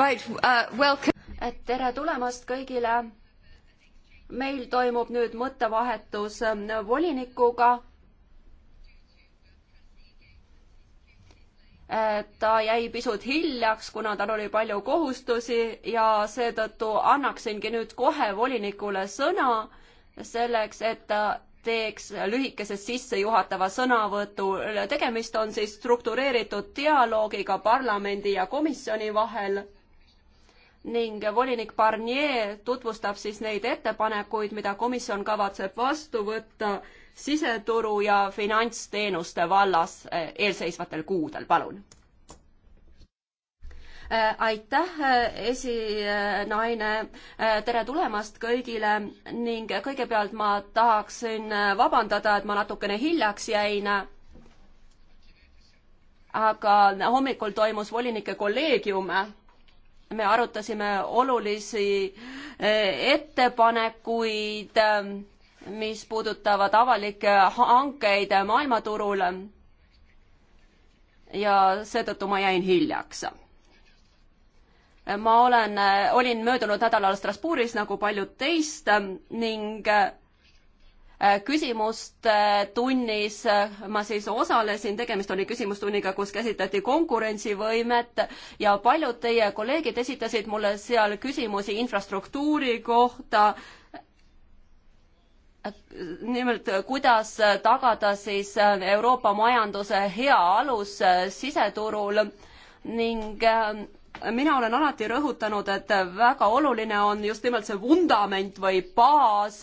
Right, uh, welcome. et tere tulemast kõigile. meil toimub nüüd mõttevahetus ähm, volinikuga. Äh, ta jäi pisut hiljaks, kuna tal oli palju kohustusi ja seetõttu annaksingi nüüd kohe volinikule sõna selleks, et ta teeks lühikese sissejuhatava sõnavõtu. tegemist on siis struktureeritud dialoogiga parlamendi ja komisjoni vahel ning volinik Barnier tutvustab siis neid ettepanekuid, mida komisjon kavatseb vastu võtta siseturu ja finantsteenuste vallas eh, eelseisvatel kuudel, palun. Äh, aitäh, äh, esinaine, äh, tere tulemast kõigile ning kõigepealt ma tahaksin vabandada, et ma natukene hiljaks jäin aga hommikul toimus volinike kolleegium me arutasime olulisi eh, ettepanekuid, eh, mis puudutavad avalikke hankeid maailmaturul. ja seetõttu ma jäin hiljaks. ma olen, eh, olin möödunud nädalal Strasbourgis nagu paljud teist ning Äh, küsimuste äh, tunnis äh, ma siis osalesin, tegemist oli küsimustunniga, kus käsitleti konkurentsivõimet ja paljud teie kolleegid esitasid mulle seal küsimusi infrastruktuuri kohta, nimelt, kuidas tagada siis Euroopa majanduse hea alus siseturul ning mina olen alati rõhutanud, et väga oluline on just nimelt see vundament või baas,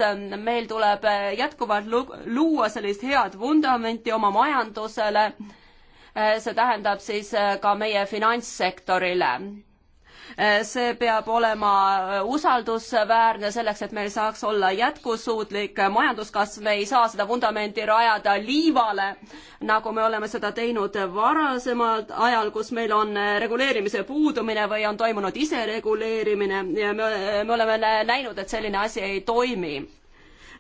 meil tuleb jätkuvalt luua sellist head vundamenti oma majandusele, see tähendab siis ka meie finantssektorile Eh, see peab olema eh, usaldusväärne selleks, et meil saaks olla jätkusuutlik majanduskasv, me ei saa seda vundamenti rajada liivale, nagu me oleme seda teinud varasemal ajal, kus meil on eh, reguleerimise puudumine või on toimunud isereguleerimine ja me, me oleme näinud, et selline asi ei toimi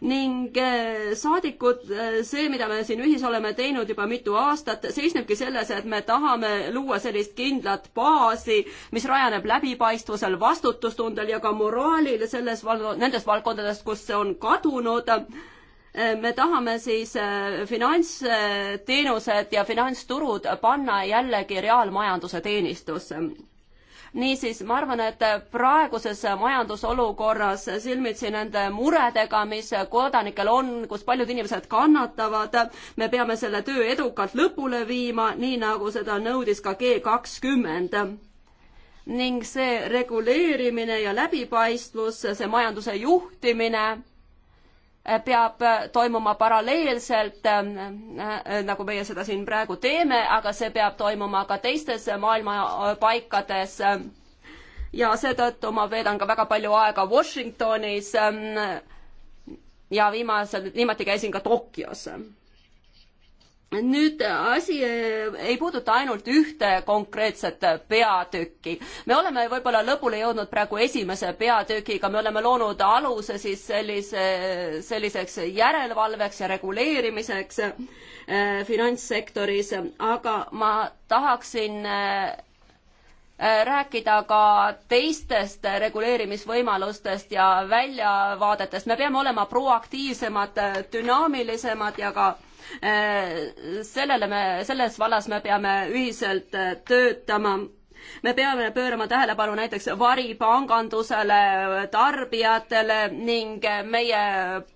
ning äh, saadikud, äh, see, mida me siin ühis oleme teinud juba mitu aastat, seisnebki selles, et me tahame luua sellist kindlat baasi, mis rajaneb läbipaistvusel, vastutustundel ja ka moraalil selles valdkond, nendes valdkondades, kus see on kadunud äh, me tahame siis finantsteenused ja finantsturud panna jällegi reaalmajanduse teenistusse niisiis, ma arvan, et praeguses majandusolukorras silmitsi nende muredega, mis kodanikel on, kus paljud inimesed kannatavad, me peame selle töö edukalt lõpule viima, nii nagu seda nõudis ka G kakskümmend ning see reguleerimine ja läbipaistvus, see majanduse juhtimine peab toimuma paralleelselt, äh, nagu meie seda siin praegu teeme, aga see peab toimuma ka teistes maailma paikades. ja seetõttu ma veedan ka väga palju aega Washingtonis. Ähm, ja viimasel, viimati käisin ka Tokyos nüüd äh, asi äh, ei puuduta ainult ühte konkreetset äh, peatükki. me oleme võib-olla lõpule jõudnud praegu esimese peatükiga, me oleme loonud aluse siis sellise, selliseks järelevalveks ja reguleerimiseks äh, finantssektoris, aga ma tahaksin äh, rääkida ka teistest reguleerimisvõimalustest ja väljavaadetest. me peame olema proaktiivsemad, dünaamilisemad ja ka Äh, sellele me, selles vallas me peame ühiselt äh, töötama me peame pöörama tähelepanu näiteks varipangandusele, äh, tarbijatele ning meie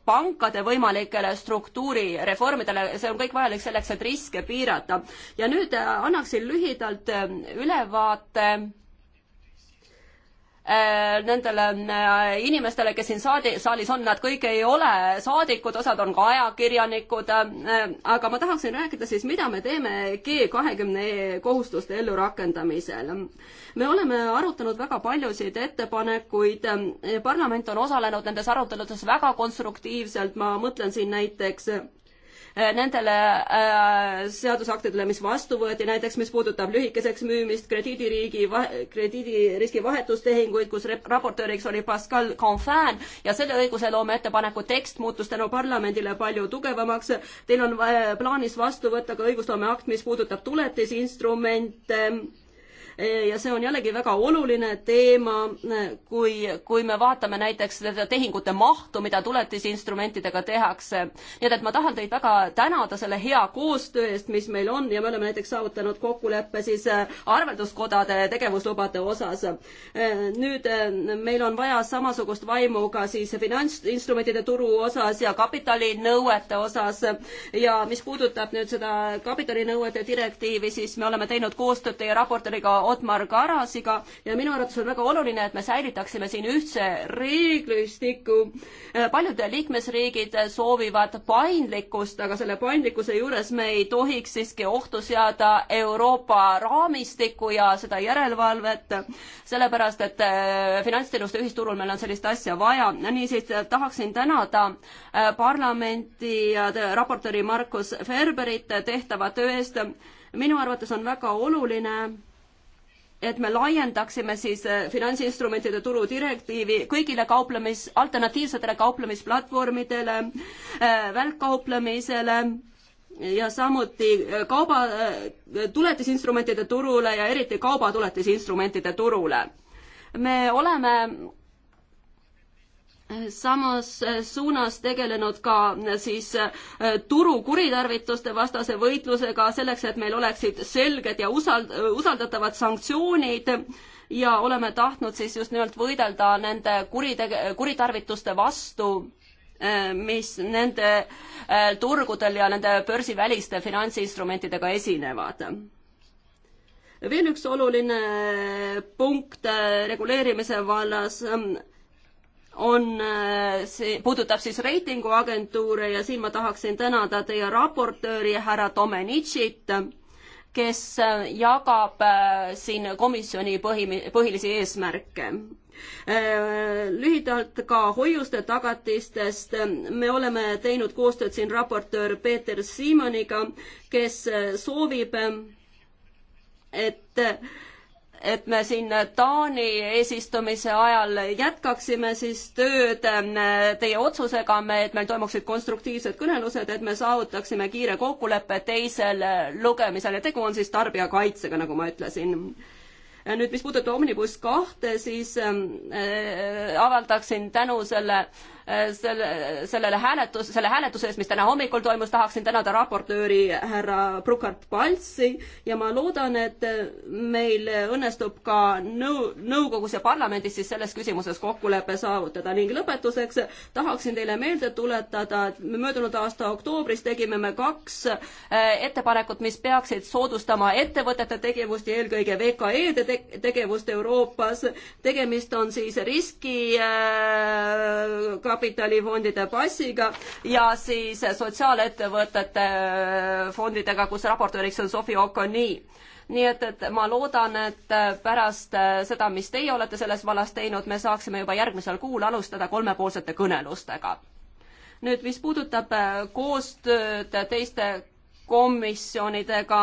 pankade võimalikele struktuurireformidele, see on kõik vajalik selleks, et riske piirata. ja nüüd annaksin lühidalt ülevaate Äh, nendele äh, inimestele, kes siin saadi, saalis on, nad kõik ei ole saadikud, osad on ka ajakirjanikud, äh, aga ma tahaksin rääkida siis, mida me teeme G kahekümne e kohustuste ellurakendamisel. me oleme arutanud väga paljusid ettepanekuid, parlament on osalenud nendes aruteludes väga konstruktiivselt, ma mõtlen siin näiteks Äh, nendele äh, seadusaktidele, mis vastu võeti, näiteks mis puudutab lühikeseks müümist, krediidiriigi, krediidiriski vahetustehinguid, kus raportööriks oli Pascal Confin ja selle õigusloome ettepaneku tekst muutus tänu parlamendile palju tugevamaks. Teil on äh, plaanis vastu võtta ka õigusloome akt, mis puudutab tuletisinstrumente ja see on jällegi väga oluline teema, kui, kui me vaatame näiteks seda tehingute mahtu, mida tuletisinstrumentidega tehakse. nii et, et ma tahan teid väga tänada selle hea koostöö eest, mis meil on ja me oleme näiteks saavutanud kokkuleppe siis äh, arvelduskodade tegevuslubade osas. Äh, nüüd äh, meil on vaja samasugust vaimu ka siis finantsinstrumentide turu osas ja kapitalinõuete osas ja mis puudutab nüüd seda kapitalinõuete direktiivi, siis me oleme teinud koostööd teie raportööriga Otmar Karasiga ja minu arvates on väga oluline, et me säilitaksime siin ühtse reeglistiku. paljud liikmesriigid soovivad paindlikkust, aga selle paindlikkuse juures me ei tohiks siiski ohtu seada Euroopa raamistikku ja seda järelevalvet, sellepärast et äh, finantsteenuste ühisturul meil on sellist asja vaja. niisiis tahaksin tänada äh, parlamenti ja äh, raportööri Markus Ferberit tehtava töö eest. minu arvates on väga oluline et me laiendaksime siis äh, finantsinstrumentide turu direktiivi kõigile kauplemis, alternatiivsetele kauplemisplatvormidele, äh, välkkauplemisele ja samuti äh, kauba, tuletisinstrumentide turule ja eriti kaubatuletisinstrumentide turule. me oleme samas äh, suunas tegelenud ka äh, siis äh, turu kuritarvituste vastase võitlusega selleks, et meil oleksid selged ja usald-, usaldatavad sanktsioonid ja oleme tahtnud siis just nimelt võidelda nende kuritege-, kuritarvituste vastu mis nende turgudel ja nende börsiväliste finantsinstrumentidega esinevad. veel üks oluline punkt reguleerimise vallas ähm, on, äh, see puudutab siis reitinguagentuure ja siin ma tahaksin tänada teie raportööri härra Domenicit, kes äh, jagab äh, siin komisjoni põhi, põhilisi eesmärke. Lühidalt ka hoiuste tagatistest, me oleme teinud koostööd siin raportöör Peeter Siimoniga, kes soovib, et et me siin Taani eesistumise ajal jätkaksime siis tööd ähm, teie otsusega, me, et meil toimuksid konstruktiivsed kõnelused, et me saavutaksime kiire kokkuleppe teisel lugemisel ja tegu on siis tarbijakaitsega, nagu ma ütlesin nüüd, mis puudutab Omnibus kahte, siis ähm, äh, avaldaksin tänu selle äh, selle, sellele hääletus, selle hääletuse eest, mis täna hommikul toimus, tahaksin tänada raportööri härra Brukart Paltsi ja ma loodan, et meil õnnestub ka nõu-, nõukogus ja parlamendis siis selles küsimuses kokkulepe saavutada ning lõpetuseks tahaksin teile meelde tuletada, et möödunud aasta oktoobris tegime me kaks eh, ettepanekut, mis peaksid soodustama ettevõtete tegevust ja eelkõige VKE-de te tegevust Euroopas. tegemist on siis riskiga eh, äh, kapitalifondide passiga ja siis sotsiaalettevõtete äh, fondidega, kus raportööriks on Sofi Okoni nii et, et ma loodan, et pärast äh, seda, mis teie olete selles vallas teinud, me saaksime juba järgmisel kuul alustada kolmepoolsete kõnelustega. nüüd, mis puudutab äh, koostööd teiste komisjonidega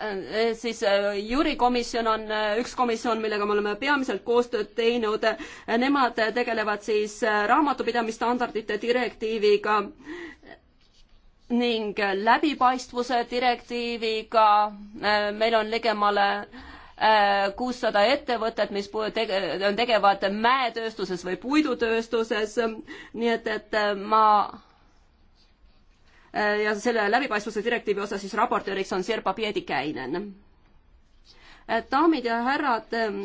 Äh, siis äh, juurikomisjon on äh, üks komisjon, millega me oleme peamiselt koostööd teinud. Nemad tegelevad siis raamatupidamisstandardite direktiiviga ning läbipaistvuse direktiiviga. meil on ligemale kuussada ettevõtet, mis tegevad mäetööstuses või puidutööstuses. nii et, et ma Äh, ja selle läbipaistvuse direktiivi osas siis raportööriks on Sirpa Piedikäinen. Äh, daamid ja härrad, ähm,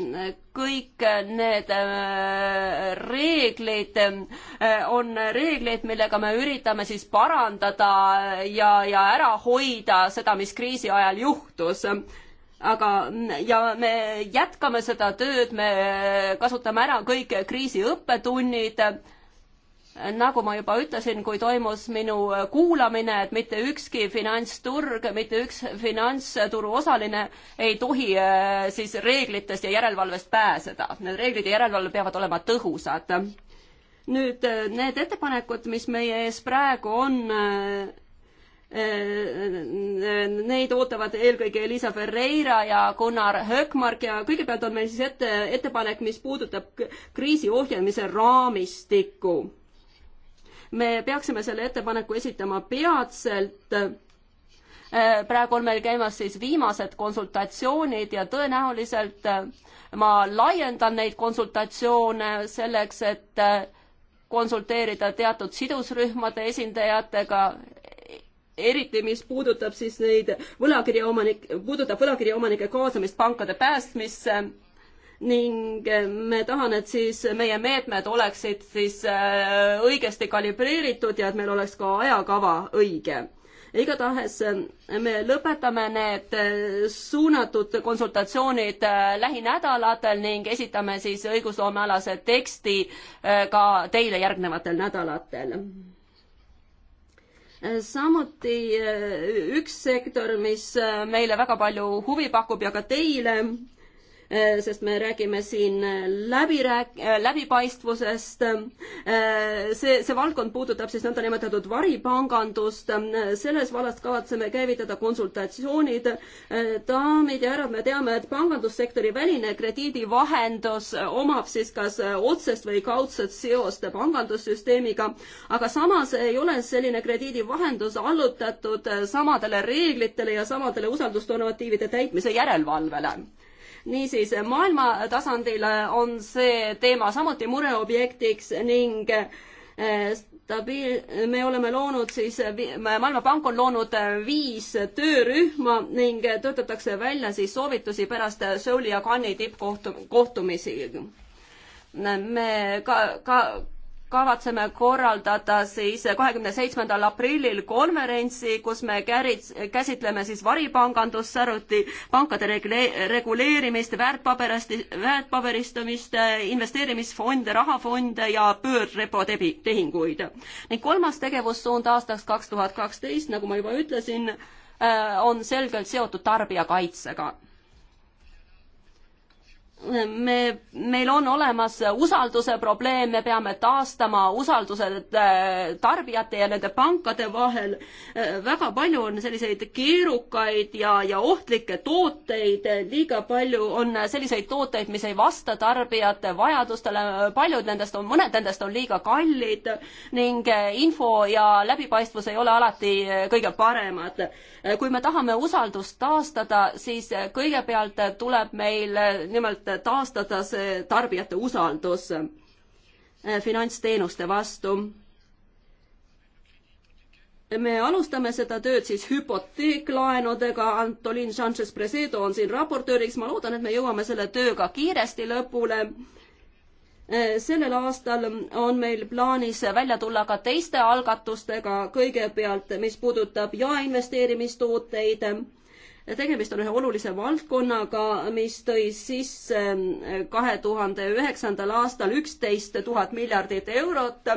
kõik need äh, reeglid on reeglid, millega me üritame siis parandada ja, ja ära hoida seda, mis kriisi ajal juhtus aga, ja me jätkame seda tööd, me kasutame ära kõik kriisi õppetunnid nagu ma juba ütlesin, kui toimus minu kuulamine, et mitte ükski finantsturg, mitte üks finantsturu osaline ei tohi äh, siis reeglitest ja järelevalvest pääseda. Need reeglid ja järelevalve peavad olema tõhusad. nüüd äh, need ettepanekud, mis meie ees praegu on, äh, Neid ootavad eelkõige Elisa Ferreira ja Gunnar Höökmark ja kõigepealt on meil siis ette, ettepanek, mis puudutab kriisi ohjamise raamistikku me peaksime selle ettepaneku esitama peatselt. praegu on meil käimas siis viimased konsultatsioonid ja tõenäoliselt ma laiendan neid konsultatsioone selleks, et konsulteerida teatud sidusrühmade esindajatega, eriti mis puudutab siis neid võlakirjaomanik, puudutab võlakirjaomanike kaasamist pankade päästmisse ning eh, me tahan, et siis meie meetmed oleksid siis eh, õigesti kalibreeritud ja et meil oleks ka ajakava õige igatahes eh, me lõpetame need suunatud konsultatsioonid lähinädalatel ning esitame siis õigusloomealase teksti ka teile järgnevatel nädalatel. samuti üks sektor, mis meile väga palju huvi pakub ja ka teile, Eh, sest me räägime siin eh, läbirääk-, eh, läbipaistvusest. see, see valdkond puudutab siis nõndanimetatud varipangandust. selles vallas kavatseme käivitada konsultatsioonid. daamid ja härrad, me teame, et pangandussektori väline krediidivahendus omab siis kas otsest või kaudset seost pangandussüsteemiga, aga samas ei ole selline krediidivahendus allutatud samadele reeglitele ja samadele usaldusnormatiivide täitmise järelevalvele niisiis, maailma tasandil on see teema samuti mureobjektiks ning eh, stabiil-, me oleme loonud siis, Maailmapank on loonud eh, viis töörühma ning töötatakse välja siis soovitusi pärast Seuli ja Cannes'i tippkohtumisi. me ka, ka kavatseme korraldada siis kahekümne seitsmendal aprillil konverentsi, kus me kärit-, käsitleme siis varipangandust, samuti pankade regle-, reguleerimist, väärtpaberist, väärtpaberistumist, investeerimisfonde, rahafonde ja pöördrepo tebi-, tehinguid. ning kolmas tegevussuund aastaks kaks tuhat kaksteist, nagu ma juba ütlesin, äh, on selgelt seotud tarbijakaitsega me, meil on olemas usalduse probleem, me peame taastama usalduse äh, tarbijate ja nende pankade vahel. Äh, väga palju on selliseid keerukaid ja, ja ohtlikke tooteid, liiga palju on selliseid tooteid, mis ei vasta tarbijate vajadustele, paljud nendest on, mõned nendest on liiga kallid ning äh, info ja läbipaistvus ei ole alati kõige paremad. kui me tahame usaldust taastada, siis kõigepealt tuleb meil nimelt et taastada see tarbijate usaldus eh, finantsteenuste vastu. me alustame seda tööd siis hüpoteeklaenudega, Antolin Sanchez-Presedo on siin raportööriks, ma loodan, et me jõuame selle tööga kiiresti lõpule eh, sellel aastal on meil plaanis välja tulla ka teiste algatustega, kõigepealt, mis puudutab jaeinvesteerimistooteid tegemist on ühe olulise valdkonnaga, mis tõi sisse eh, kahe tuhande üheksandal aastal üksteist tuhat miljardit eurot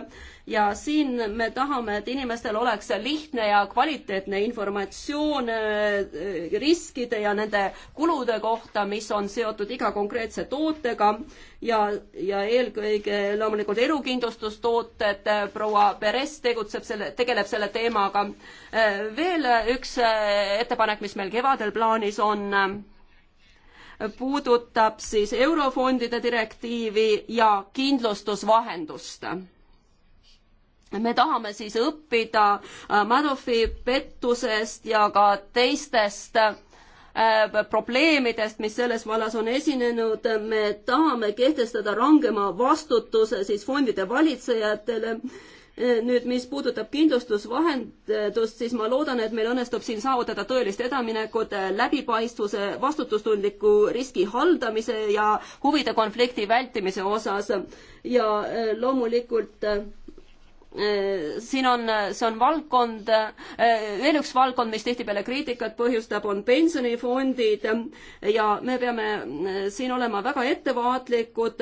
ja siin me tahame, et inimestel oleks lihtne ja kvaliteetne informatsioon äh, riskide ja nende kulude kohta, mis on seotud iga konkreetse tootega ja, ja eelkõige loomulikult elukindlustustooted, äh, proua Peres tegutseb selle, tegeleb selle teemaga. Äh, veel üks ettepanek, mis meil kevadel plaanis on puudutab siis eurofondide direktiivi ja kindlustusvahendust me tahame siis õppida äh, Madoffi pettusest ja ka teistest äh, probleemidest, mis selles vallas on esinenud, me tahame kehtestada rangema vastutuse siis fondide valitsejatele. Äh, nüüd, mis puudutab kindlustusvahendust, siis ma loodan, et meil õnnestub siin saavutada tõelist edaminekut läbipaistvuse, vastutustundliku riski haldamise ja huvide konflikti vältimise osas ja loomulikult Äh, siin on, see on valdkond, äh, veel üks valdkond, mis tihtipeale kriitikat põhjustab, on pensionifondid ja me peame äh, siin olema väga ettevaatlikud.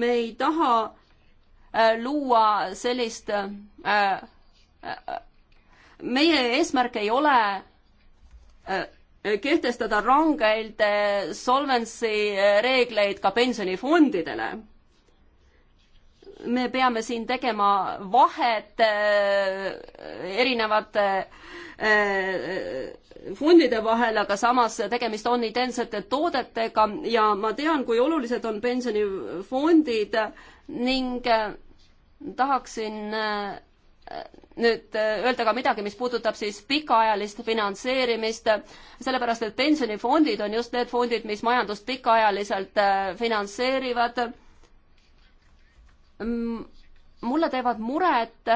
me ei taha luua sellist, meie eesmärk ei ole kehtestada rangeid solvency reegleid ka pensionifondidele me peame siin tegema vahet äh, erinevate äh, fondide vahel, aga samas tegemist on identsete toodetega ja ma tean, kui olulised on pensionifondid ning äh, tahaksin nüüd öelda ka midagi, mis puudutab siis pikaajalist finantseerimist, sellepärast et pensionifondid on just need fondid, mis majandust pikaajaliselt finantseerivad mulle teevad muret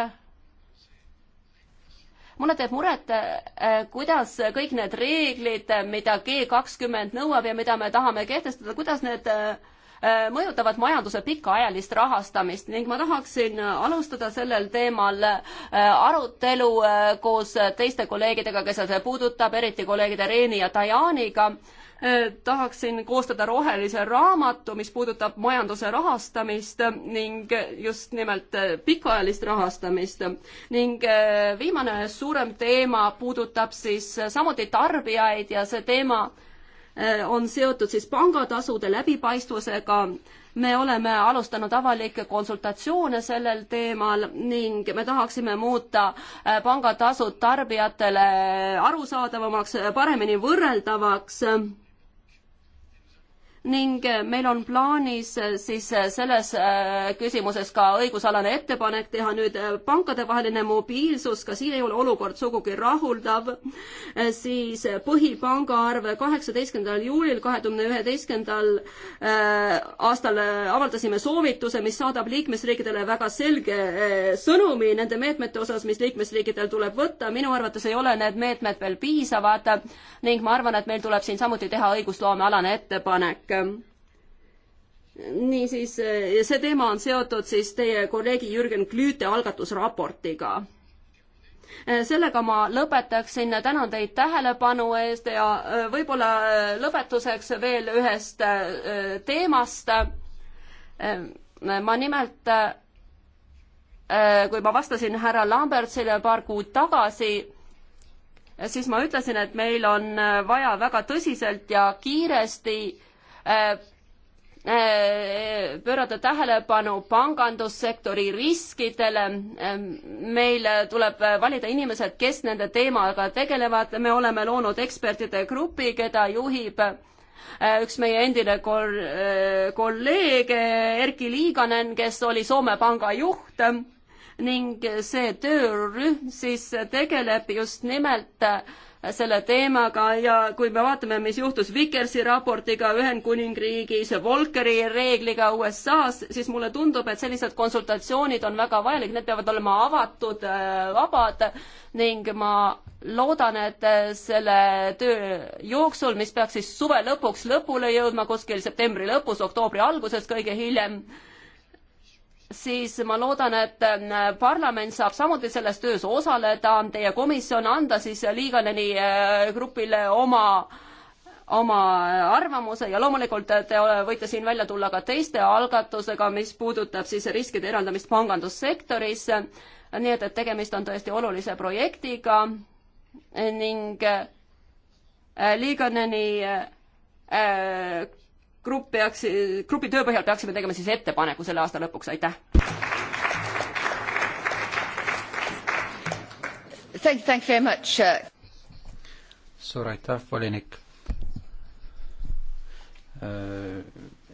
mulle teeb muret, äh, kuidas kõik need reeglid, mida G kakskümmend nõuab ja mida me tahame kehtestada, kuidas need äh, äh, mõjutavad majanduse pikaajalist rahastamist ning ma tahaksin alustada sellel teemal arutelu koos teiste kolleegidega, kes seda puudutab, eriti kolleegide Reeni ja Tajaniga Äh, tahaksin koostada rohelise raamatu, mis puudutab majanduse rahastamist ning just nimelt äh, pikaajalist rahastamist. ning äh, viimane suurem teema puudutab siis samuti tarbijaid ja see teema on seotud siis pangatasude läbipaistvusega. me oleme alustanud avalikke konsultatsioone sellel teemal ning me tahaksime muuta pangatasud tarbijatele arusaadavamaks, paremini võrreldavaks ning eh, meil on plaanis eh, siis eh, selles küsimuses ka õigusalane ettepanek teha nüüd pankadevaheline mobiilsus, ka siin ei ole olukord sugugi rahuldav, siis põhipangaarve kaheksateistkümnendal juulil kahekümne üheteistkümnendal aastal avaldasime soovituse, mis saadab liikmesriikidele väga selge sõnumi nende meetmete osas, mis liikmesriikidel tuleb võtta, minu arvates ei ole need meetmed veel piisavad ning ma arvan, et meil tuleb siin samuti teha õigusloomealane ettepanek volinik niisiis, see teema on seotud siis teie kolleegi Jürgen Klüüte algatusraportiga. sellega ma lõpetaksin, tänan teid tähelepanu eest ja äh, võib-olla äh, lõpetuseks veel ühest äh, teemast. ma nimelt, kui ma vastasin härra Lambertsile paar kuud tagasi, siis ma ütlesin, et meil on vaja väga tõsiselt ja kiiresti Äh, äh, pöörata tähelepanu pangandussektori riskidele. Äh, meil tuleb valida inimesed, kes nende teemaga tegelevad, me oleme loonud ekspertide grupi, keda juhib üks meie endine kol-, kolleeg Erki Liiganen, kes oli Soome panga juht ning see töörühm siis tegeleb just nimelt äh, selle teemaga ja kui me vaatame, mis juhtus Vikersi raportiga Ühendkuningriigis, Volkeri reegliga USA-s, siis mulle tundub, et sellised konsultatsioonid on väga vajalik, need peavad olema avatud, äh, vabad ning ma loodan, et äh, selle töö jooksul, mis peaks siis suve lõpuks lõpule jõudma, kuskil septembri lõpus, oktoobri alguses kõige hiljem, siis ma loodan, et äh, parlament saab samuti selles töös osaleda, teie komisjon anda siis Liiganeni äh, grupile oma oma arvamuse ja loomulikult te võite siin välja tulla ka teiste algatusega, mis puudutab siis riskide eraldamist pangandussektoris. nii et, et tegemist on tõesti olulise projektiga ning äh, Liiganeni grupp peaks, grupi töö põhjal peaksime tegema siis ettepaneku selle aasta lõpuks, aitäh. Uh, suur aitäh, volinik. Äh,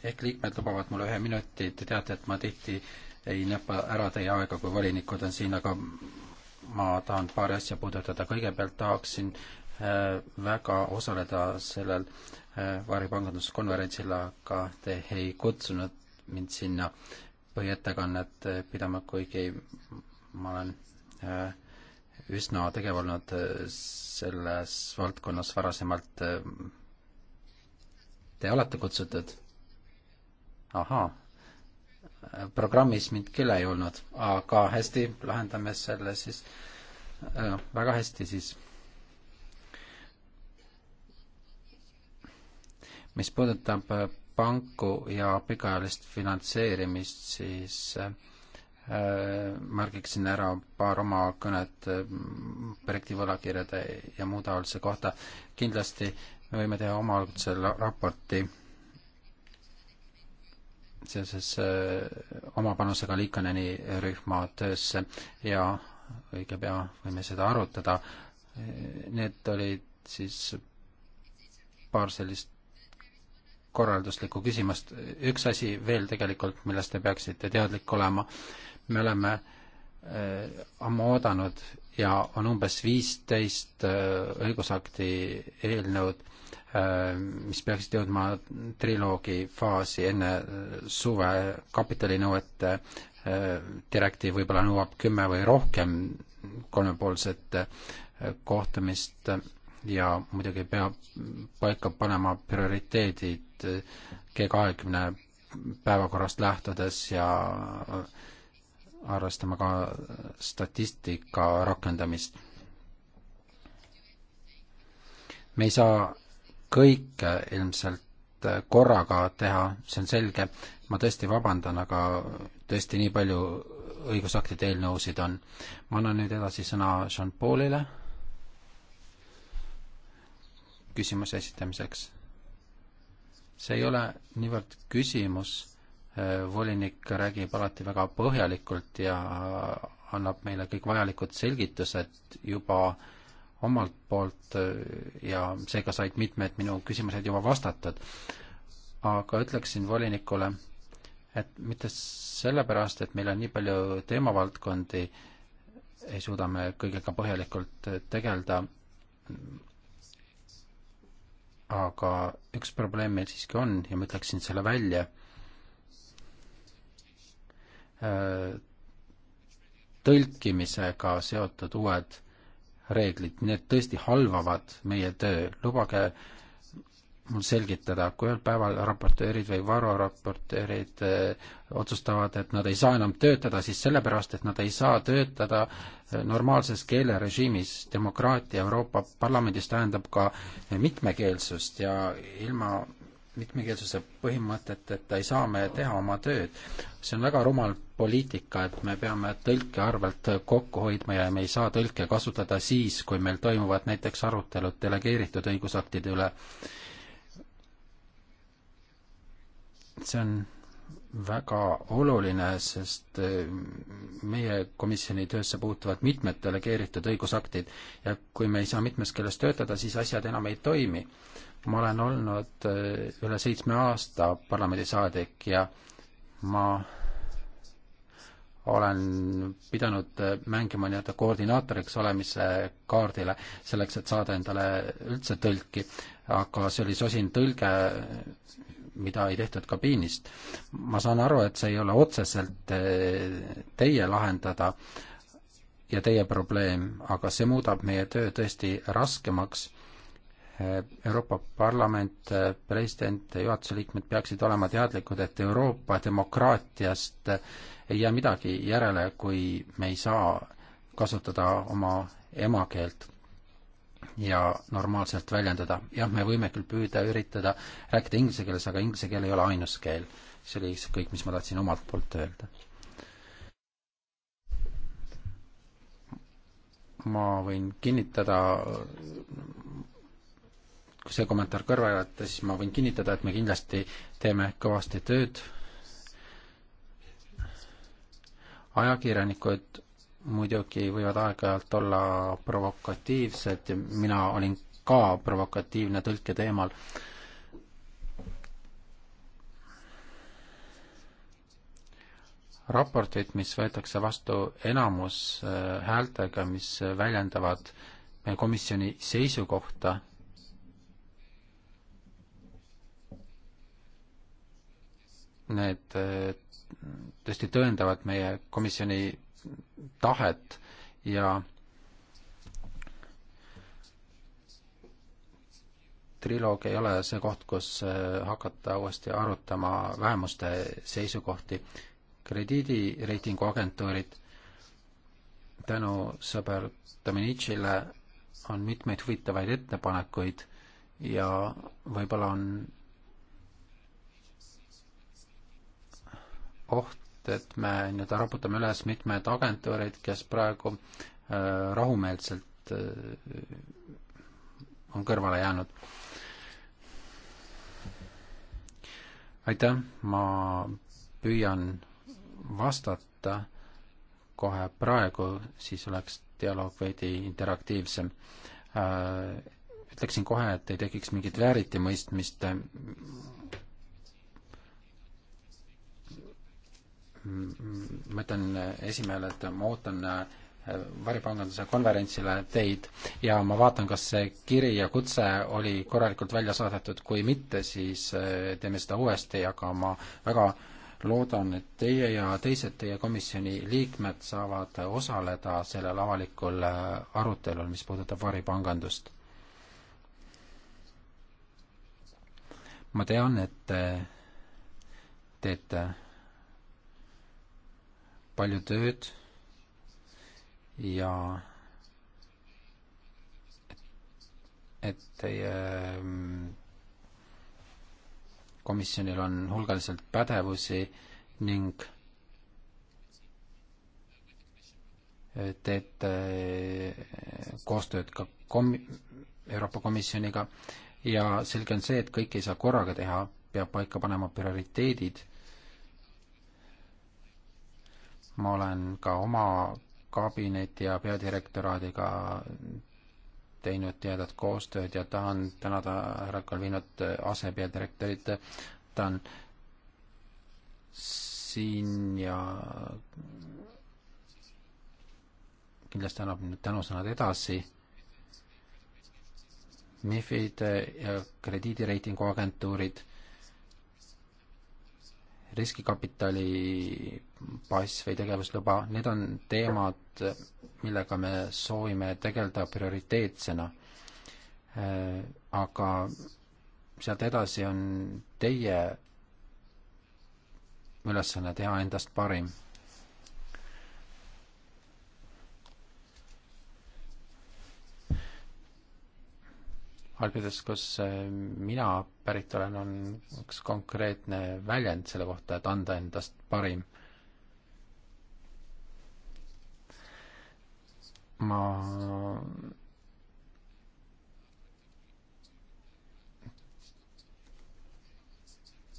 ehk liikmed lubavad mulle ühe minuti, te teate, et ma tihti ei näpa ära teie aega, kui volinikud on siin, aga ma tahan paari asja puudutada. kõigepealt tahaksin äh, väga osaleda sellel äh, Äh, varipanganduskonverentsil, aga te ei kutsunud mind sinna põhiettekannet äh, pidama, kuigi ma olen äh, üsna tegev olnud selles valdkonnas varasemalt. Te olete kutsutud? ahaa, programmis mind küll ei olnud, aga hästi, lahendame selle siis väga hästi siis mis puudutab äh, panku ja pikaajalist finantseerimist, siis äh, märgiksin ära paar oma kõnet projektivõlakirjade äh, ja muu taolise kohta. kindlasti me võime teha omalgudse raporti seoses oma panusega Liikaneni rühma töösse ja õige pea võime seda arutada. Need olid siis paar sellist korralduslikku küsimust. üks asi veel tegelikult, millest te peaksite teadlik olema, me oleme äh, ammu oodanud ja on umbes viisteist äh, õigusakti eelnõud äh,, mis peaksid jõudma triloogi faasi enne äh, suve, kapitalinõuete äh, direktiiv võib-olla nõuab kümme või rohkem kolmepoolset äh, kohtumist äh, ja muidugi peab paika panema prioriteedid eh, G kahekümne päevakorrast lähtudes ja äh, arvestama ka äh, statistika rakendamist. me ei saa kõike ilmselt äh, korraga teha, see on selge, ma tõesti vabandan, aga tõesti nii palju õigusaktide eelnõusid on. ma annan nüüd edasi sõna Jean-Paulile küsimuse esitamiseks. see ei ole niivõrd küsimus, äh, volinik räägib alati väga põhjalikult ja annab meile kõik vajalikud selgitused juba omalt poolt äh, ja seega said mitmed minu küsimused juba vastatud. aga ütleksin volinikule, et mitte sellepärast, et meil on nii palju teemavaldkondi, ei suuda me kõigega põhjalikult äh, tegeleda, aga üks probleem meil siiski on ja ma ütleksin selle välja. Äh, tõlkimisega seotud uued reeglid, need tõesti halvavad meie töö, lubage äh, mul selgitada, kui ühel päeval raportöörid või vararaportöörid äh, otsustavad, et nad ei saa enam töötada, siis sellepärast, et nad ei saa töötada äh, normaalses keelerežiimis. demokraatia Euroopa Parlamendis tähendab ka mitmekeelsust ja ilma mitmekeelsuse põhimõtet, et ei saa me teha oma tööd. see on väga rumal poliitika, et me peame tõlke arvelt kokku hoidma ja me ei saa tõlke kasutada siis, kui meil toimuvad näiteks arutelud delegeeritud õigusaktide üle see on väga oluline, sest eh, meie komisjoni töösse puutuvad mitmed delegeeritud õigusaktid ja kui me ei saa mitmes keeles töötada, siis asjad enam ei toimi. ma olen olnud eh, üle seitsme aasta parlamendisaadik ja ma olen pidanud eh, mängima nii-öelda koordinaatoriks olemise kaardile, selleks et saada endale üldse tõlki, aga see oli sosin tõlge mida ei tehtud kabiinist. ma saan aru, et see ei ole otseselt eh, teie lahendada ja teie probleem, aga see muudab meie töö tõesti raskemaks. Eh, Euroopa Parlament, eh, president, juhatuse liikmed peaksid olema teadlikud, et Euroopa demokraatiast ei jää midagi järele, kui me ei saa kasutada oma emakeelt ja normaalselt väljenduda. jah, me võime küll püüda üritada rääkida inglise keeles, aga inglise keel ei ole ainus keel. see oli lihtsalt kõik, mis ma tahtsin omalt poolt öelda. ma võin kinnitada, kui see kommentaar kõrvale jätta, siis ma võin kinnitada, et me kindlasti teeme kõvasti tööd. ajakirjanikud muidugi võivad aeg-ajalt olla provokatiivsed ja mina olin ka provokatiivne tõlke teemal. raporteid, mis võetakse vastu enamus äh, häältega, mis väljendavad meie komisjoni seisukohta, need äh, tõesti tõendavad meie komisjoni tahet ja triloog ei ole see koht, kus äh, hakata uuesti arutama vähemuste seisukohti. krediidireitingu agentuurid tänu sõber Dominicile on mitmeid huvitavaid ettepanekuid ja võib-olla on oht, et, et me nii-öelda raputame üles mitmed agentuurid, kes praegu äh, rahumeelselt äh, on kõrvale jäänud. aitäh, ma püüan vastata kohe praegu, siis oleks dialoog veidi interaktiivsem äh,. ütleksin kohe, et ei tekiks mingit vääritimõistmist ma ütlen esimehele, et ma ootan äh, varipanganduse konverentsile teid ja ma vaatan, kas see kiri ja kutse oli korralikult välja saadetud, kui mitte, siis äh, teeme seda uuesti, aga ma väga loodan, et teie ja teised teie komisjoni liikmed saavad osaleda sellel avalikul äh, arutelul, mis puudutab varipangandust. ma tean, et te teete palju tööd ja et teie mm, komisjonil on hulgaliselt pädevusi ning teete koostööd ka kom-, Euroopa Komisjoniga ja selge on see, et kõike ei saa korraga teha, peab paika panema prioriteedid ma olen ka oma kabineti ja peadirektoraadiga teinud tihedat koostööd ja tahan tänada härra Kalvinot, äh, asepeadirektorit, ta on siin ja kindlasti annab nüüd tänusõnad edasi. MIFID ja krediidireitinguagentuurid riskikapitali pass või tegevusluba, need on teemad, millega me soovime tegeleda prioriteetsena. aga sealt edasi on teie ülesanne teha endast parim. algades, kus äh, mina päritolena on üks konkreetne väljend selle kohta, et anda endast parim. ma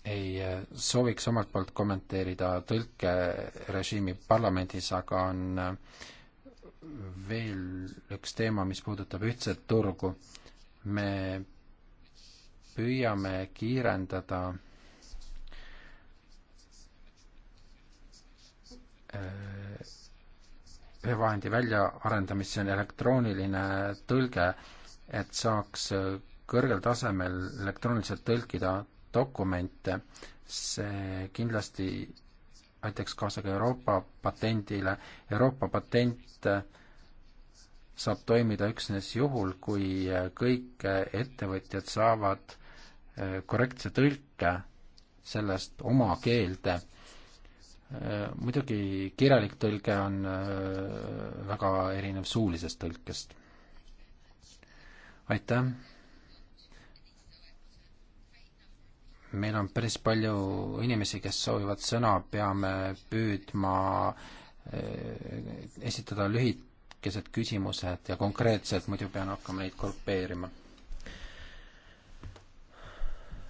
ei sooviks omalt poolt kommenteerida tõlkerežiimi parlamendis, aga on veel üks teema, mis puudutab ühtset turgu. me püüame kiirendada ühe äh, vahendi väljaarendamist, see on elektrooniline tõlge, et saaks kõrgel tasemel elektrooniliselt tõlkida dokumente, see kindlasti aitaks kaasa ka Euroopa patendile. Euroopa patent äh, saab toimida üksnes juhul, kui kõik äh, ettevõtjad saavad korrektse tõlke sellest oma keelde. muidugi kirjalik tõlge on äh, väga erinev suulisest tõlkest. aitäh! meil on päris palju inimesi, kes soovivad sõna, peame püüdma äh, esitada lühikesed küsimused ja konkreetsed, muidu pean hakkama neid grupeerima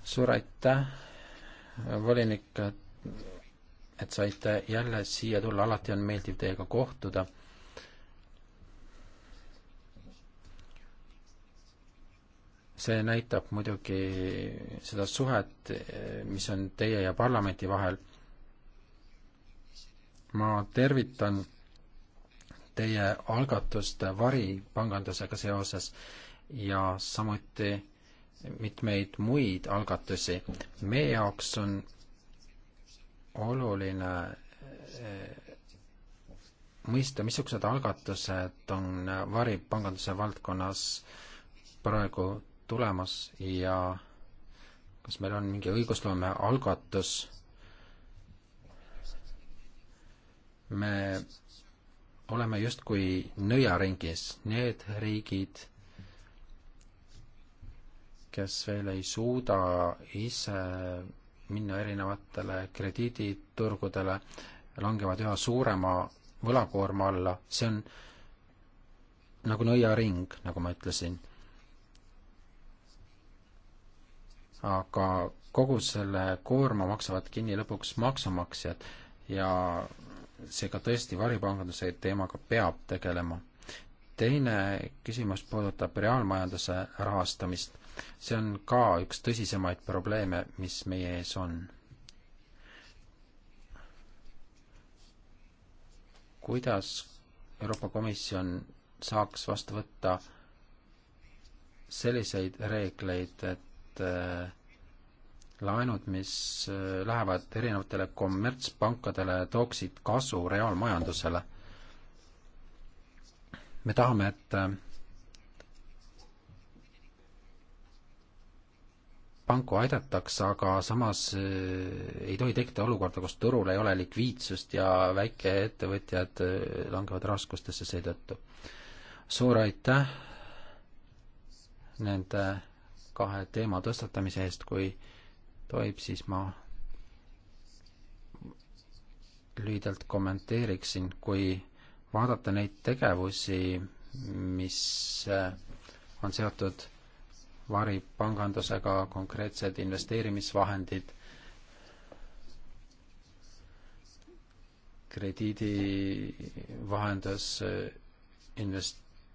suur aitäh, volinik, et saite jälle siia tulla, alati on meeldiv teiega kohtuda. see näitab muidugi seda suhet, mis on teie ja parlamendi vahel. ma tervitan teie algatust varipangandusega seoses ja samuti mitmeid muid algatusi. meie jaoks on oluline eh, mõista, missugused algatused on varipanganduse valdkonnas praegu tulemas ja kas meil on mingi õigusloome algatus. me oleme justkui nõiaringis, need riigid kes veel ei suuda ise minna erinevatele krediiditurgudele, langevad üha suurema võlakoorma alla, see on nagu nõiaring, nagu ma ütlesin. aga kogu selle koorma maksavad kinni lõpuks maksumaksjad ja seega tõesti varipanganduse teemaga peab tegelema. teine küsimus puudutab reaalmajanduse rahastamist see on ka üks tõsisemaid probleeme, mis meie ees on. kuidas Euroopa Komisjon saaks vastu võtta selliseid reegleid, et äh, laenud, mis äh, lähevad erinevatele kommertspankadele, tooksid kasu reaalmajandusele. me tahame, et äh, panku aidatakse, aga samas eh, ei tohi tekkida olukorda, kus turul ei ole likviidsust ja väikeettevõtjad eh, langevad raskustesse seetõttu. suur aitäh nende kahe teema tõstatamise eest, kui tohib, siis ma lühidalt kommenteeriksin, kui vaadata neid tegevusi, mis eh, on seotud varipangandusega konkreetsed investeerimisvahendid, krediidivahendus, investeerimisfondid,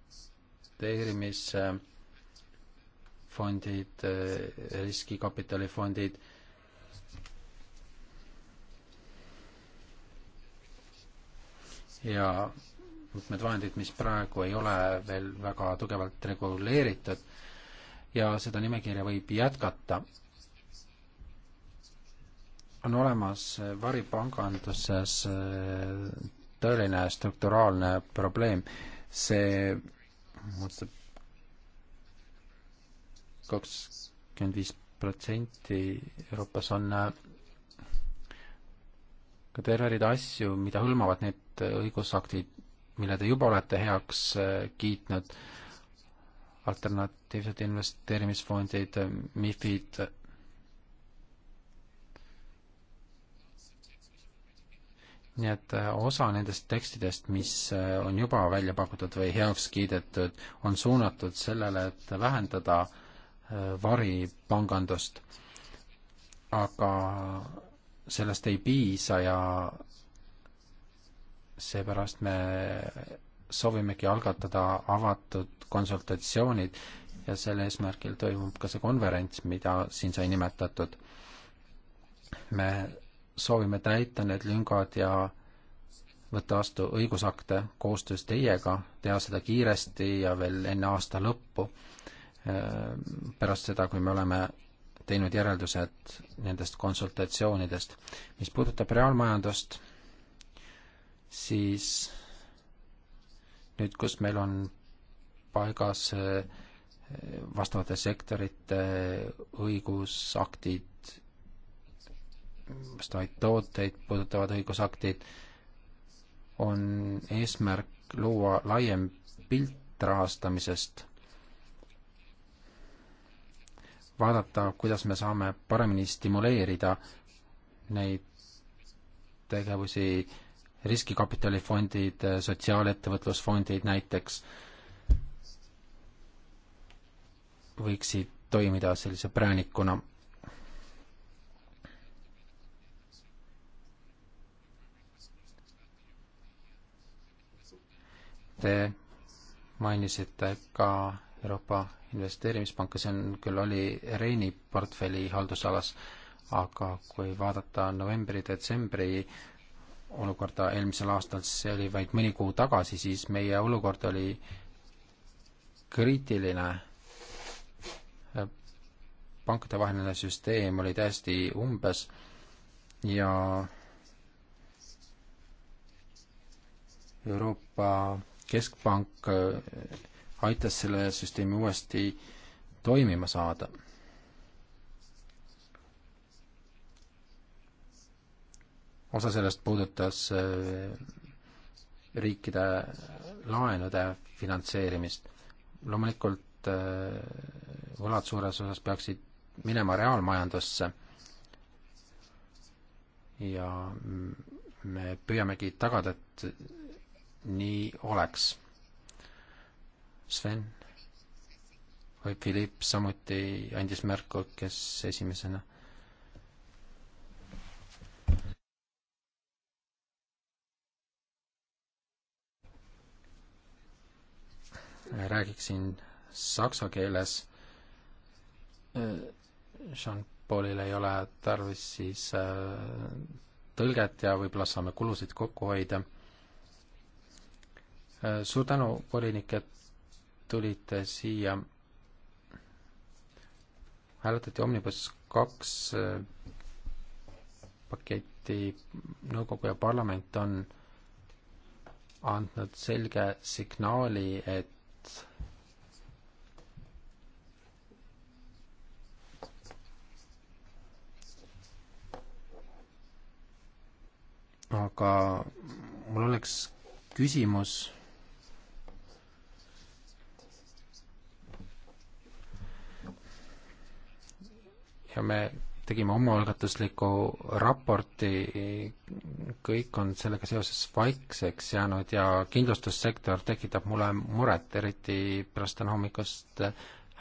riskikapitalifondid ja mitmed vahendid, mis praegu ei ole veel väga tugevalt reguleeritud ja seda nimekirja võib jätkata. on olemas varipanganduses äh, tõeline strukturaalne probleem, see moodustab kakskümmend viis protsenti Euroopas on äh, ka terve rida asju, mida hõlmavad need õigusaktid, mille te juba olete heaks äh, kiitnud alternatiivsed investeerimisfondid, MIFID. nii et äh, osa nendest tekstidest, mis äh, on juba välja pakutud või heaks kiidetud, on suunatud sellele, et vähendada äh, varipangandust. aga sellest ei piisa ja seepärast me soovimegi algatada avatud konsultatsioonid ja sel eesmärgil toimub ka see konverents, mida siin sai nimetatud. me soovime täita need lüngad ja võtta vastu õigusakte koostöös teiega, teha seda kiiresti ja veel enne aasta lõppu, äh, pärast seda, kui me oleme teinud järeldused nendest konsultatsioonidest. mis puudutab reaalmajandust, siis nüüd, kus meil on paigas eh, vastavate sektorite õigusaktid, vastavaid tooteid puudutavad õigusaktid, on eesmärk luua laiem pilt rahastamisest, vaadata, kuidas me saame paremini stimuleerida neid tegevusi äh, riskikapitalifondid, eh, sotsiaalettevõtlusfondid näiteks võiksid toimida sellise präänikuna. Te mainisite ka Euroopa Investeerimispanka, see on küll, oli Reini portfelli haldusalas, aga kui vaadata novembri-detsembri olukorda eelmisel aastal, see oli vaid mõni kuu tagasi, siis meie olukord oli kriitiline. pankadevaheline süsteem oli täiesti umbes ja Euroopa Keskpank äh, aitas selle süsteemi uuesti toimima saada osa sellest puudutas äh, riikide laenude finantseerimist. loomulikult äh, võlad suures osas peaksid minema reaalmajandusse ja me püüamegi tagada, et nii oleks. Sven või Philipp samuti andis märku, kes esimesena räägiksin saksa keeles. Jean-Paulil ei ole tarvis siis äh, tõlget ja võib-olla saame kulusid kokku hoida. Äh, suur tänu, volinik, et tulite siia. hääletati Omnibus kaks äh, paketti, nõukogu ja parlament on andnud selge signaali, et aga mul oleks küsimus ja me tegime omaalgatusliku raporti, kõik on sellega seoses vaikseks jäänud ja kindlustussektor tekitab mulle muret, eriti pärast täna hommikust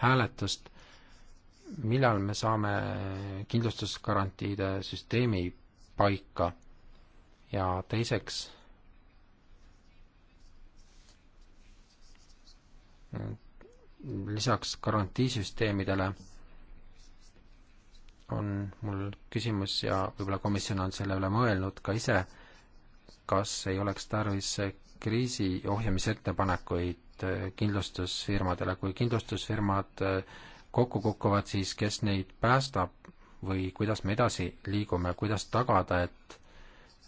hääletust. millal me saame kindlustusgarantiide süsteemi paika? ja teiseks, lisaks garantiisüsteemidele on mul küsimus ja võib-olla komisjon on selle üle mõelnud ka ise, kas ei oleks tarvis kriisi ohjamisettepanekuid äh, kindlustusfirmadele, kui kindlustusfirmad äh, kokku kukuvad, siis kes neid päästab või kuidas me edasi liigume, kuidas tagada, et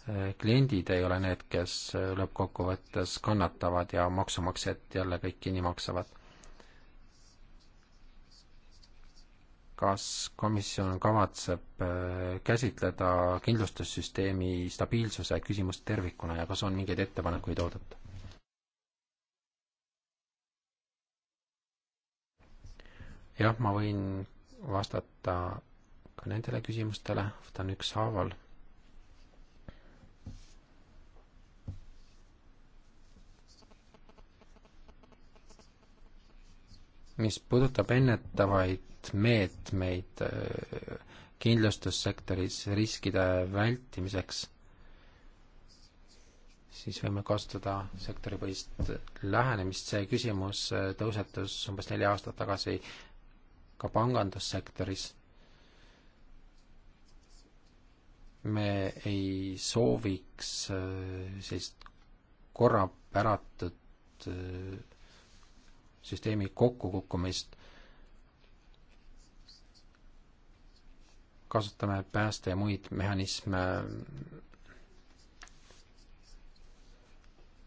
äh, kliendid ei ole need, kes lõppkokkuvõttes kannatavad ja maksumaksjad jälle kõik kinni maksavad kas komisjon kavatseb äh, käsitleda kindlustussüsteemi stabiilsuse küsimust tervikuna ja kas on mingeid ettepanekuid oodata? jah, ma võin vastata ka nendele küsimustele, võtan ükshaaval mis puudutab ennetavaid et meetmeid äh, kindlustussektoris riskide vältimiseks, siis võime kasutada sektoripõhist lähenemist, see küsimus äh, tõusetus umbes neli aastat tagasi ka pangandussektoris. me ei sooviks äh, sellist korrapäratud süsteemi kokkukukkumist kasutame pääste ja muid mehhanisme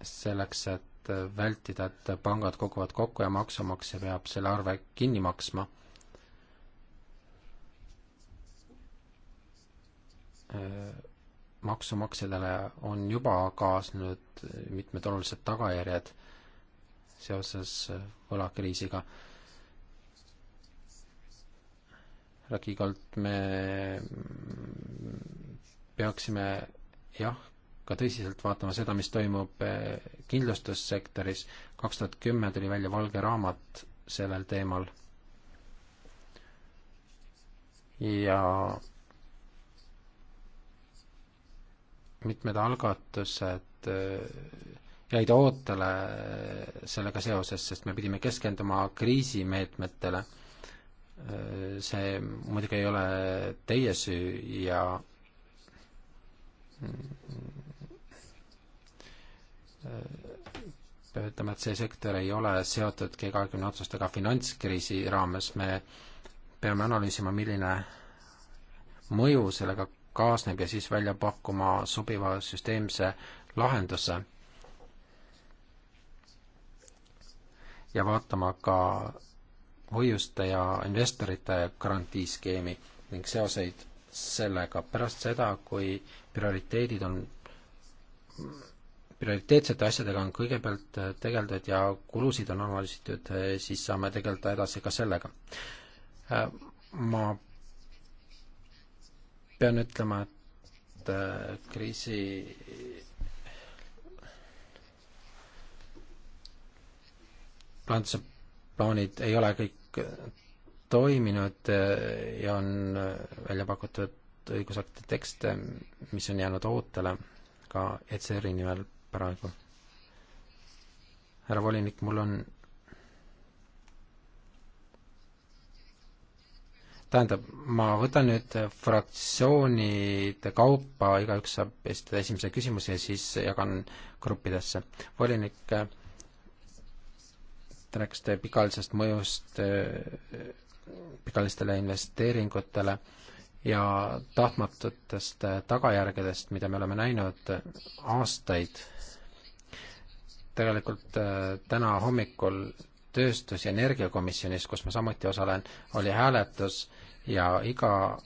selleks, et vältida, et pangad koguvad kokku ja maksumaksja peab selle arve kinni maksma. maksumaksjadele on juba kaasnenud mitmed olulised tagajärjed seoses võlakriisiga härra Kiigalt, me peaksime jah, ka tõsiselt vaatama seda, mis toimub eh, kindlustussektoris. kaks tuhat kümme tuli välja valge raamat sellel teemal. ja mitmed algatused eh, jäid ootele sellega seoses, sest me pidime keskenduma kriisimeetmetele see muidugi ei ole teie süü ja peab ütlema, et see sektor ei ole seotud G20 otsustega finantskriisi raames, me peame analüüsima, milline mõju sellega kaasneb ja siis välja pakkuma sobiva süsteemse lahenduse. ja vaatama ka hoiuste ja investorite garantiiskeemi ning seoseid sellega. pärast seda, kui prioriteedid on, prioriteetsete asjadega on kõigepealt äh, tegeldud ja kulusid on analüüsitud, äh, siis saame tegeleda edasi ka sellega. Äh, ma pean ütlema, et kriisi plaanituse plaanid ei ole kõik toiminud äh, ja on äh, välja pakutud õigusakti tekste, mis on jäänud ootele ka ECR-i nimel praegu. härra volinik, mul on tähendab, ma võtan nüüd fraktsioonide kaupa, igaüks saab esitada esimese küsimuse ja siis jagan gruppidesse. volinik, äh, te rääkisite pikaajalisest mõjust eh, pikaajalistele investeeringutele ja tahtmatutest tagajärgedest, mida me oleme näinud aastaid. tegelikult eh, täna hommikul tööstus- ja energiakomisjonis, kus ma samuti osalen, oli hääletus ja iga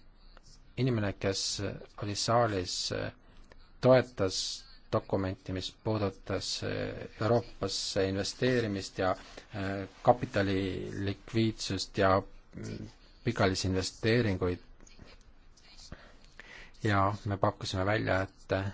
inimene, kes oli saalis, eh, toetas dokumenti, mis puudutas äh, Euroopasse investeerimist ja äh, kapitali likviidsust ja mm, pikaajalisi investeeringuid. ja me pakkusime välja, et äh,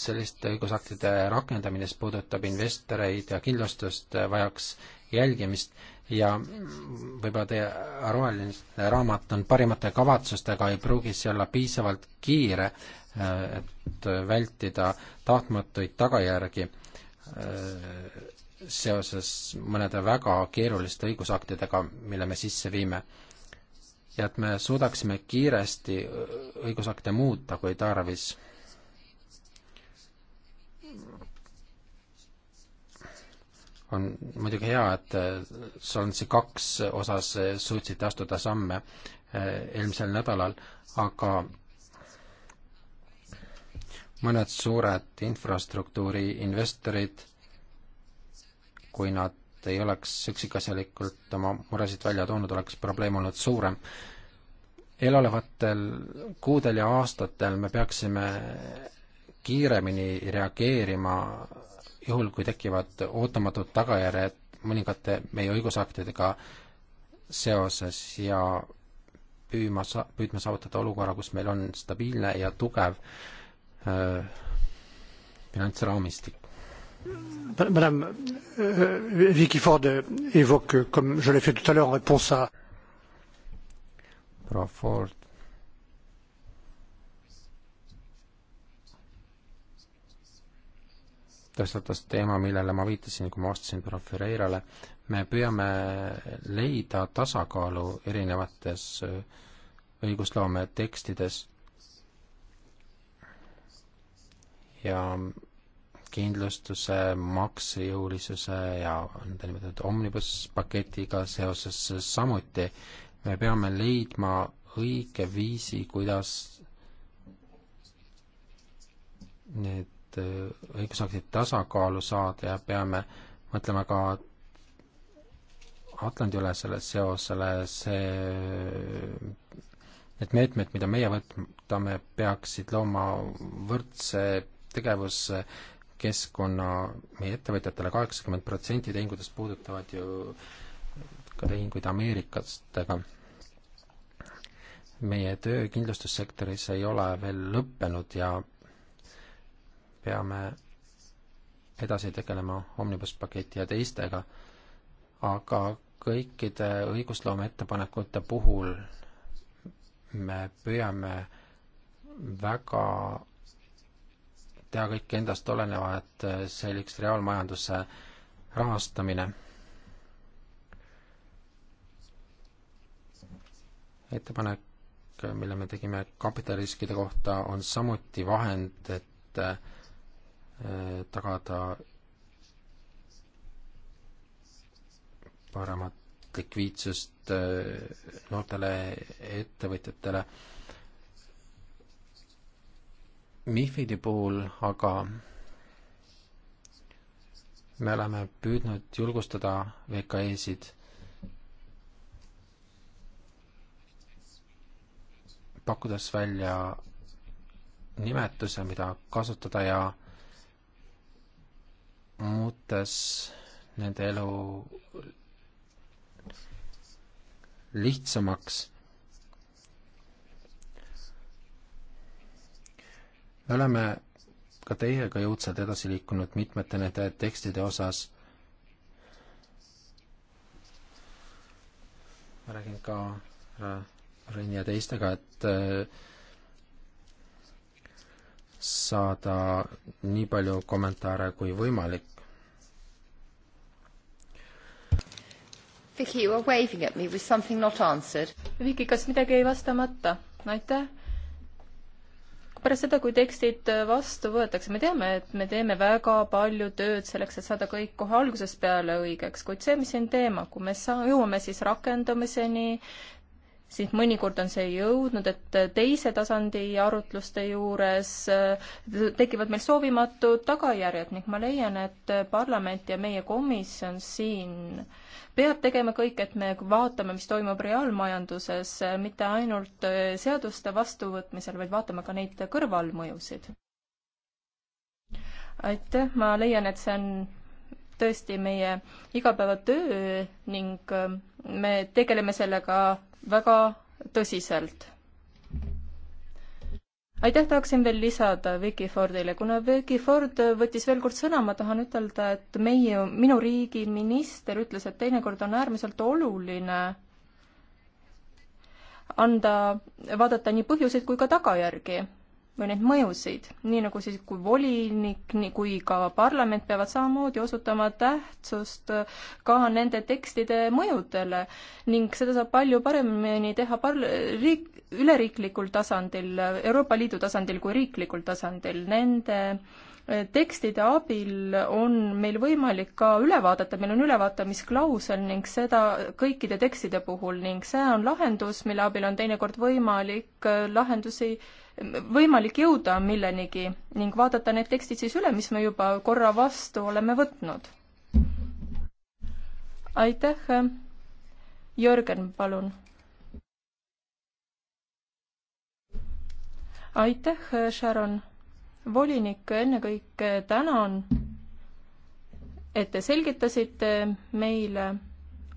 selliste õigusaktide rakendamine, mis puudutab investoreid ja kindlustust, vajaks jälgimist ja võib-olla teie roheline raamat on parimate kavatsustega, ei pruugi see olla piisavalt kiire, äh, et vältida tahtmatuid tagajärgi äh, seoses mõnede väga keeruliste õigusaktidega, mille me sisse viime. ja et me suudaksime kiiresti õigusakte muuta, kui tarvis on muidugi hea, et äh, Solvency kaks osas äh, suutsite astuda samme äh, eelmisel nädalal, aga mõned suured infrastruktuuri investorid, kui nad ei oleks üksikasjalikult oma muresid välja toonud, oleks probleem olnud suurem. eelolevatel kuudel ja aastatel me peaksime kiiremini reageerima juhul, kui tekivad ootamatud tagajärjed mõningate meie õigusaktidega seoses ja püüma sa-, püüdma saavutada olukorra, kus meil on stabiilne ja tugev öö, äh, finantsraamistik. Madame euh, Vicky Ford évoque, comme je l'ai fait tout à l'heure en réponse à proua Ford tõstatas teema, millele ma viitasin, kui ma vastasin proua Ferreirale, me püüame leida tasakaalu erinevates äh, õigusloome tekstides ja kindlustuse, maksejõulisuse ja nõndanimetatud omnibus paketiga seoses samuti me peame leidma õige viisi, kuidas need et äh, õigusaktid tasakaalu saada ja peame mõtlema ka Atlandi ülesele seosele, see, need meetmed, mida meie võtame, peaksid looma võrdse tegevuskeskkonna meie ettevõtjatele, kaheksakümmend protsenti tehingutest puudutavad ju ka tehinguid Ameerikast, aga meie töö kindlustussektoris ei ole veel lõppenud ja peame edasi tegelema Omnibus paketi ja teistega, aga kõikide õigusloome ettepanekute puhul me püüame väga teha kõik endast oleneva, et selliks reaalmajanduse rahastamine. ettepanek, mille me tegime kapitaliriskide kohta, on samuti vahend, et äh, tagada paremat likviidsust äh, noortele ettevõtjatele. MIFID-i puhul aga me oleme püüdnud julgustada VKE-sid pakkudes välja nimetuse, mida kasutada ja muutes nende elu lihtsamaks. me oleme ka teiega jõudsalt edasi liikunud mitmete nende tekstide osas. ma räägin ka Rõnni ja teistega, et äh, saada nii palju kommentaare kui võimalik. Vicky, you are waving at me with something not answered. Vicky, kas midagi jäi vastamata? aitäh. pärast seda, kui tekstid vastu võetakse, me teame, et me teeme väga palju tööd selleks, et saada kõik kohe algusest peale õigeks, kuid see, mis on teema, kui me saa-, jõuame siis rakendamiseni, siis mõnikord on see jõudnud, et teise tasandi arutluste juures äh, tekivad meil soovimatud tagajärjed ning ma leian, et parlament ja meie komisjon siin peab tegema kõik, et me vaatame, mis toimub reaalmajanduses, mitte ainult äh, seaduste vastuvõtmisel, vaid vaatame ka neid kõrvalmõjusid. aitäh, ma leian, et see on tõesti meie igapäevatöö ning äh, me tegeleme sellega väga tõsiselt. aitäh, tahaksin veel lisada Vicky Fordile, kuna Vicky Ford võttis veel kord sõna, ma tahan ütelda, et meie, minu riigi minister ütles, et teinekord on äärmiselt oluline anda, vaadata nii põhjuseid kui ka tagajärgi või neid mõjusid, nii nagu siis kui volinik, nii kui ka parlament peavad samamoodi osutama tähtsust ka nende tekstide mõjudele ning seda saab palju paremini teha par-, riik, üleriiklikul tasandil, Euroopa Liidu tasandil kui riiklikul tasandil, nende eh, tekstide abil on meil võimalik ka üle vaadata, meil on ülevaatamisklausel ning seda kõikide tekstide puhul ning see on lahendus, mille abil on teinekord võimalik eh, lahendusi äh, võimalik jõuda millenigi ning vaadata need tekstid siis üle, mis me juba korra vastu oleme võtnud. aitäh. Jörgen, palun. aitäh, Sharon. volinik, ennekõike tänan, et te selgitasite meile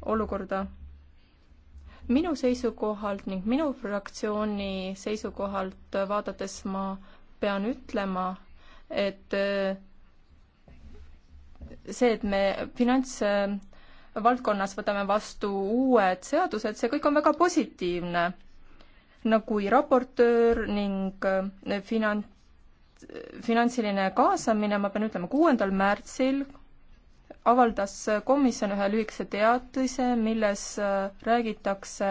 olukorda minu seisukohalt ning minu fraktsiooni seisukohalt vaadates ma pean ütlema, et äh, see, et me finantsvaldkonnas võtame vastu uued seadused, see kõik on väga positiivne. nagu raportöör ning äh, finants, finantsiline kaasamine, ma pean ütlema, kuuendal märtsil avaldas komisjon ühe lühikese teatise, milles äh, räägitakse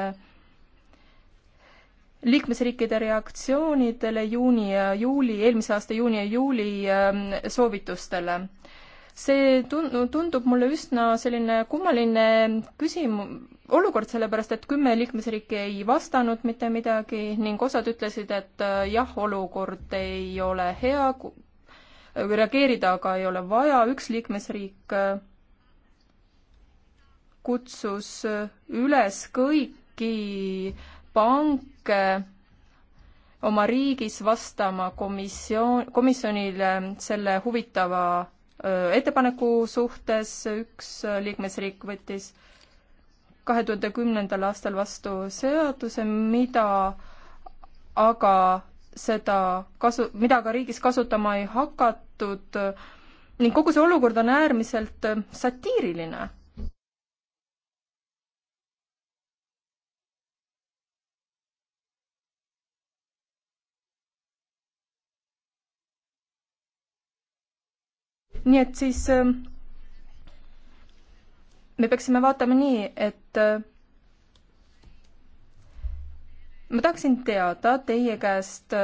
liikmesriikide reaktsioonidele juuni ja juuli, eelmise aasta juuni ja juuli äh, soovitustele see tun-, tundub mulle üsna selline kummaline küsimus, olukord, sellepärast et kümme liikmesriiki ei vastanud mitte midagi ning osad ütlesid, et äh, jah, olukord ei ole hea, reageerida aga ei ole vaja, üks liikmesriik äh, kutsus äh, üles kõiki panke oma riigis vastama komisjon, komisjonile selle huvitava äh, ettepaneku suhtes, üks liikmesriik võttis kahe tuhande kümnendal aastal vastu seaduse, mida aga seda kasu, mida ka riigis kasutama ei hakata, seotud ning kogu see olukord on äärmiselt äh, satiiriline. nii et siis äh, me peaksime vaatama nii, et äh, ma tahaksin teada teie käest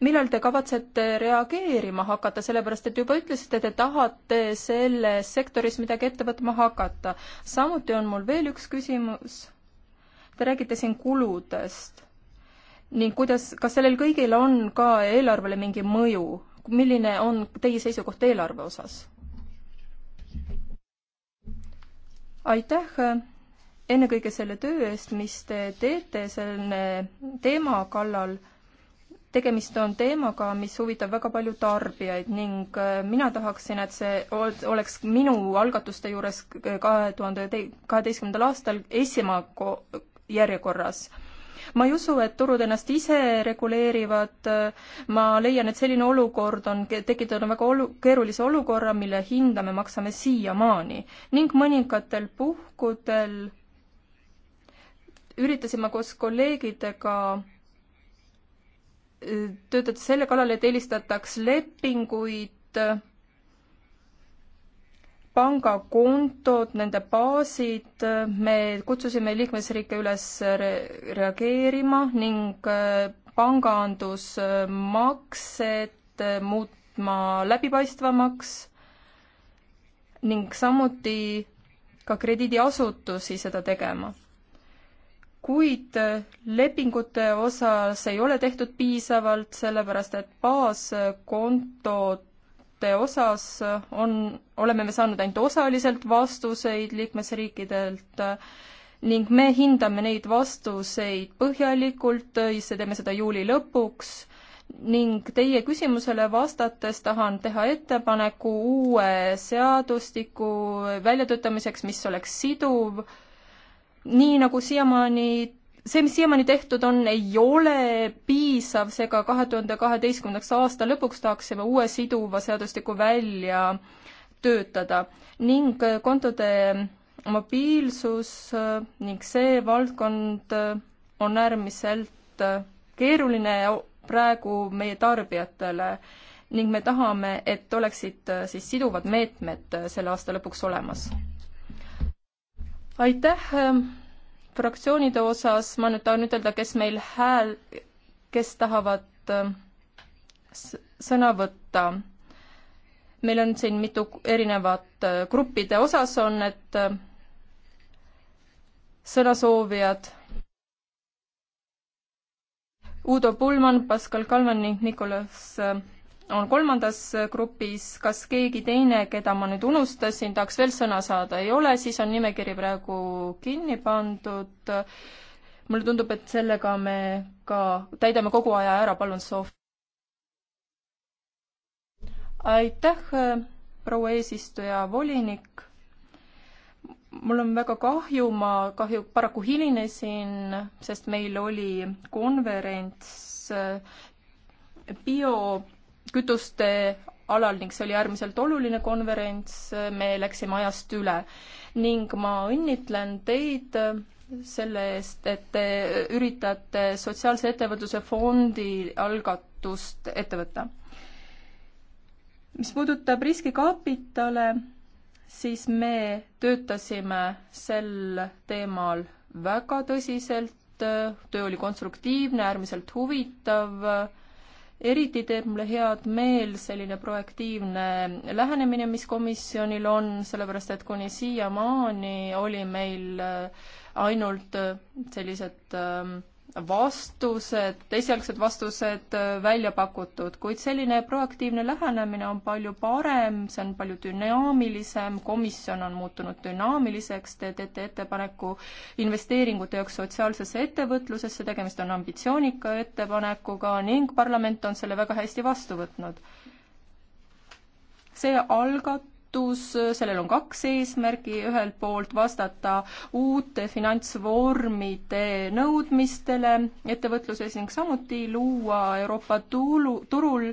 millal te kavatsete reageerima hakata, sellepärast et juba ütlesite, te tahate selles sektoris midagi ette võtma hakata. samuti on mul veel üks küsimus. Te räägite siin kuludest ning kuidas, kas sellel kõigil on ka eelarvele mingi mõju? milline on teie seisukoht eelarve osas? aitäh ennekõike selle töö eest, mis te teete selle teema kallal tegemist on teemaga, mis huvitab väga palju tarbijaid ning äh, mina tahaksin, et see oleks minu algatuste juures kahe tuhande kaheteistkümnendal aastal esima järjekorras. ma ei usu, et turud ennast ise reguleerivad, äh, ma leian, et selline olukord on tekitanud väga olu-, keerulise olukorra, mille hinda me maksame siiamaani ning mõningatel puhkudel üritasin ma koos kolleegidega töötate selle kallal, et eelistataks lepinguid, pangakontod, nende baasid, me kutsusime liikmesriike üles re reageerima ning äh, pangandusmaksed äh, muutma läbipaistvamaks ning samuti ka krediidiasutusi seda tegema kuid lepingute osas ei ole tehtud piisavalt, sellepärast et baaskontode osas on, oleme me saanud ainult osaliselt vastuseid liikmesriikidelt ning me hindame neid vastuseid põhjalikult, teeme seda juuli lõpuks ning teie küsimusele vastates tahan teha ettepaneku uue seadustiku väljatöötamiseks, mis oleks siduv nii nagu siiamaani see, mis siiamaani tehtud on, ei ole piisav, seega kahe tuhande kaheteistkümnendaks aasta lõpuks tahaksime uue siduva seadustiku välja töötada ning äh, kontode mobiilsus äh, ning see valdkond äh, on äärmiselt keeruline praegu meie tarbijatele ning me tahame, et oleksid siis siduvad meetmed selle aasta lõpuks olemas aitäh ähm, fraktsioonide osas, ma nüüd tahan ütelda, kes meil hääl, kes tahavad ähm, sõna võtta. meil on siin mitu erinevat äh, gruppide osas on need ähm, sõnasoovijad. Udo Pullmann, Pascal Kalman ning Nicolas on kolmandas grupis, kas keegi teine, keda ma nüüd unustasin, tahaks veel sõna saada, ei ole, siis on nimekiri praegu kinni pandud. mulle tundub, et sellega me ka täidame kogu aja ära, palun, Sof. aitäh, proua eesistuja, volinik mul on väga kahju, ma kahju, paraku hilinesin, sest meil oli konverents bio kütuste alal ning see oli äärmiselt oluline konverents, me läksime ajast üle. ning ma õnnitlen teid selle eest, et te üritate Sotsiaalse Ettevõtluse Fondi algatust ette võtta. mis puudutab riskikapitale, siis me töötasime sel teemal väga tõsiselt, töö oli konstruktiivne, äärmiselt huvitav eriti teeb mulle head meel selline proaktiivne lähenemine, mis komisjonil on, sellepärast et kuni siiamaani oli meil äh, ainult äh, sellised äh, vastused, esialgsed vastused äh, välja pakutud, kuid selline proaktiivne lähenemine on palju parem, see on palju dünaamilisem, komisjon on muutunud dünaamiliseks, te teete ettepaneku investeeringute jaoks sotsiaalsesse ettevõtlusesse, tegemist on ambitsioonika ettepanekuga ning parlament on selle väga hästi vastu võtnud. see algat-, muutus, sellel on kaks eesmärgi, ühelt poolt vastata uute finantsvormide nõudmistele ettevõtluses ning samuti luua Euroopa tulu, turul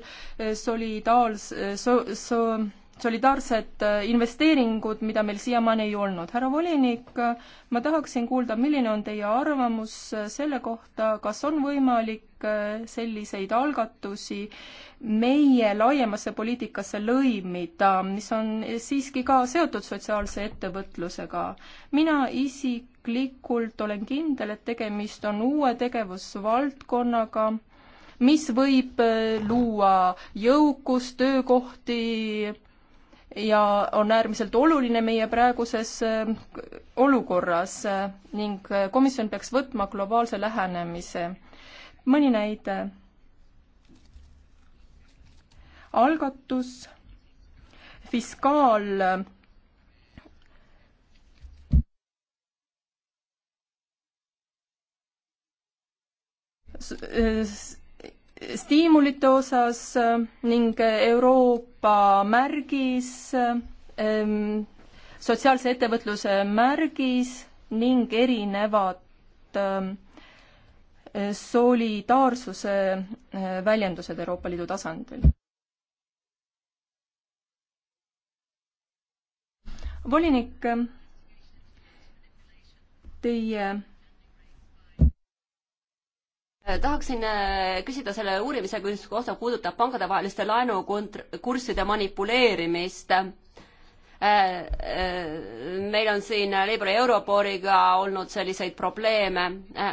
solidaals-, so-, so-, solidaarsed äh, investeeringud, mida meil siiamaani ei olnud. härra volinik, äh, ma tahaksin kuulda, milline on teie arvamus äh, selle kohta, kas on võimalik selliseid algatusi meie laiemasse poliitikasse lõimida, mis on siiski ka seotud sotsiaalse ettevõtlusega. mina isiklikult olen kindel, et tegemist on uue tegevusvaldkonnaga mis võib luua jõukust, töökohti, ja on äärmiselt oluline meie praeguses äh, olukorras äh, ning äh, komisjon peaks võtma globaalse lähenemise. mõni näide. algatus, fiskaal stiimulite osas äh, ning Euroopa märgis, ähm, sotsiaalse ettevõtluse märgis ning erinevad ähm, äh, solidaarsuse äh, väljendused Euroopa Liidu tasandil. volinik, teie Äh, tahaksin äh, küsida selle uurimise kohta, puudutab pankadevaheliste laenukursside manipuleerimist. Äh, meil on siin Libra Europoriga olnud selliseid probleeme.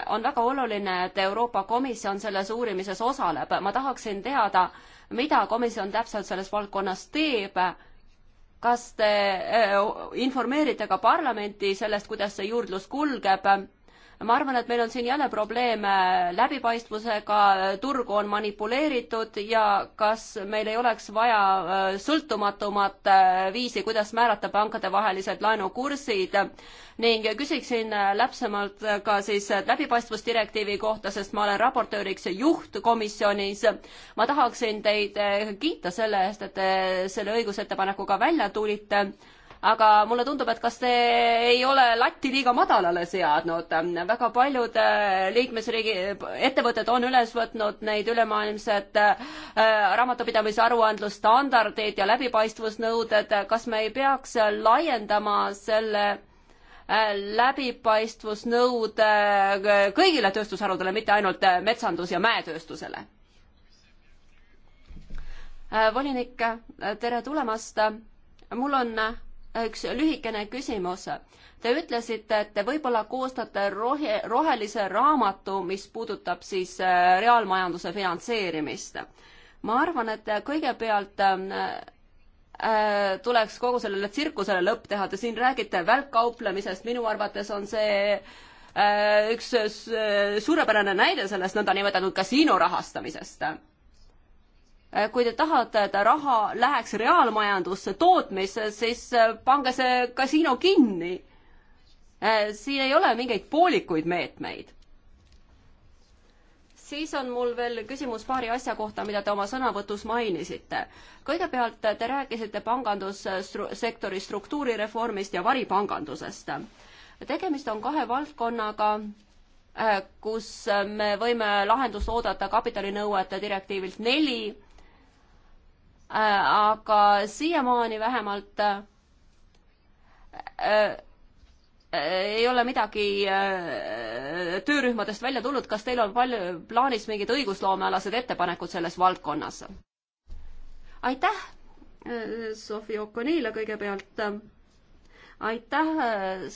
on väga oluline, et Euroopa Komisjon selles uurimises osaleb. ma tahaksin teada, mida komisjon täpselt selles valdkonnas teeb kas te informeerite ka parlamenti sellest, kuidas see juurdlus kulgeb ma arvan, et meil on siin jälle probleeme läbipaistvusega, turgu on manipuleeritud ja kas meil ei oleks vaja äh, sõltumatumat äh, viisi, kuidas määrata pankadevahelised laenukursid ning küsiksin äh, täpsemalt ka siis läbipaistvusdirektiivi kohta, sest ma olen raportööriks juhtkomisjonis. ma tahaksin teid kiita selle eest, et te selle õigusettepanekuga välja tulite aga mulle tundub, et kas te ei ole latti liiga madalale seadnud. väga paljud äh, liikmesriigi ettevõtted on üles võtnud neid ülemaailmsed äh, raamatupidamise aruandlusstandardid ja läbipaistvusnõuded. kas me ei peaks laiendama selle äh, läbipaistvusnõude kõigile tööstusharudele, mitte ainult metsandus- ja mäetööstusele? volinik, tere tulemast. mul on üks lühikene küsimus. Te ütlesite, et te võib-olla koostate rohe, rohelise raamatu, mis puudutab siis äh, reaalmajanduse finantseerimist. ma arvan, et kõigepealt äh, tuleks kogu sellele tsirkusele lõpp teha, te siin räägite välkkauplemisest, minu arvates on see äh, üks suurepärane näide sellest nõndanimetatud kasiino rahastamisest Äh, kui te tahate, et raha läheks reaalmajandusse, tootmisse, siis äh, pange see kasiino kinni. Äh, siin ei ole mingeid poolikuid meetmeid. siis on mul veel küsimus paari asja kohta, mida te oma sõnavõtus mainisite. kõigepealt te rääkisite pangandussektori struktuurireformist ja varipangandusest. tegemist on kahe valdkonnaga, kus me võime lahendust oodata kapitalinõuete direktiivilt neli Äh, aga siiamaani vähemalt äh, äh, ei ole midagi töörühmadest välja tulnud, kas teil on palju, plaanis mingid õigusloomealased ettepanekud selles valdkonnas? aitäh, Sofi Okonile kõigepealt. aitäh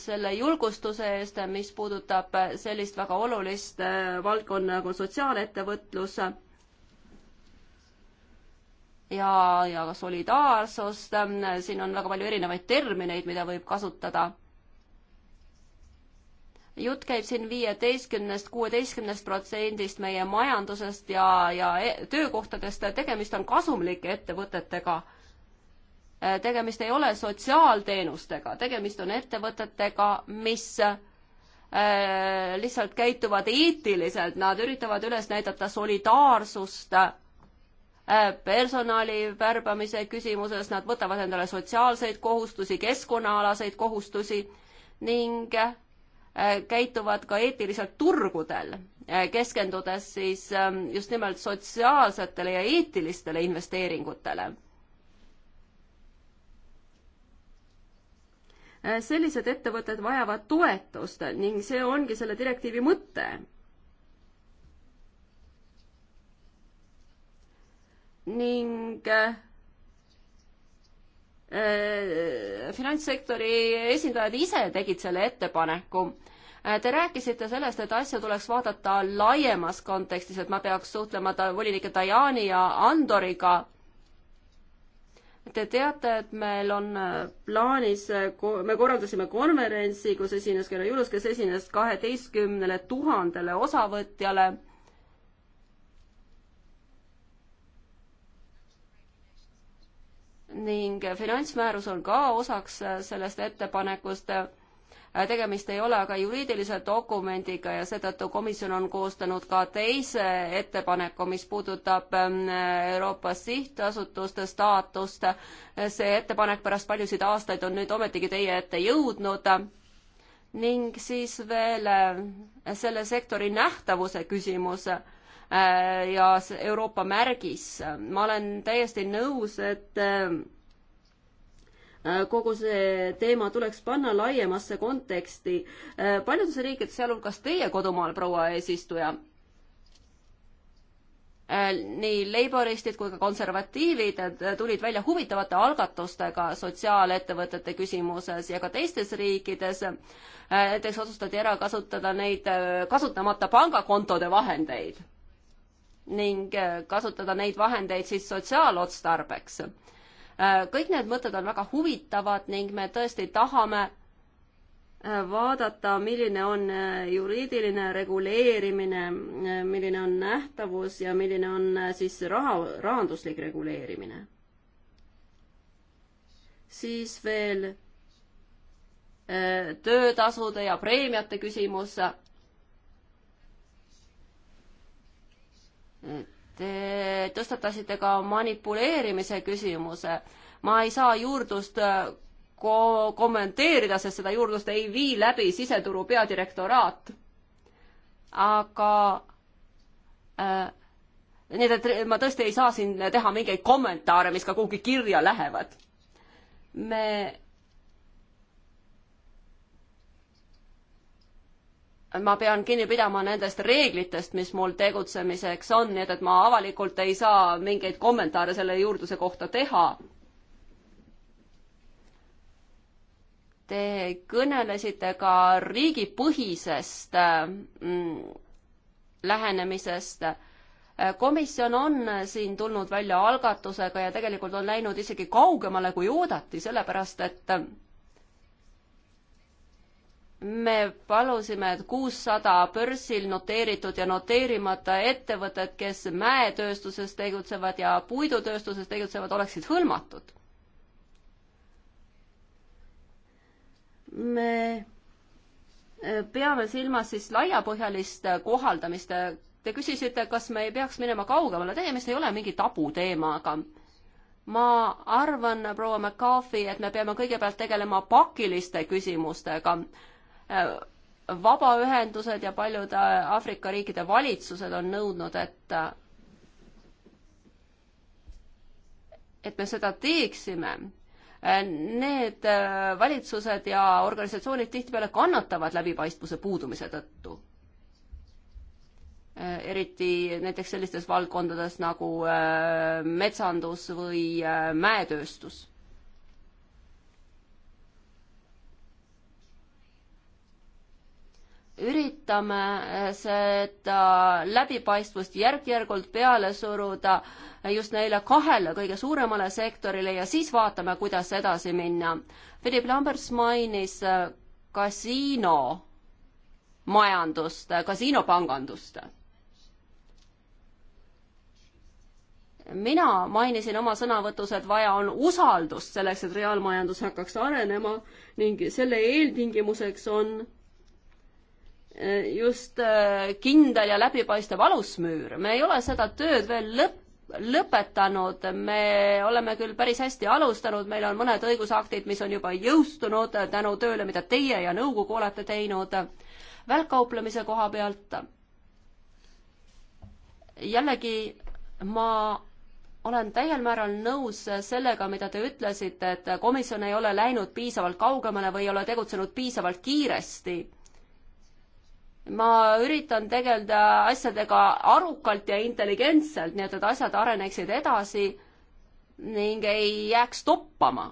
selle julgustuse eest, mis puudutab sellist väga olulist valdkonna nagu sotsiaalettevõtlus ja, ja solidaarsust, siin on väga palju erinevaid termineid, mida võib kasutada. jutt käib siin viieteistkümnest, kuueteistkümnest protsendist meie majandusest ja, ja e-, töökohtadest, tegemist on kasumlike ettevõtetega. tegemist ei ole sotsiaalteenustega, tegemist on ettevõtetega, mis äh, lihtsalt käituvad eetiliselt, nad üritavad üles näidata solidaarsust Äh, personali värbamise küsimuses, nad võtavad endale sotsiaalseid kohustusi, keskkonnaalaseid kohustusi ning äh, käituvad ka eetiliselt turgudel, äh, keskendudes siis ähm, just nimelt sotsiaalsetele ja eetilistele investeeringutele. sellised ettevõtted vajavad toetust ning see ongi selle direktiivi mõte ning äh, finantssektori esindajad ise tegid selle ettepaneku. Äh, te rääkisite sellest, et asja tuleks vaadata laiemas kontekstis, et ma peaks suhtlema volinike Tajani ja Andoriga. Te teate, et meil on äh, plaanis, me korraldasime konverentsi, kus esines Kena Julus, kes esines kaheteistkümnele tuhandele osavõtjale ning finantsmäärus on ka osaks äh, sellest ettepanekust. Äh, tegemist ei ole aga juriidilise dokumendiga ja seetõttu komisjon on koostanud ka teise ettepaneku, mis puudutab ähm, Euroopa sihtasutuste staatust. see ettepanek pärast paljusid aastaid on nüüd ometigi teie ette jõudnud ning siis veel äh, selle sektori nähtavuse küsimus Äh, ja Euroopa märgis. ma olen täiesti nõus, et äh, äh, kogu see teema tuleks panna laiemasse konteksti. paljudes riikides, sealhulgas teie kodumaal, proua eesistuja, nii leiboristid kui ka konservatiivid tulid välja huvitavate algatustega sotsiaalettevõtete küsimuses ja ka teistes riikides. näiteks otsustati ära kasutada neid kasutamata pangakontode vahendeid ning äh, kasutada neid vahendeid siis sotsiaalotstarbeks. Äh, kõik need mõtted on väga huvitavad ning me tõesti tahame äh, vaadata, milline on juriidiline reguleerimine, milline on nähtavus ja milline on siis raha, rahanduslik reguleerimine. siis veel töötasude ja preemiate küsimus Te tõstatasite ka manipuleerimise küsimuse. ma ei saa juurdlust äh, ko-, kommenteerida, sest seda juurdlust ei vii läbi siseturu peadirektoraat. aga äh, nii et ma tõesti ei saa siin teha mingeid kommentaare, mis ka kuhugi kirja lähevad. me ma pean kinni pidama nendest reeglitest, mis mul tegutsemiseks on, nii et, et ma avalikult ei saa mingeid kommentaare selle juurdluse kohta teha. Te kõnelesite ka riigipõhisest mm, lähenemisest. komisjon on siin tulnud välja algatusega ja tegelikult on läinud isegi kaugemale, kui oodati, sellepärast et me palusime, et kuussada börsil noteeritud ja noteerimata ettevõtet, kes mäetööstuses tegutsevad ja puidutööstuses tegutsevad, oleksid hõlmatud. me e, peame silmas siis laiapõhjalist kohaldamist. Te küsisite, kas me ei peaks minema kaugemale, tegemist ei ole mingi tabuteemaga ma arvan, proua McCarthy, et me peame kõigepealt tegelema pakiliste küsimustega vabaühendused ja paljud äh, Aafrika riikide valitsused on nõudnud, et äh, et me seda teeksime. Äh, need valitsused ja organisatsioonid tihtipeale kannatavad läbipaistvuse puudumise tõttu. eriti näiteks sellistes valdkondades nagu metsandus või mäetööstus üritame äh, seda läbipaistvust järk-järgult peale suruda äh, just neile kahele kõige suuremale sektorile ja siis vaatame, kuidas edasi minna. Philip Lambers mainis äh, kasiino majandust, kasiinopangandust. mina mainisin oma sõnavõtus, et vaja on usaldust selleks, et reaalmajandus hakkaks arenema ning selle eeltingimuseks on just äh, kindel ja läbipaistev alusmüür, me ei ole seda tööd veel lõpp, lõpetanud, me oleme küll päris hästi alustanud, meil on mõned õigusaktid, mis on juba jõustunud tänu tööle, mida teie ja nõukogu olete teinud välkkauplemise koha pealt. jällegi, ma olen täiel määral nõus sellega, mida te ütlesite, et komisjon ei ole läinud piisavalt kaugemale või ei ole tegutsenud piisavalt kiiresti ma üritan tegeleda asjadega arukalt ja intelligentselt, nii et, et asjad areneksid edasi ning ei jääks toppama.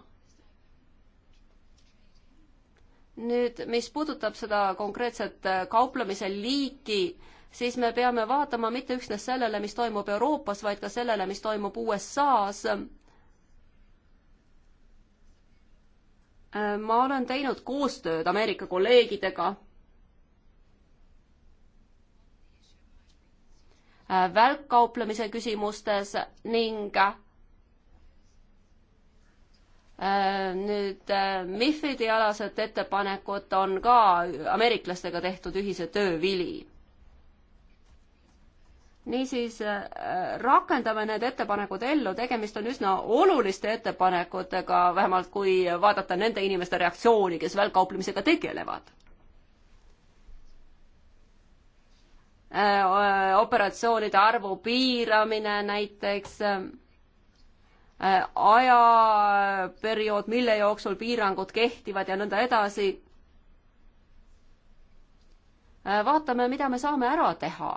nüüd, mis puudutab seda konkreetset äh, kauplemise liiki, siis me peame vaatama mitte üksnes sellele, mis toimub Euroopas, vaid ka sellele, mis toimub USA-s. Äh, ma olen teinud koostööd Ameerika kolleegidega Äh, välkkauplemise küsimustes ning äh, nüüd äh, MIFID-i alased ettepanekud on ka ameeriklastega tehtud ühise töö vili. niisiis rakendame need ettepanekud ellu, tegemist on üsna oluliste ettepanekutega, vähemalt kui vaadata nende inimeste reaktsiooni, kes välkkauplemisega tegelevad Äh, operatsioonide arvu piiramine näiteks, äh, ajaperiood, mille jooksul piirangud kehtivad ja nõnda edasi. Äh, vaatame, mida me saame ära teha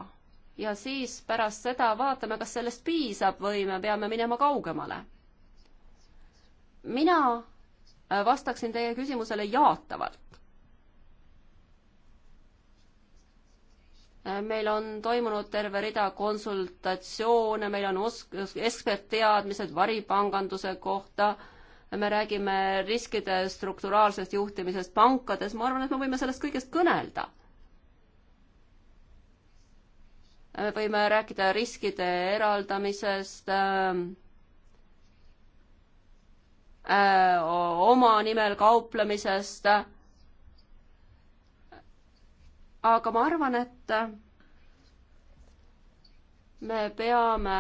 ja siis pärast seda vaatame, kas sellest piisab või me peame minema kaugemale. mina vastaksin teie küsimusele jaatavalt meil on toimunud terve rida konsultatsioone, meil on osk-, ekspertteadmised varipanganduse kohta, me räägime riskide strukturaalsest juhtimisest pankades, ma arvan, et me võime sellest kõigest kõnelda. me võime rääkida riskide eraldamisest ähm, äh,, äh, oma nimel kauplemisest äh, aga ma arvan, et me peame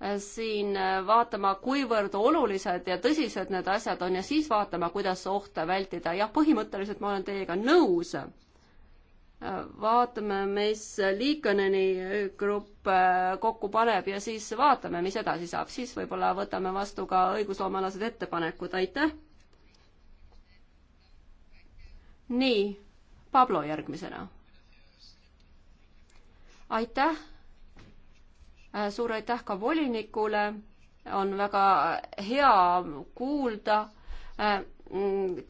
eh, siin eh, vaatama, kuivõrd olulised ja tõsised need asjad on ja siis vaatama, kuidas ohte vältida. jah, põhimõtteliselt ma olen teiega nõus. Eh, vaatame, mis Liikoneni grupp kokku paneb ja siis vaatame, mis edasi saab, siis võib-olla võtame vastu ka õigusloomealased ettepanekud, aitäh. nii Pablo järgmisena. aitäh, äh, suur aitäh ka volinikule, on väga hea kuulda äh,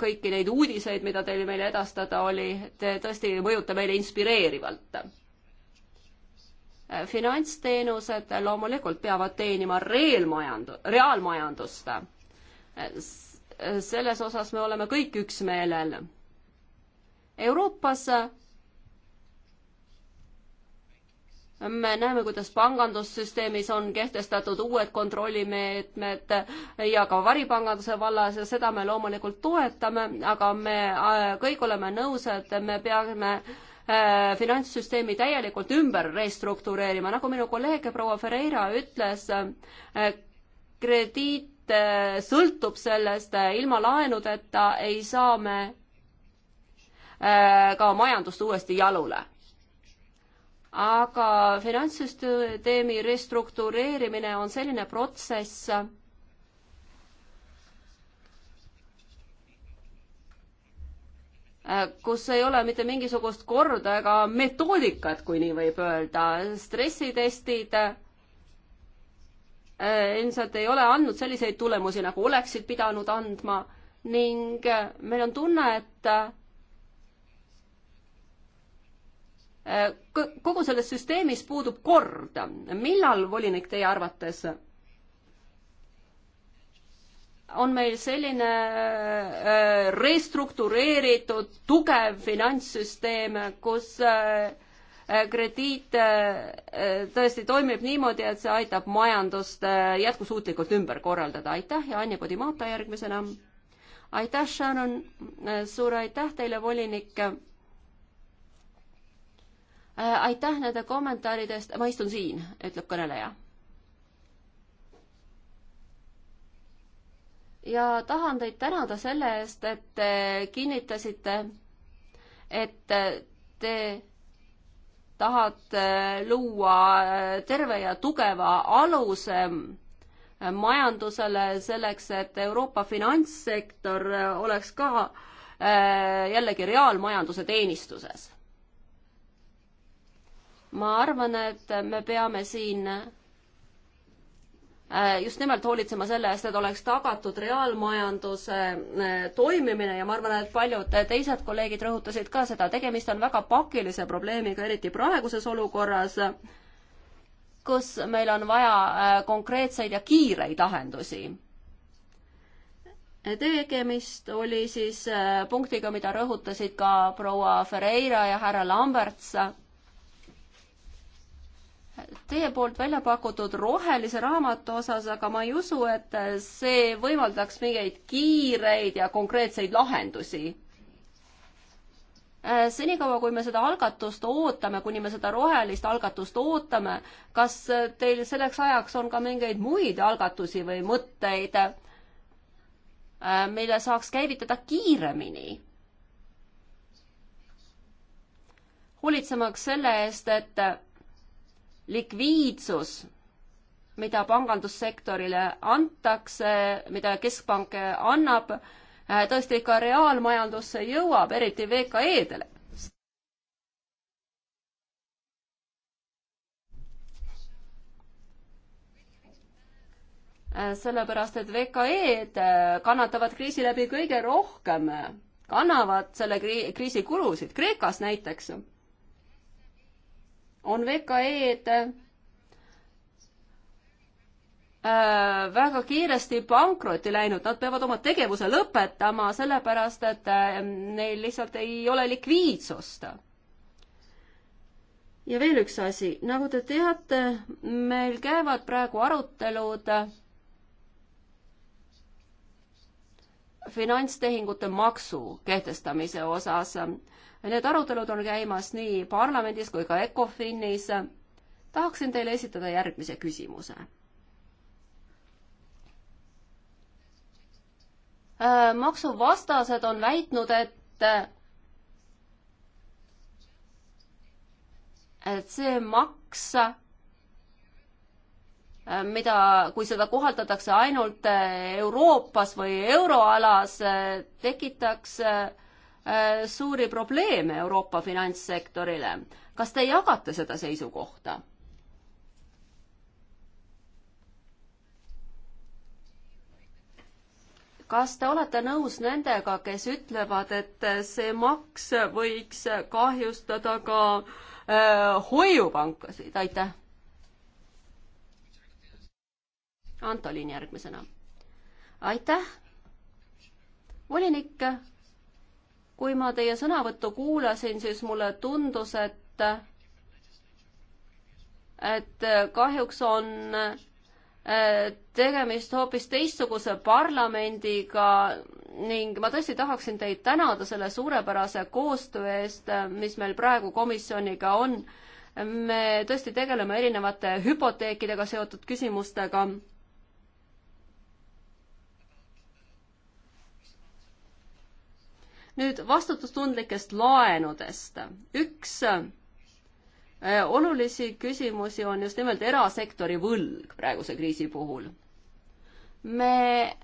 kõiki neid uudiseid, mida teil meile edastada oli, te tõesti mõjute meile inspireerivalt. Äh, finantsteenused loomulikult peavad teenima reaalmajandu-, reaalmajandust. selles osas me oleme kõik üksmeelel Euroopas me näeme, kuidas pangandussüsteemis on kehtestatud uued kontrollimeetmed ja ka varipanganduse vallas ja seda me loomulikult toetame, aga me äh, kõik oleme nõus, et me peame äh, finantssüsteemi täielikult ümber restruktureerima, nagu minu kolleeg proua Ferreira ütles, äh, krediit sõltub sellest, ilma laenudeta ei saa me Äh, ka majandust uuesti jalule. aga finantssüsteemi restruktureerimine on selline protsess, äh, kus ei ole mitte mingisugust korda ega metoodikat, kui nii võib öelda. stressitestid äh, ilmselt ei ole andnud selliseid tulemusi, nagu oleksid pidanud andma ning meil on tunne, et kogu selles süsteemis puudub kord. millal, volinik, teie arvates on meil selline äh, restruktureeritud tugev finantssüsteem, kus äh, krediit äh, tõesti toimib niimoodi, et see aitab majandust jätkusuutlikult ümber korraldada. aitäh ja Anni Podimata järgmisena. aitäh, Sharon, suur aitäh teile, volinik Äh, aitäh nende kommentaaride eest, ma istun siin, ütleb kõneleja. ja tahan teid tänada selle eest, et te kinnitasite, et te tahate äh, luua äh, terve ja tugeva aluse majandusele selleks, et Euroopa finantssektor oleks ka jällegi reaalmajanduse teenistuses ma arvan, et me peame siin äh, just nimelt hoolitsema selle eest, et oleks tagatud reaalmajanduse äh, toimimine ja ma arvan, et paljud teised kolleegid rõhutasid ka seda, tegemist on väga pakilise probleemiga, eriti praeguses olukorras, kus meil on vaja äh, konkreetseid ja kiireid lahendusi. tegemist oli siis punktiga, mida rõhutasid ka proua Ferreira ja härra Lamberts teie poolt välja pakutud rohelise raamatu osas, aga ma ei usu, et see võimaldaks mingeid kiireid ja konkreetseid lahendusi. Äh, senikaua, kui me seda algatust ootame, kuni me seda rohelist algatust ootame, kas teil selleks ajaks on ka mingeid muid algatusi või mõtteid, äh, mille saaks käivitada kiiremini? hoolitsemaks selle eest, et likviidsus, mida pangandussektorile antakse, mida keskpank annab, äh, tõesti ka reaalmajandusse jõuab, eriti VKE-dele. Äh, sellepärast, et VKE-d äh, kannatavad kriisi läbi kõige rohkem, kannavad selle kriisi kulusid, Kreekas näiteks on VKE-d äh, väga kiiresti pankrotti läinud, nad peavad oma tegevuse lõpetama, sellepärast et äh, neil lihtsalt ei ole likviidsust. ja veel üks asi, nagu te teate, meil käivad praegu arutelud äh, finantstehingute maksu kehtestamise osas Need arutelud on käimas nii parlamendis kui ka ECOFINis. tahaksin teile esitada järgmise küsimuse. Äh, maksuvastased on väitnud, et et see maks, äh, mida, kui seda kohaldatakse ainult äh, Euroopas või euroalas, tekitaks äh, Äh, suuri probleeme Euroopa finantssektorile. kas te jagate seda seisukohta? kas te olete nõus nendega, kes ütlevad, et see maks võiks kahjustada ka äh, hoiupankasid, aitäh. Antolin järgmisena. aitäh. volinik kui ma teie sõnavõttu kuulasin, siis mulle tundus, et, et kahjuks on eh, tegemist hoopis teistsuguse parlamendiga ning ma tõesti tahaksin teid tänada selle suurepärase koostöö eest, mis meil praegu komisjoniga on. me tõesti tegeleme erinevate hüpoteekidega seotud küsimustega nüüd vastutustundlikest laenudest. üks äh, olulisi küsimusi on just nimelt erasektori võlg praeguse kriisi puhul. me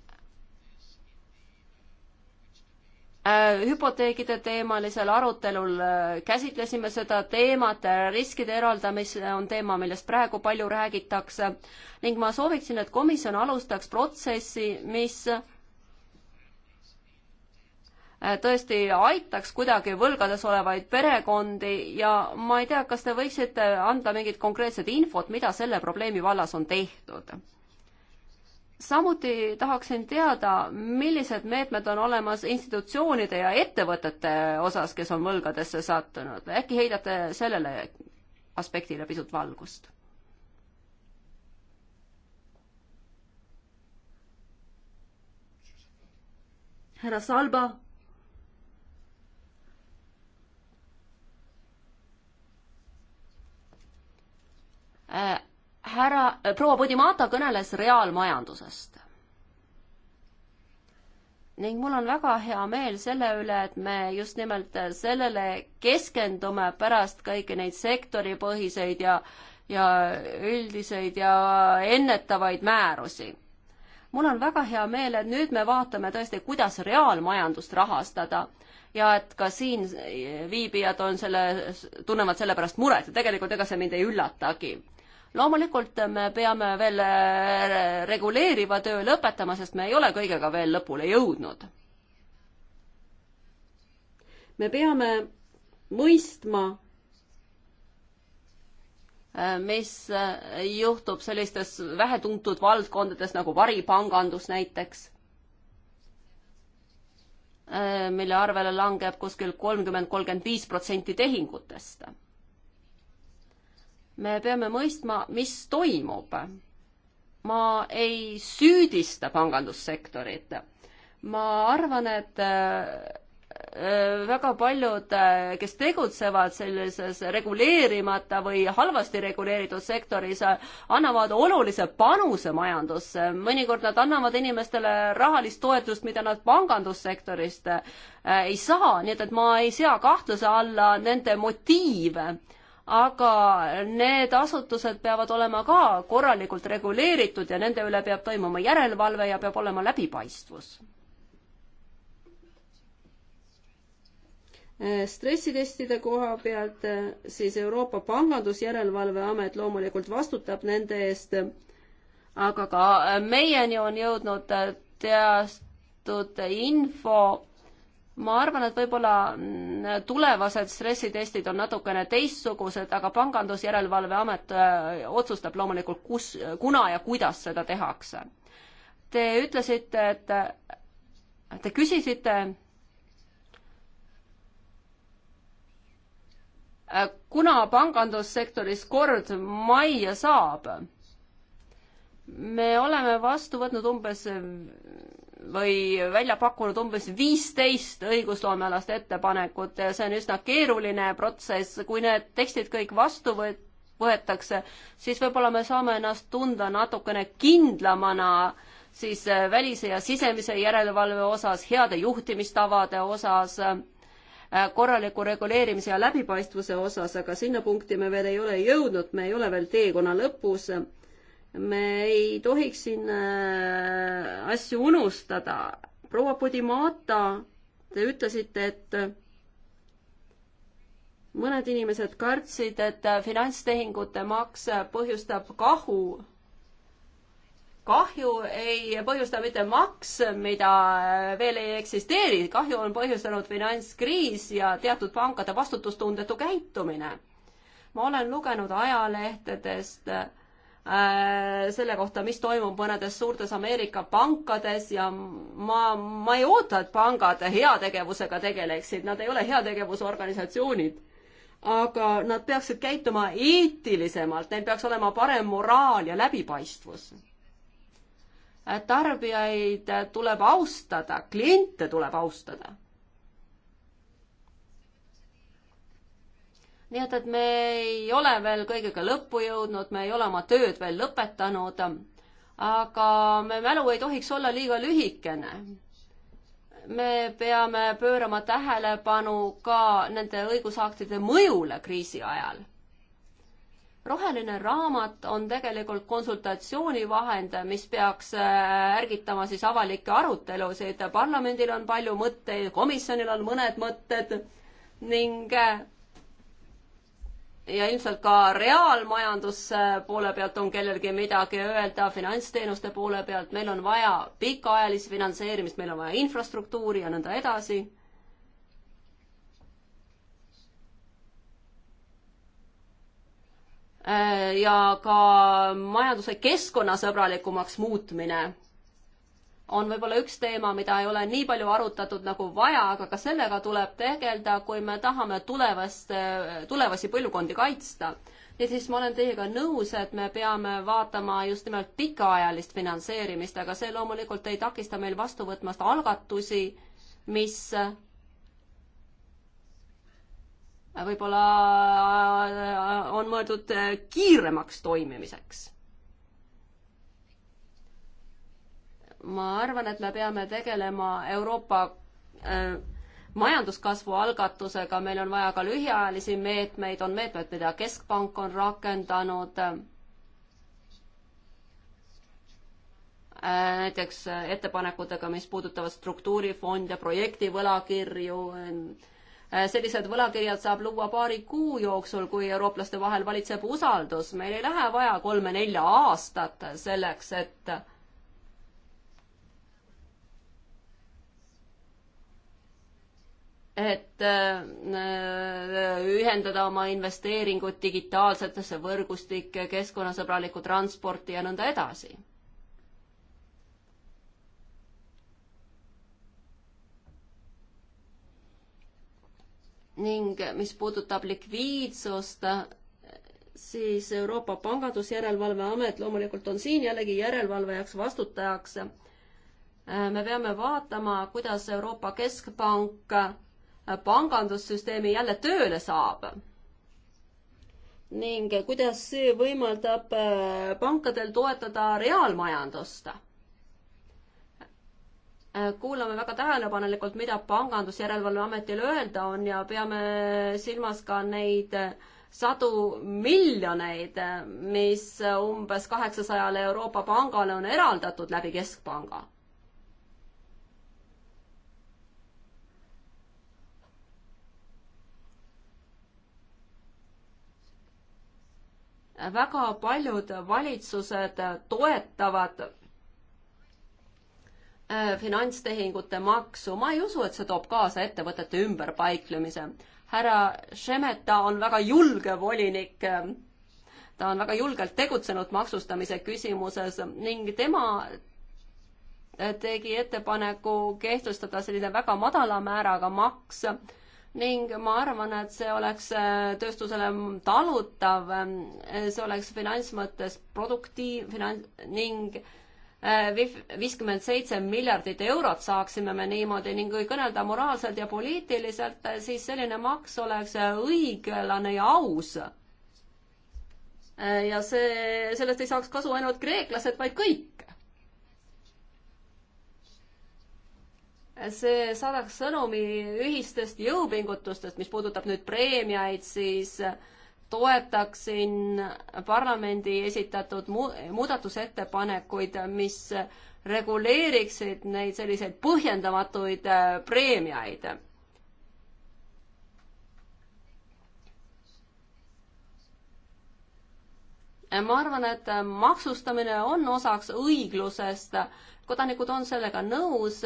äh, hüpoteegide teemalisel arutelul äh, käsitlesime seda teemat, riskide eraldamine on teema, millest praegu palju räägitakse ning ma sooviksin, et komisjon alustaks protsessi, mis Äh, tõesti aitaks kuidagi võlgades olevaid perekondi ja ma ei tea, kas te võiksite anda mingit konkreetset infot, mida selle probleemi vallas on tehtud? samuti tahaksin teada, millised meetmed on olemas institutsioonide ja ettevõtete osas, kes on võlgadesse sattunud. äkki heidate sellele aspektile pisut valgust? härra Salba Äh, härra, äh, proua Podimata kõneles reaalmajandusest. ning mul on väga hea meel selle üle, et me just nimelt äh, sellele keskendume pärast kõiki neid sektoripõhiseid ja, ja üldiseid ja ennetavaid määrusi mul on väga hea meel, et nüüd me vaatame tõesti, kuidas reaalmajandust rahastada ja et ka siin viibijad on selle, tunnevad selle pärast muret ja tegelikult ega see mind ei üllatagi loomulikult me peame veel äh, reguleeriva töö lõpetama, sest me ei ole kõigega veel lõpule jõudnud. me peame mõistma, äh, mis äh, juhtub sellistes vähetuntud valdkondades nagu varipangandus näiteks, mille arvele langeb kuskil kolmkümmend, kolmkümmend viis protsenti tehingutest me peame mõistma, mis toimub. ma ei süüdista pangandussektorit. ma arvan, et äh, äh, väga paljud, äh, kes tegutsevad sellises reguleerimata või halvasti reguleeritud sektoris, annavad olulise panuse majandusse. mõnikord nad annavad inimestele rahalist toetust, mida nad pangandussektorist ei saa, nii et, et ma ei sea kahtluse alla nende motiive aga need asutused peavad olema ka korralikult reguleeritud ja nende üle peab toimuma järelevalve ja peab olema läbipaistvus. stressitestide koha pealt eh, siis Euroopa Pangandusjärelevalveamet loomulikult vastutab nende eest, aga ka meieni on jõudnud eh, teatud info ma arvan, et võib-olla mm, tulevased stressitestid on natukene teistsugused, aga Pangandusjärelevalveamet äh, otsustab loomulikult, kus, kuna ja kuidas seda tehakse. Te ütlesite, et te küsisite, äh, kuna pangandussektoris kord majja saab me oleme vastu võtnud umbes või välja pakkunud umbes viisteist õigusloomealast ettepanekut, see on üsna keeruline protsess, kui need tekstid kõik vastu võt-, võetakse, siis võib-olla me saame ennast tunda natukene kindlamana siis äh, välise ja sisemise järelevalve osas, heade juhtimistavade osas, äh, korraliku reguleerimise ja läbipaistvuse osas, aga sinna punkti me veel ei ole jõudnud, me ei ole veel teekonna lõpus me ei tohiks siin äh, asju unustada. proua Podimata, te ütlesite, et mõned inimesed kartsid, et äh, finantstehingute maks põhjustab kahu. kahju ei põhjusta mitte maks, mida äh, veel ei eksisteeri, kahju on põhjustanud finantskriis ja teatud pankade vastutustundetu käitumine. ma olen lugenud ajalehtedest äh, Äh, selle kohta, mis toimub mõnedes suurtes Ameerika pankades ja ma, ma ei oota, et pangad heategevusega tegeleksid, nad ei ole heategevusorganisatsioonid. aga nad peaksid käituma eetilisemalt, neil peaks olema parem moraal ja läbipaistvus. Äh, tarbijaid tuleb austada, kliente tuleb austada nii et, et me ei ole veel kõigega lõppu jõudnud, me ei ole oma tööd veel lõpetanud, aga me mälu ei tohiks olla liiga lühikene me peame pöörama tähelepanu ka nende õigusaktide mõjule kriisi ajal. roheline raamat on tegelikult konsultatsioonivahend, mis peaks äh, ärgitama siis avalikke arutelusid. parlamendil on palju mõtteid, komisjonil on mõned mõtted ning äh, ja ilmselt ka reaalmajanduse poole pealt on kellelgi midagi öelda, finantsteenuste poole pealt, meil on vaja pikaajalist finantseerimist, meil on vaja infrastruktuuri ja nõnda edasi. Äh, ja ka majanduse keskkonnasõbralikumaks muutmine on võib-olla üks teema, mida ei ole nii palju arutatud nagu vaja, aga ka sellega tuleb tegeleda, kui me tahame tulevast, tulevasi põlvkondi kaitsta. niisiis, ma olen teiega nõus, et me peame vaatama just nimelt pikaajalist finantseerimist, aga see loomulikult ei takista meil vastu võtmast algatusi, mis võib-olla on mõeldud kiiremaks toimimiseks ma arvan, et me peame tegelema Euroopa äh, majanduskasvu algatusega, meil on vaja ka lühiajalisi meetmeid, on meetmed, mida Keskpank on rakendanud äh,. näiteks ettepanekutega, mis puudutavad struktuurifonde, projektivõlakirju äh,. sellised võlakirjad saab luua paari kuu jooksul, kui eurooplaste vahel valitseb usaldus. meil ei lähe vaja kolme-nelja aastat selleks, et et äh, ühendada oma investeeringud digitaalsetesse võrgustikke, keskkonnasõbralikku transporti ja nõnda edasi. ning mis puudutab likviidsust, siis Euroopa Pangandusjärelevalve Amet loomulikult on siin jällegi järelevalvajaks, vastutajaks. Äh, me peame vaatama, kuidas Euroopa Keskpank pangandussüsteemi jälle tööle saab. ning kuidas see võimaldab äh, pankadel toetada reaalmajandust. Äh, kuulame väga tähelepanelikult, mida Pangandusjärelevalve Ametil öelda on ja peame silmas ka neid äh, sadu miljoneid, mis umbes kaheksasajale Euroopa pangale on eraldatud läbi keskpanga väga paljud valitsused toetavad äh, finantstehingute maksu, ma ei usu, et see toob kaasa ettevõtete ümberpaiklemise. härra Šemeta on väga julge volinik, äh, ta on väga julgelt tegutsenud maksustamise küsimuses ning tema äh, tegi ettepaneku kehtestada selline väga madala määraga maks ning ma arvan, et see oleks äh, tööstusele talutav, äh, see oleks finants mõttes produktiiv, finants ning äh, viiskümmend seitse miljardit eurot saaksime me niimoodi ning kui kõnelda moraalselt ja poliitiliselt, siis selline maks oleks õiglane ja aus. ja see, sellest ei saaks kasu ainult kreeklased, vaid kõik see saadaks sõnumi ühistest jõupingutustest, mis puudutab nüüd preemiaid, siis toetaksin parlamendi esitatud mu-, muudatusettepanekuid, mis reguleeriksid neid selliseid põhjendamatuid äh, preemiaid. ma arvan, et maksustamine on osaks õiglusest, kodanikud on sellega nõus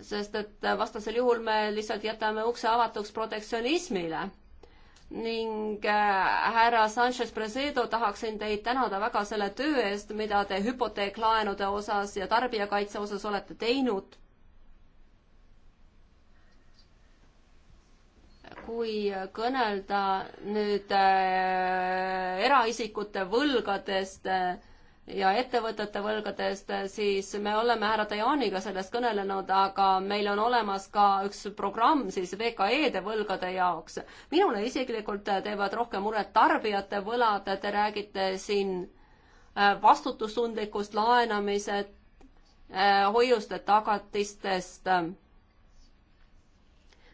sest et vastasel juhul me lihtsalt jätame ukse avatuks protektsionismile. ning äh, härra Sanchez Presedo, tahaksin teid tänada väga selle töö eest, mida te hüpoteeklaenude osas ja tarbijakaitse osas olete teinud. kui kõnelda nüüd äh, eraisikute võlgadest äh,, ja ettevõtete võlgadest, siis me oleme härra Tajaniga sellest kõnelenud, aga meil on olemas ka üks programm siis VKE-de võlgade jaoks. minule isiklikult teevad rohkem muret tarbijate võlad, te räägite siin äh, vastutustundlikust laenamise, äh, hoiuste tagatistest,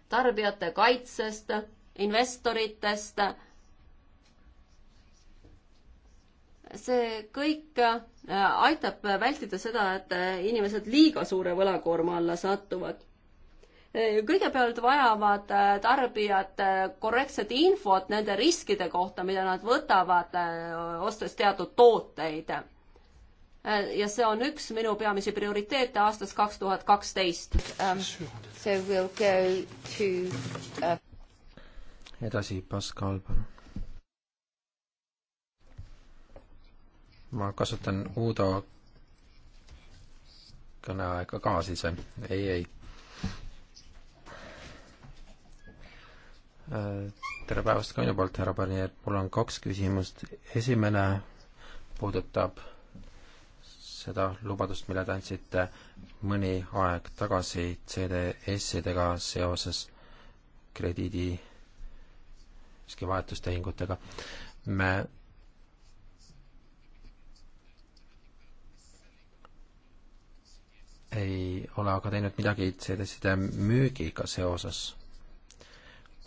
tarbijate kaitsest, investoritest see kõik äh, aitab vältida seda, et äh, inimesed liiga suure võlakoorma alla satuvad. Äh, kõigepealt vajavad tarbijad korrektset infot nende riskide kohta, mida nad võtavad, ostes teatud tooteid. ja see on üks minu peamisi prioriteete aastast kaks tuhat kaksteist. Ähm, uh, edasi, Pascal, palun ma kasutan Uudo kõneaega ka siis või? Eh, ei, ei. Eh, tere päevast ka minu poolt, härra Barnier, mul on kaks küsimust. esimene puudutab seda lubadust, mille te andsite mõni aeg tagasi CDS-idega seoses krediidi, siiski vahetustehingutega. me ei ole aga teinud midagi CD-side müügiga seoses.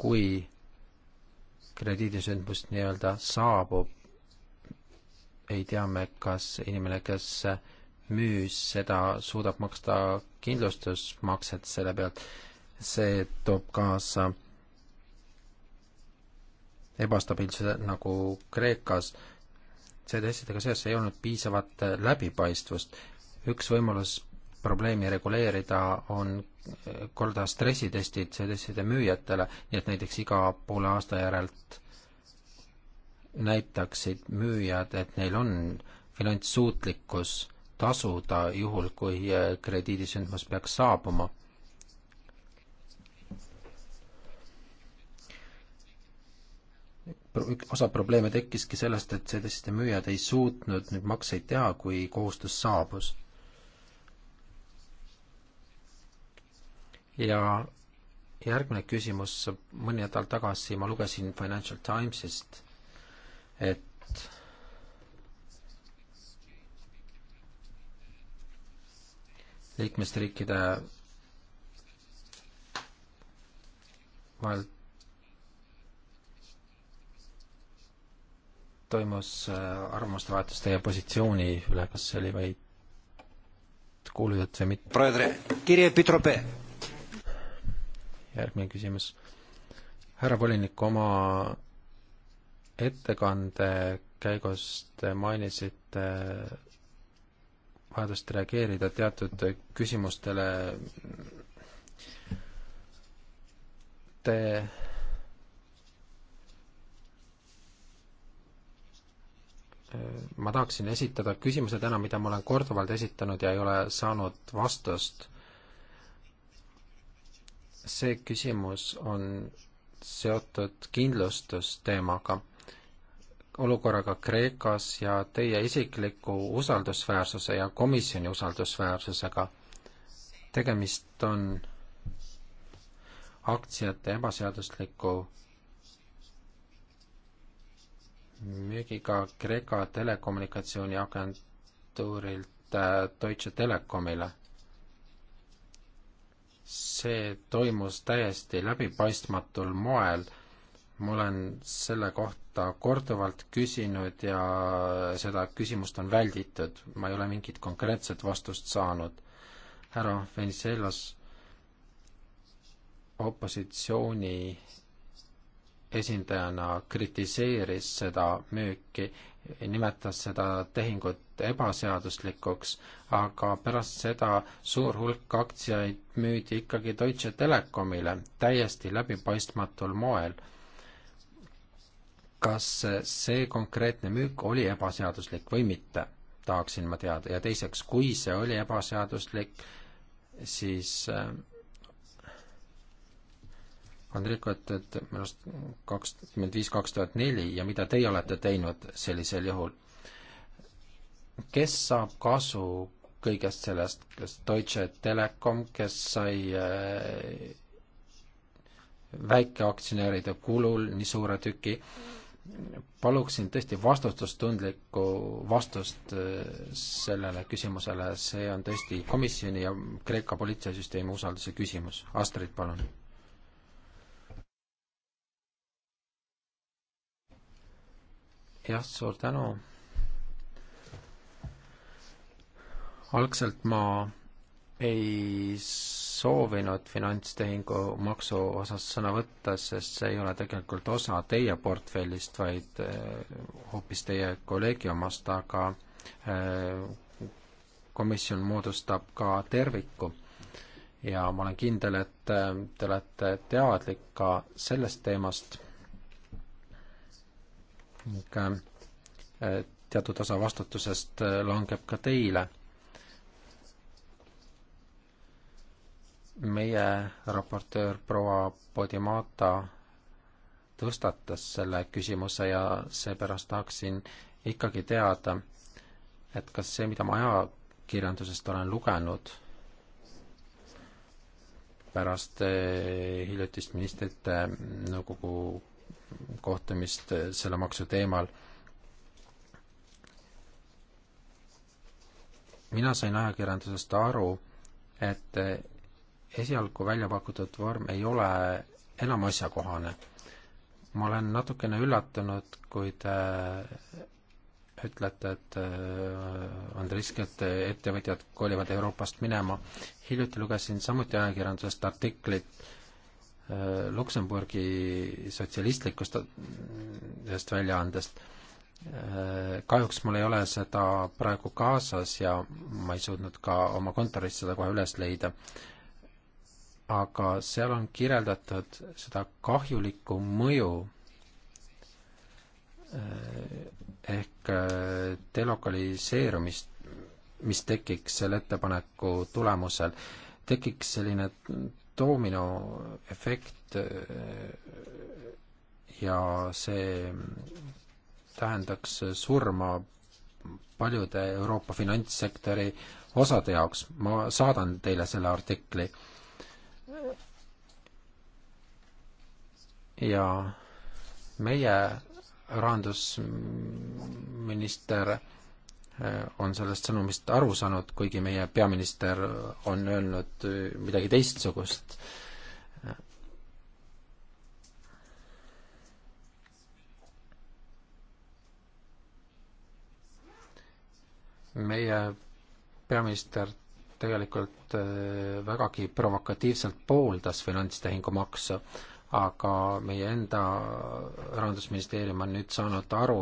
kui krediidisündmus nii-öelda saabub, ei tea me, kas inimene, kes müüs seda, suudab maksta kindlustusmakset selle pealt, see toob kaasa ebastabiilsuse nagu Kreekas. CD-sidega seoses ei olnud piisavat läbipaistvust. üks võimalus probleemi reguleerida, on korda stressitestid sellistele müüjatele, nii et näiteks iga poole aasta järelt näitaksid müüjad, et neil on finantssuutlikkus tasuda juhul, kui eh, krediidisündmus peaks saabuma. osa probleeme tekkiski sellest, et selliste müüjad ei suutnud nüüd makseid teha, kui kohustus saabus ja järgmine küsimus, mõni nädal tagasi ma lugesin Financial Timesist, et liikmesriikide vahel toimus äh, arvamuste vahetus teie positsiooni üle, kas see oli vaid kuulujutt või mitte? järgmine küsimus. härra volinik, oma ettekande käigus te mainisite vajadust reageerida teatud küsimustele. Te ma tahaksin esitada küsimuse täna, mida ma olen korduvalt esitanud ja ei ole saanud vastust see küsimus on seotud kindlustusteemaga, olukorraga Kreekas ja teie isikliku usaldusväärsuse ja komisjoni usaldusväärsusega. tegemist on aktsiate ebaseadusliku müügiga Kreeka telekommunikatsiooniagentuurilt äh, Deutsche Telekomile see toimus täiesti läbipaistmatul moel. ma olen selle kohta korduvalt küsinud ja seda küsimust on välditud, ma ei ole mingit konkreetset vastust saanud. härra Venizelos, opositsiooni esindajana kritiseeris seda müüki nimetas seda tehingut ebaseaduslikuks, aga pärast seda suur hulk aktsiaid müüdi ikkagi Deutsche Telekomile täiesti läbipaistmatul moel. kas see konkreetne müük oli ebaseaduslik või mitte, tahaksin ma teada, ja teiseks, kui see oli ebaseaduslik, siis äh, Andrikot, et minu arust kakskümmend viis, kaks tuhat neli ja mida teie olete teinud sellisel juhul? kes saab kasu kõigest sellest, kas Deutsche Telekom, kes sai äh, väikeaktsionäride kulul nii suure tüki, paluksin tõesti vastutustundlikku vastust äh, sellele küsimusele, see on tõesti komisjoni ja Kreeka politseisüsteemi usalduse küsimus. Astrid, palun jah, suur tänu. algselt ma ei soovinud finantstehingu maksu osas sõna võtta, sest see ei ole tegelikult osa teie portfellist, vaid eh, hoopis teie kolleegi omast, aga eh, komisjon moodustab ka terviku. ja ma olen kindel, et eh, te olete teadlik ka sellest teemast Äh, teatud osa vastutusest äh, langeb ka teile. meie raportöör proua Podimata tõstatas selle küsimuse ja seepärast tahaksin ikkagi teada, et kas see, mida ma ajakirjandusest olen lugenud pärast äh, hiljutist ministrite nõukogu kohtumist eh, selle maksu teemal. mina sain ajakirjandusest aru, et eh, esialgu välja pakutud vorm ei ole enam asjakohane. ma olen natukene üllatunud, kui te ütlete, et eh, on risk, et ettevõtjad kolivad Euroopast minema. hiljuti lugesin samuti ajakirjandusest artiklit, Äh, Luksemburgi sotsialistlikust ühest väljaandest. Äh, kahjuks mul ei ole seda praegu kaasas ja ma ei suutnud ka oma kontorist seda kohe üles leida. aga seal on kirjeldatud seda kahjulikku mõju äh, ehk delokaliseerumist, mis tekiks selle ettepaneku tulemusel, tekiks selline doominoefekt äh, ja see tähendaks surma paljude Euroopa finantssektori osade jaoks. ma saadan teile selle artikli. ja meie rahandusminister Äh, on sellest sõnumist aru saanud, kuigi meie peaminister on öelnud äh, midagi teistsugust. meie peaminister tegelikult äh, vägagi provokatiivselt pooldas finantstehingumaksu, aga meie enda rahandusministeerium on nüüd saanud aru,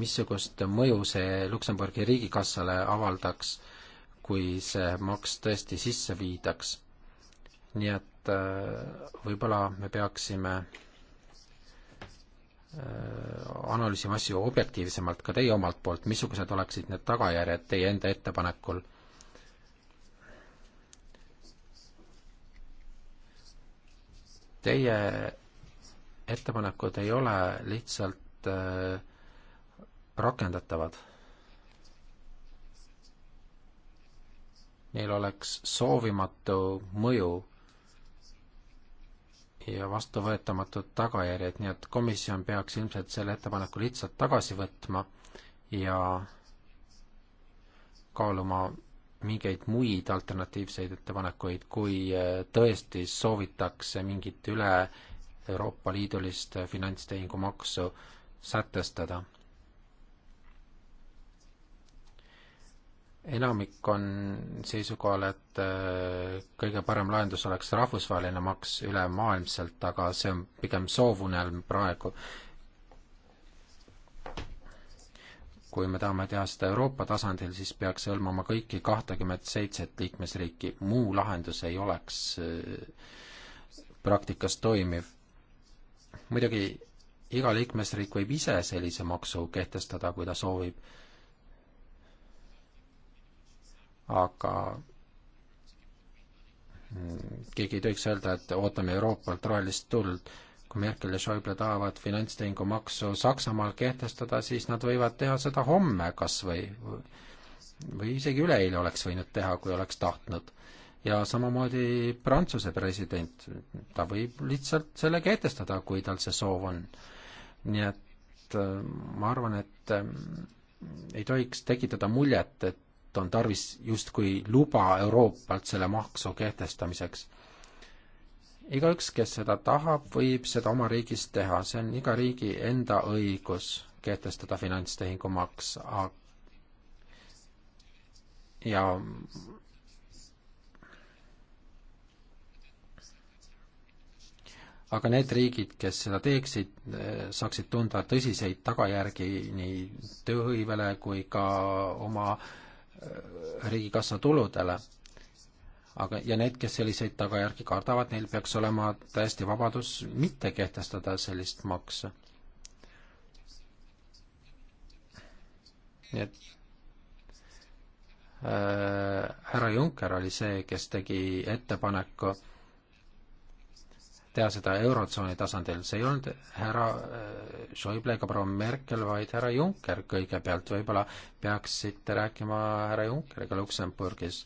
missugust mõju see Luksemburgi riigikassale avaldaks, kui see maks tõesti sisse viidaks. nii et äh, võib-olla me peaksime äh, analüüsima asju objektiivsemalt ka teie omalt poolt, missugused oleksid need tagajärjed teie enda ettepanekul teie ettepanekud ei ole lihtsalt reaalselt äh, rakendatavad. Neil oleks soovimatu mõju ja vastuvõetamatud tagajärjed, nii et komisjon peaks ilmselt selle ettepaneku lihtsalt tagasi võtma ja kaaluma mingeid muid alternatiivseid ettepanekuid, kui äh, tõesti soovitakse mingit üle Euroopa Liidulist finantstehingumaksu äh, sätestada. enamik on seisukohal, et äh, kõige parem lahendus oleks rahvusvaheline maks ülemaailmselt, aga see on pigem soovunelm praegu. kui me tahame teha seda Euroopa tasandil, siis peaks see hõlmama kõiki kahtekümmet seitset liikmesriiki, muu lahendus ei oleks äh, praktikas toimiv. muidugi iga liikmesriik võib ise sellise maksu kehtestada, kui ta soovib. aga mm, keegi ei tohiks öelda, et ootame Euroopalt rohelist tuld. kui Merkel ja Schäuble tahavad finantstehingumaksu Saksamaal kehtestada, siis nad võivad teha seda homme kas või, või isegi üleeile oleks võinud teha, kui oleks tahtnud ja samamoodi Prantsuse president, ta võib lihtsalt selle kehtestada, kui tal see soov on nii et äh, ma arvan, et äh, ei tohiks tekitada muljet, et on tarvis justkui luba Euroopalt selle maksu kehtestamiseks igaüks, kes seda tahab, võib seda oma riigis teha, see on iga riigi enda õigus kehtestada finantstehingumaks. ja aga need riigid, kes seda teeksid, eh, saaksid tunda tõsiseid tagajärgi nii tööhõivele kui ka oma eh, riigikassa tuludele. aga, ja need, kes selliseid tagajärgi kardavad, neil peaks olema täiesti vabadus mitte kehtestada sellist maksu. nii et eh, härra Juncker oli see, kes tegi ettepaneku äh, teha seda Eurotsooni tasandil, see ei olnud härra äh, Schäuble ega proua Merkel, vaid härra Juncker kõigepealt, võib-olla peaksite rääkima härra Junckeriga Luksemburgis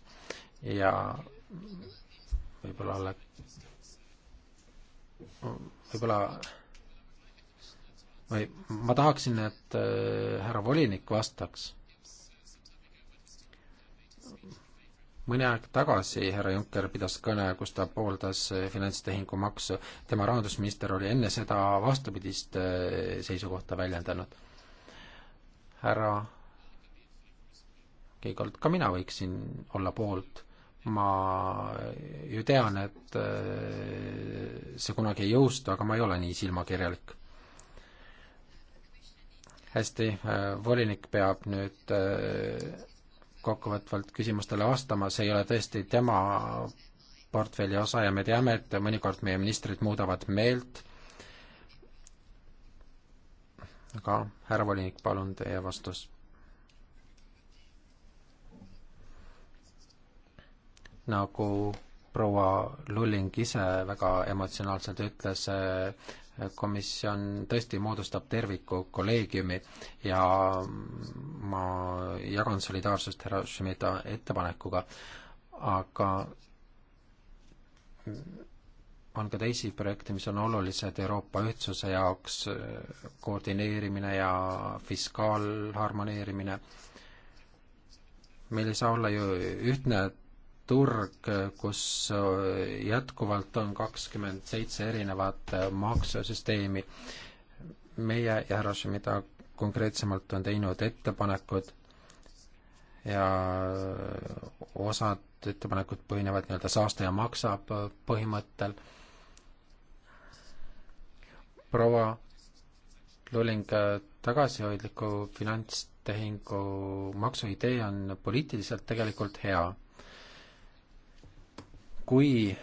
ja võib-olla alle, võib-olla või ma tahaksin, et äh, härra volinik vastaks mõni aeg tagasi härra Juncker pidas kõne, kus ta pooldas eh, finantstehingu maksu. tema rahandusminister oli enne seda vastupidist eh, seisukohta väljendanud. härra Kiigolt, ka mina võiksin olla poolt. ma ju tean, et eh, see kunagi ei jõustu, aga ma ei ole nii silmakirjalik hästi, volinik peab nüüd kokkuvõtvalt küsimustele vastama, see ei ole tõesti tema portfelli osa ja me teame, et mõnikord meie ministrid muudavad meelt, aga härra volinik, palun teie vastus. nagu proua Lulling ise väga emotsionaalselt ütles, komisjon tõesti moodustab terviku kolleegiumi ja ma jagan solidaarsust härra Šemeta ettepanekuga, aga on ka teisi projekte, mis on olulised Euroopa ühtsuse jaoks, koordineerimine ja fiskaalharmoneerimine. meil ei saa olla ju ühtne turg, kus äh, jätkuvalt on kakskümmend seitse erinevat äh, maksusüsteemi. meie ja härra Šemida konkreetsemalt on teinud ettepanekud ja äh, osad ettepanekud põhinevad nii-öelda saastaja maksab põhimõttel. proua Luling, tagasihoidliku finantstehingu maksuidee on poliitiliselt tegelikult hea kui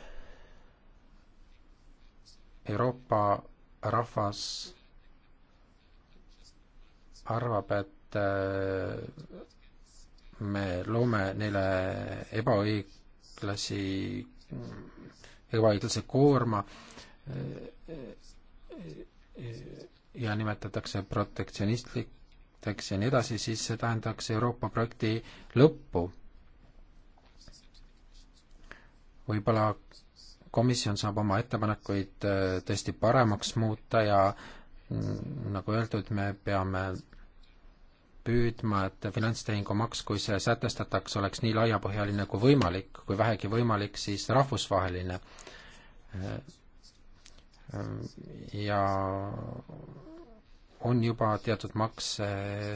Euroopa rahvas arvab, et äh, me loome neile ebaõiglasi, ebaõiglase koorma äh, ja nimetatakse protektsionistlikeks ja nii edasi, siis see tähendaks Euroopa projekti lõppu võib-olla komisjon saab oma ettepanekuid äh, tõesti paremaks muuta ja mm, nagu öeldud, me peame püüdma, et finantstehingumaks, kui see sätestatakse, oleks nii laiapõhjaline kui võimalik, kui vähegi võimalik, siis rahvusvaheline. Äh, äh, ja on juba teatud makse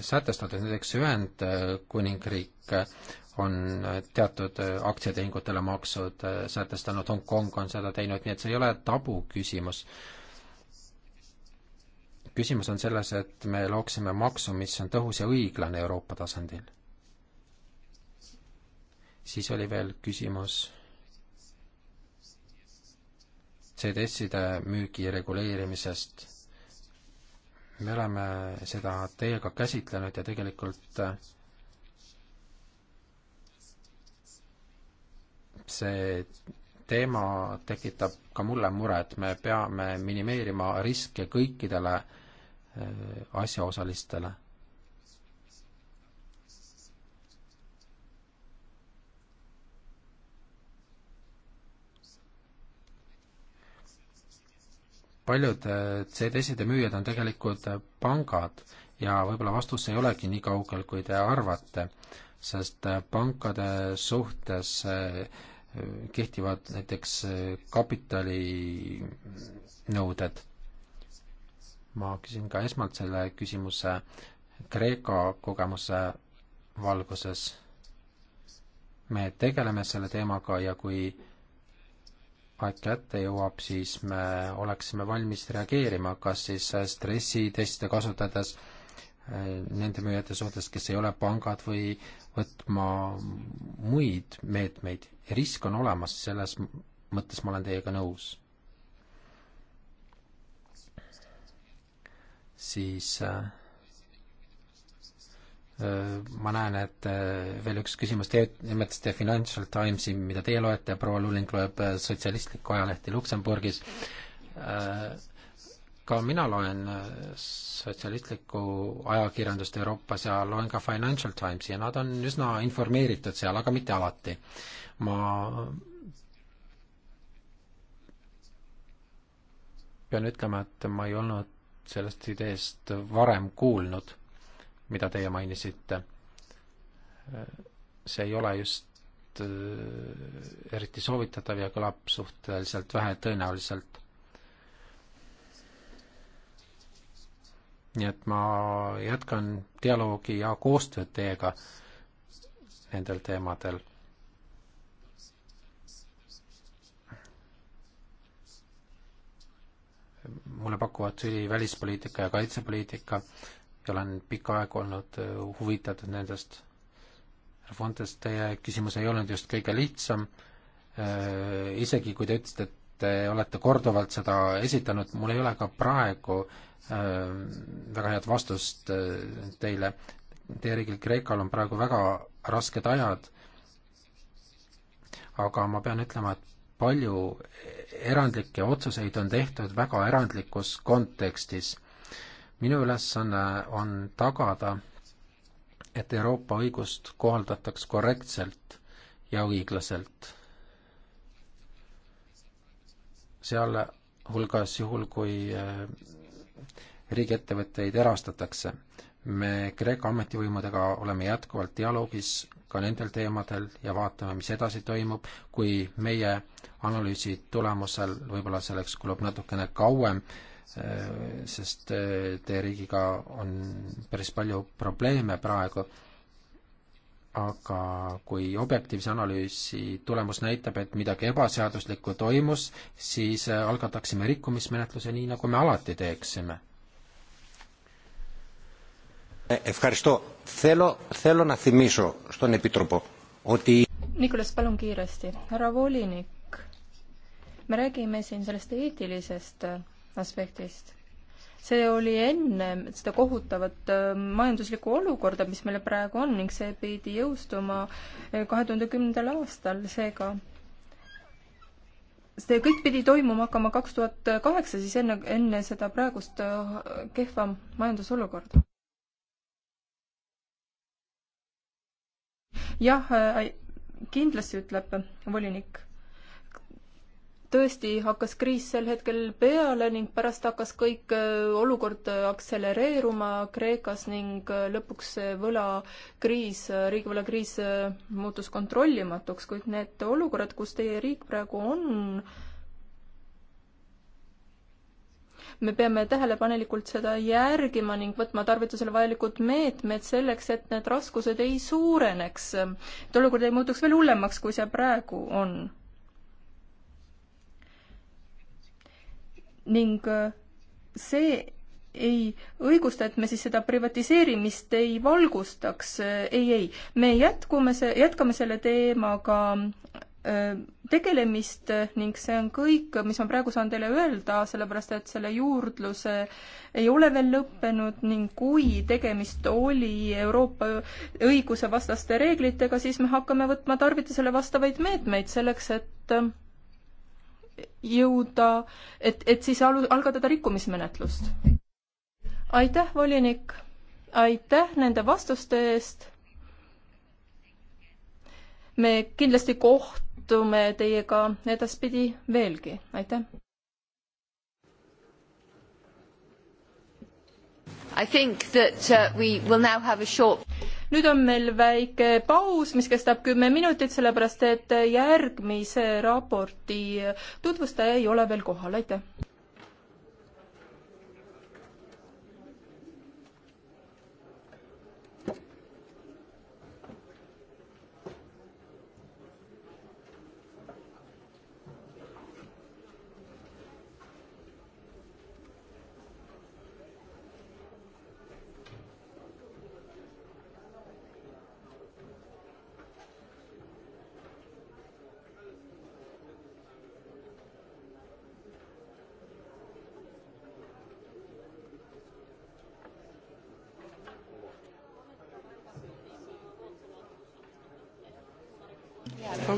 sätestatud, näiteks Ühendkuningriik on teatud aktsiatehingutele maksud sätestanud, Hongkong on seda teinud, nii et see ei ole tabuküsimus. küsimus on selles, et me looksime maksu, mis on tõhus ja õiglane Euroopa tasandil. siis oli veel küsimus CDS-ide müügi reguleerimisest me oleme seda teiega käsitlenud ja tegelikult äh, see teema tekitab ka mulle muret, me peame minimeerima riske kõikidele äh, asjaosalistele paljud äh, CD-side müüjad on tegelikult äh, pangad ja võib-olla vastus ei olegi nii kaugel, kui te arvate, sest äh, pankade suhtes kehtivad näiteks kapitalinõuded. ma küsin ka esmalt selle küsimuse Kreeka kogemuse valguses. me tegeleme selle teemaga ja kui äh, aeg kätte jõuab, siis me oleksime valmis reageerima, kas siis stressiteste kasutades eh, nende müüjate suhtes, kes ei ole pangad või võtma muid meetmeid. risk on olemas, selles mõttes ma olen teiega nõus. siis äh, Äh, ma näen, et äh, veel üks küsimus, te nimetasite Financial Timesi, mida teie loete, proua Luling loeb äh, sotsialistlikku ajalehti Luksemburgis. ka mina loen sotsialistlikku ajakirjandust Euroopas ja loen ka Financial Timesi ja nad on üsna informeeritud seal, aga mitte alati. ma pean ütlema, et ma ei olnud sellest ideest varem kuulnud mida teie mainisite, see ei ole just äh, eriti soovitatav ja kõlab suhteliselt vähe tõenäoliselt. nii et ma jätkan dialoogi ja koostööd teiega nendel teemadel. mulle pakuvad tüli välispoliitika ja kaitsepoliitika, ja olen pikka aega olnud äh, huvitatud nendest. Fontes, teie küsimus ei olnud just kõige lihtsam, äh, isegi kui te ütlesite, et te olete korduvalt seda esitanud, mul ei ole ka praegu äh, väga head vastust teile. Teie riigil Kreekal on praegu väga rasked ajad, aga ma pean ütlema, et palju erandlikke otsuseid on tehtud väga erandlikus kontekstis minu ülesanne on tagada, et Euroopa õigust kohaldataks korrektselt ja õiglaselt. sealhulgas juhul, kui äh, riigiettevõtteid erastatakse. me Kreeka ametivõimudega oleme jätkuvalt dialoogis ka nendel teemadel ja vaatame, mis edasi toimub, kui meie analüüsi tulemusel, võib-olla selleks kulub natukene kauem, Äh, sest äh, teie riigiga on päris palju probleeme praegu, aga kui objektiivse analüüsi tulemus näitab, et midagi ebaseaduslikku toimus, siis äh, algataksime rikkumismenetluse nii, nagu me alati teeksime. Eh, Nikolas, palun kiiresti, härra volinik, me räägime siin sellest eetilisest aspektist. see oli enne seda kohutavat äh, majanduslikku olukorda, mis meil praegu on ning see pidi jõustuma äh, kahe tuhande kümnendal aastal, seega see kõik pidi toimuma hakkama kaks tuhat kaheksa, siis enne, enne seda praegust äh, kehva majandusolukorda. jah, kindlasti ütleb volinik tõesti hakkas kriis sel hetkel peale ning pärast hakkas kõik äh, olukord äh, akselereeruma Kreekas ning äh, lõpuks see võlakriis, riigivõlakriis muutus kontrollimatuks, kuid need olukorrad, kus teie riik praegu on, me peame tähelepanelikult seda järgima ning võtma tarvitusele vajalikud meetmed selleks, et need raskused ei suureneks, et olukord ei muutuks veel hullemaks, kui see praegu on ning äh, see ei õigusta, et me siis seda privatiseerimist ei valgustaks, äh, ei, ei. me jätkume see, jätkame selle teemaga äh, tegelemist ning see on kõik, mis ma praegu saan teile öelda, sellepärast et selle juurdluse ei ole veel lõppenud ning kui tegemist oli Euroopa õiguse vastaste reeglitega, siis me hakkame võtma tarvitusele vastavaid meetmeid selleks, et jõuda, et, et siis alu-, algatada rikkumismenetlust. aitäh, volinik, aitäh nende vastuste eest. me kindlasti kohtume teiega edaspidi veelgi, aitäh! Uh, short... nüüd on meil väike paus, mis kestab kümme minutit, sellepärast et järgmise raporti tutvustaja ei ole veel kohal, aitäh!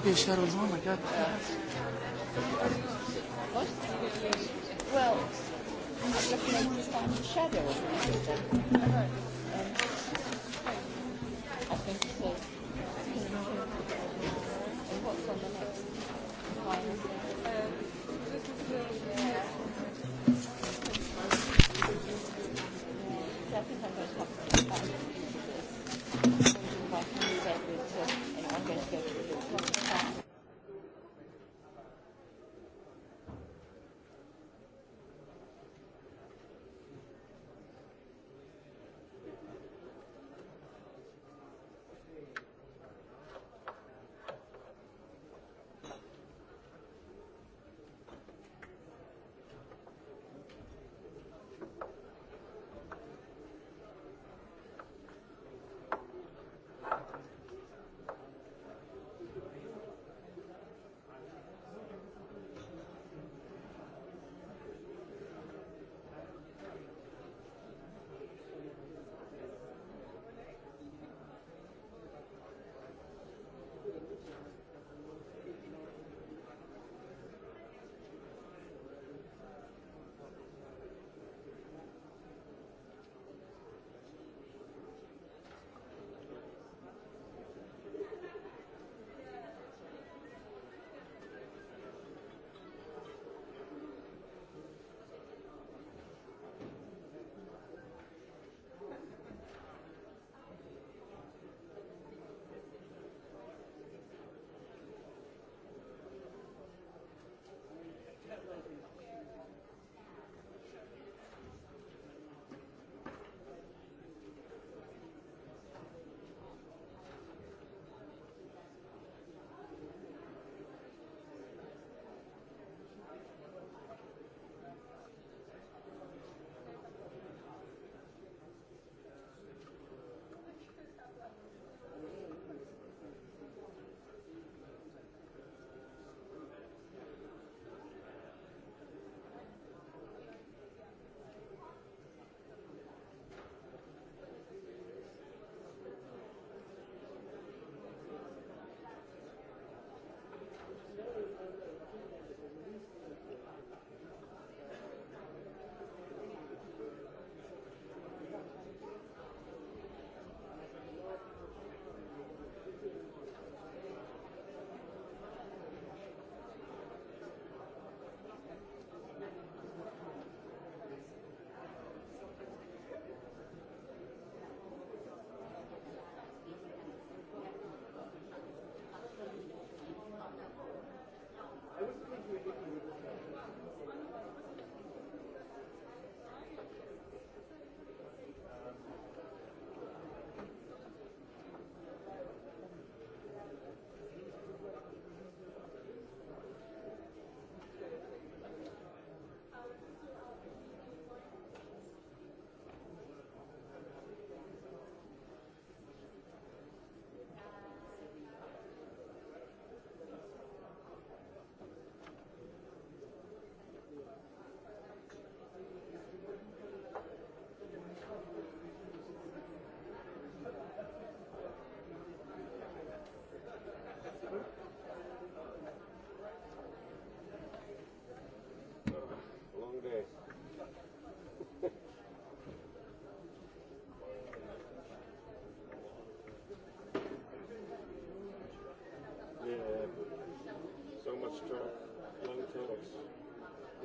European shadows. Oh my God. What? Well, I'm not looking at this time shadow. I think so. And what's on the next? I think I'm going to have to. Thank you.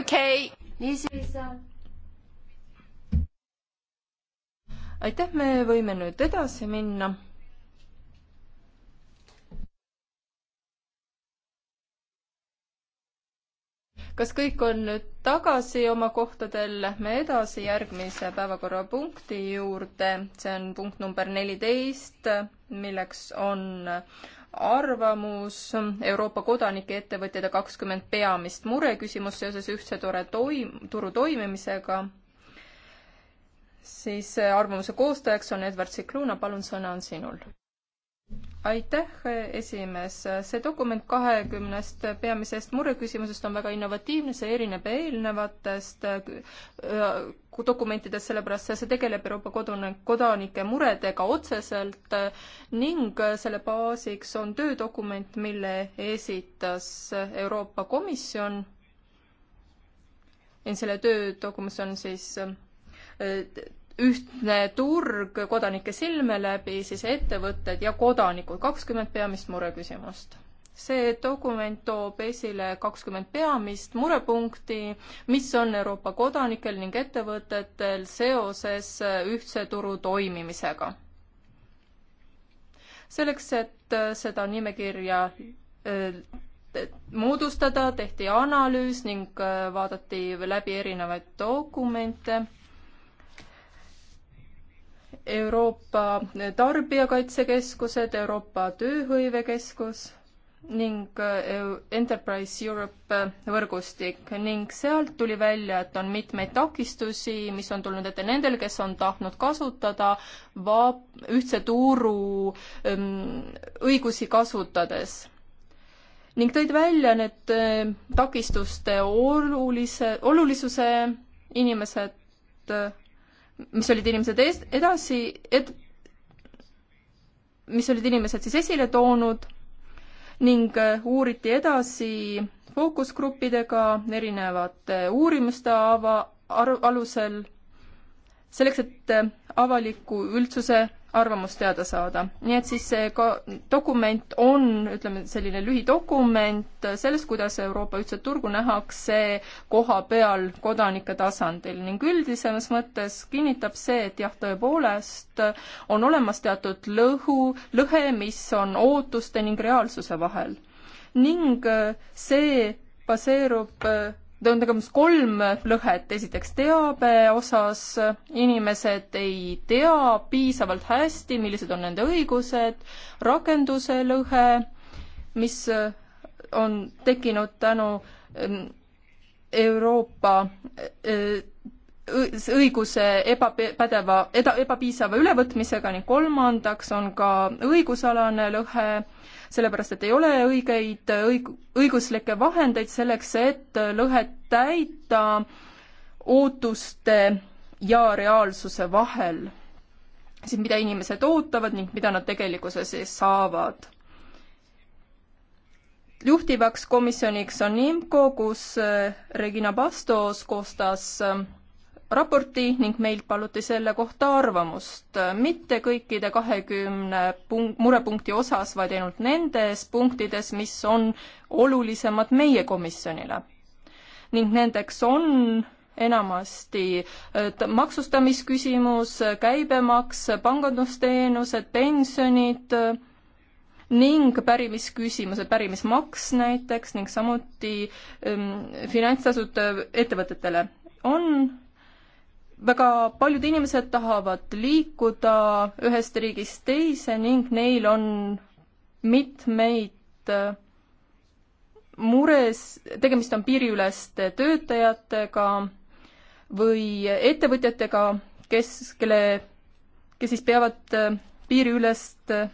okei okay.. niisiis. Äh, aitäh, me võime nüüd edasi minna. kas kõik on nüüd tagasi oma kohtadel, lähme edasi järgmise päevakorrapunkti juurde, see on punkt number neliteist, milleks on arvamus Euroopa kodanike ettevõtjad ja kakskümmend peamist mureküsimust seoses ühtse tore toim-, turu toimimisega, siis äh, arvamuse koostajaks on Edward Cicluna, palun, sõna on sinul aitäh, esimees. see dokument kahekümnest peamisest mureküsimusest on väga innovatiivne, see erineb eelnevatest äh, äh, dokumentidest, sellepärast see tegeleb Euroopa kodune, kodanike muredega otseselt äh, ning selle baasiks on töödokument, mille esitas Euroopa Komisjon. selle töödokument on siis ühtne turg kodanike silme läbi, siis ettevõtted ja kodanikud, kakskümmend peamist mureküsimust. see dokument toob esile kakskümmend peamist murepunkti, mis on Euroopa kodanikel ning ettevõtetel seoses ühtse turu toimimisega. selleks, et seda nimekirja äh, moodustada, tehti analüüs ning äh, vaadati läbi erinevaid dokumente Euroopa Tarbijakaitsekeskused, Euroopa Tööhõivekeskus ning äh, Enterprise Europe äh, võrgustik ning sealt tuli välja, et on mitmeid takistusi, mis on tulnud ette nendel, kes on tahtnud kasutada vaab-, ühtse turu ähm, õigusi kasutades ning tõid välja need äh, takistuste olulise, olulisuse inimesed mis olid inimesed eest, edasi, et mis olid inimesed siis esile toonud ning äh, uuriti edasi fookusgruppidega erinevate uurimuste ava-, alusel, selleks, et äh, avaliku üldsuse arvamust teada saada. nii et siis see ka dokument on, ütleme, selline lühidokument sellest, kuidas Euroopa ühtset turgu nähakse koha peal kodanike tasandil ning üldisemas mõttes kinnitab see, et jah, tõepoolest on olemas teatud lõhu, lõhe, mis on ootuste ning reaalsuse vahel. ning see baseerub on tegemist kolm lõhet, esiteks teabe osas inimesed ei tea piisavalt hästi, millised on nende õigused, rakenduse lõhe, mis on tekkinud tänu ähm, Euroopa äh, õiguse ebapädeva, eda-, ebapiisava ülevõtmisega ning kolmandaks on ka õigusalane lõhe, sellepärast et ei ole õigeid õig-, õiguslikke vahendeid selleks, et lõhet täita ootuste ja reaalsuse vahel. siis mida inimesed ootavad ning mida nad tegelikkuses siis saavad juhtivaks komisjoniks on IMCO, kus eh, Regina Bastos koostas eh, raporti ning meilt paluti selle kohta arvamust, mitte kõikide kahekümne punkt, murepunkti osas, vaid ainult nendes punktides, mis on olulisemad meie komisjonile. ning nendeks on enamasti maksustamisküsimus, käibemaks, pangandusteenused, pensionid ning pärimisküsimused, pärimismaks näiteks ning samuti ähm, finantstasud äh, ettevõtetele. on väga paljud inimesed tahavad liikuda ühest riigist teise ning neil on mitmeid äh, mures, tegemist on piiriüleste töötajatega või ettevõtjatega, kes, kelle, kes siis peavad äh, piiriülest äh,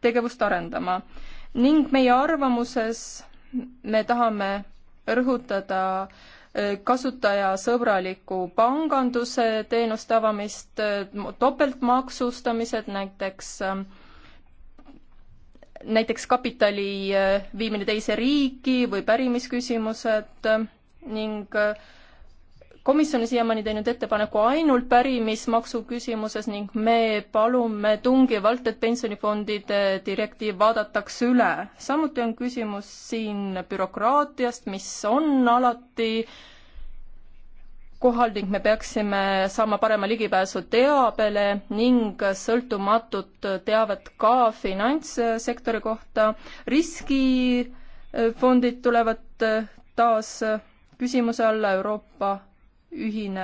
tegevust arendama. ning meie arvamuses me tahame rõhutada äh, kasutajasõbraliku panganduse teenuste avamist, topeltmaksustamised, näiteks näiteks kapitali eh, viimine teise riiki või pärimisküsimused ning eh, komisjon on siiamaani teinud ettepaneku ainult pärimismaksu küsimuses ning me palume tungivalt, et pensionifondide direktiiv vaadatakse üle. samuti on küsimus siin bürokraatiast, mis on alati kohal ning me peaksime saama parema ligipääsu teabele ning sõltumatut teavet ka finantssektori kohta. riskifondid tulevad taas küsimuse alla Euroopa ühine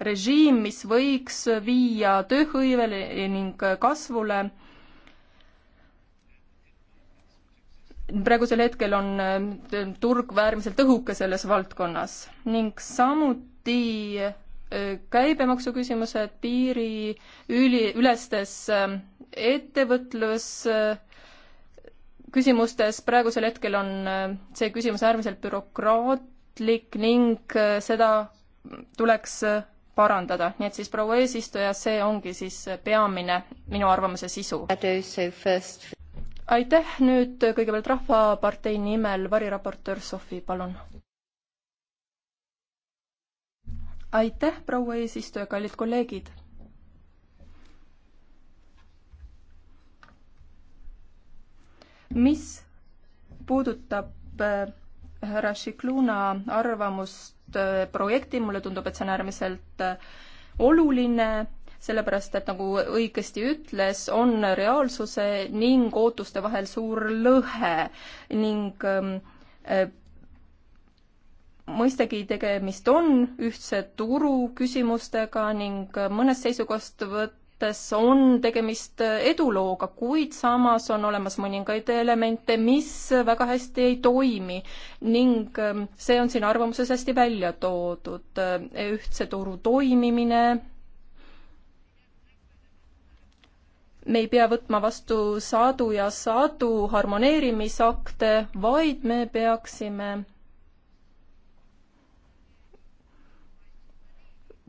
režiim, mis võiks viia tööhõivele ning kasvule. praegusel hetkel on äh, turg äärmiselt õhuke selles valdkonnas ning samuti äh, käibemaksu küsimused piiriüli, ülestes äh, ettevõtlus küsimustes, praegusel hetkel on see küsimus äärmiselt bürokraatlik ning seda tuleks äh, parandada, nii et siis proua eesistuja, see ongi siis äh, peamine minu arvamuse sisu. aitäh, nüüd äh, kõigepealt Rahvapartei nimel variraportöör Sofi, palun. aitäh, proua eesistuja, kallid kolleegid. mis puudutab härra Šikluna arvamust Äh, projekti, mulle tundub, et see on äärmiselt äh, oluline, sellepärast et nagu õigesti ütles, on reaalsuse ning ootuste vahel suur lõhe ning ähm, äh, mõistagi tegemist on ühtse turu küsimustega ning mõnest seisukohast võt-, suhtes on tegemist edulooga, kuid samas on olemas mõningaid elemente, mis väga hästi ei toimi ning ähm, see on siin arvamuses hästi välja toodud. ühtse turu toimimine, me ei pea võtma vastu sadu ja sadu harmoneerimisakte, vaid me peaksime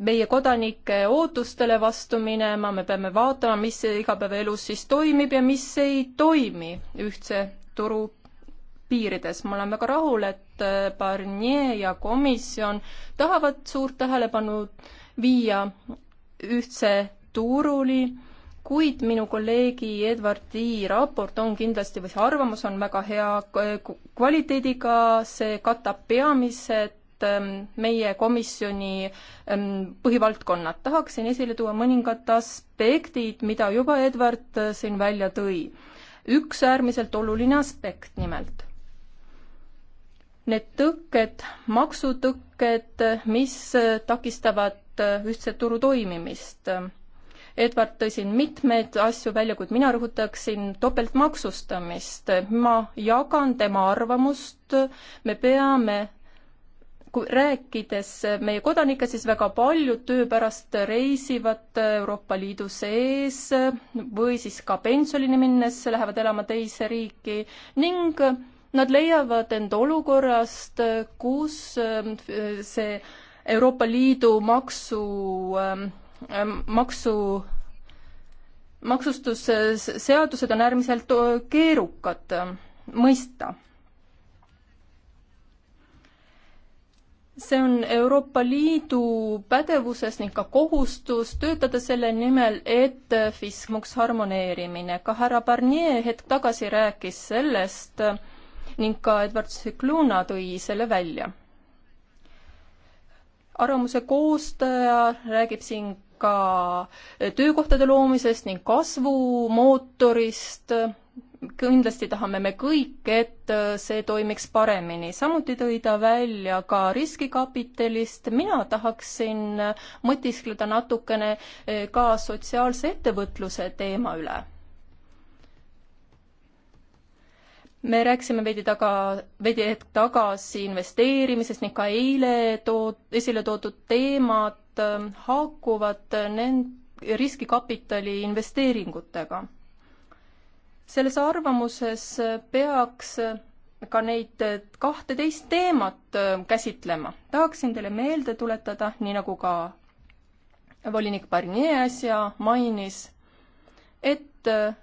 meie kodanike ootustele vastu minema, me peame vaatama, mis igapäevaelus siis toimib ja mis ei toimi ühtse turu piirides. ma olen väga rahul, et äh, Barnier ja komisjon tahavad suurt tähelepanu viia ühtse turuli, kuid minu kolleegi Edward Ii raport on kindlasti, või see arvamus on väga hea kvaliteediga, see katab peamised Ähm, meie komisjoni ähm, põhivaldkonnad. tahaksin esile tuua mõningad aspektid, mida juba Edward äh, siin välja tõi. üks äärmiselt oluline aspekt nimelt. Need tõkked, maksutõkked, mis äh, takistavad äh, ühtse turu toimimist Edward tõi siin mitmeid asju välja, kuid mina rõhutaksin topeltmaksustamist. ma jagan tema arvamust, me peame rääkides meie kodanikega, siis väga paljud töö pärast reisivad Euroopa Liidu sees või siis ka pensionini minnes lähevad elama teise riiki ning nad leiavad end olukorrast, kus ähm, see Euroopa Liidu maksu, ähm, ähm, maksu maksustusseadused on äärmiselt äh, keerukad mõista see on Euroopa Liidu pädevuses ning ka kohustus töötada selle nimel, et fiskmuks harmoneerimine. ka härra Barnier hetk tagasi rääkis sellest ning ka Edward Cicluna tõi selle välja. arvamuse koostaja räägib siin ka töökohtade loomisest ning kasvumootorist kindlasti tahame me kõik, et äh, see toimiks paremini. samuti tõi ta välja ka riskikapitalist, mina tahaksin äh, mõtiskleda natukene äh, ka sotsiaalse ettevõtluse teema üle. me rääkisime veidi taga, veidi hetk tagasi investeerimisest ning ka eile tood-, esile toodud teemad haakuvad nend-, riskikapitali investeeringutega selles arvamuses peaks ka neid kahteteist teemat äh, käsitlema. tahaksin teile meelde tuletada, nii nagu ka volinik Barnier äsja mainis, et äh,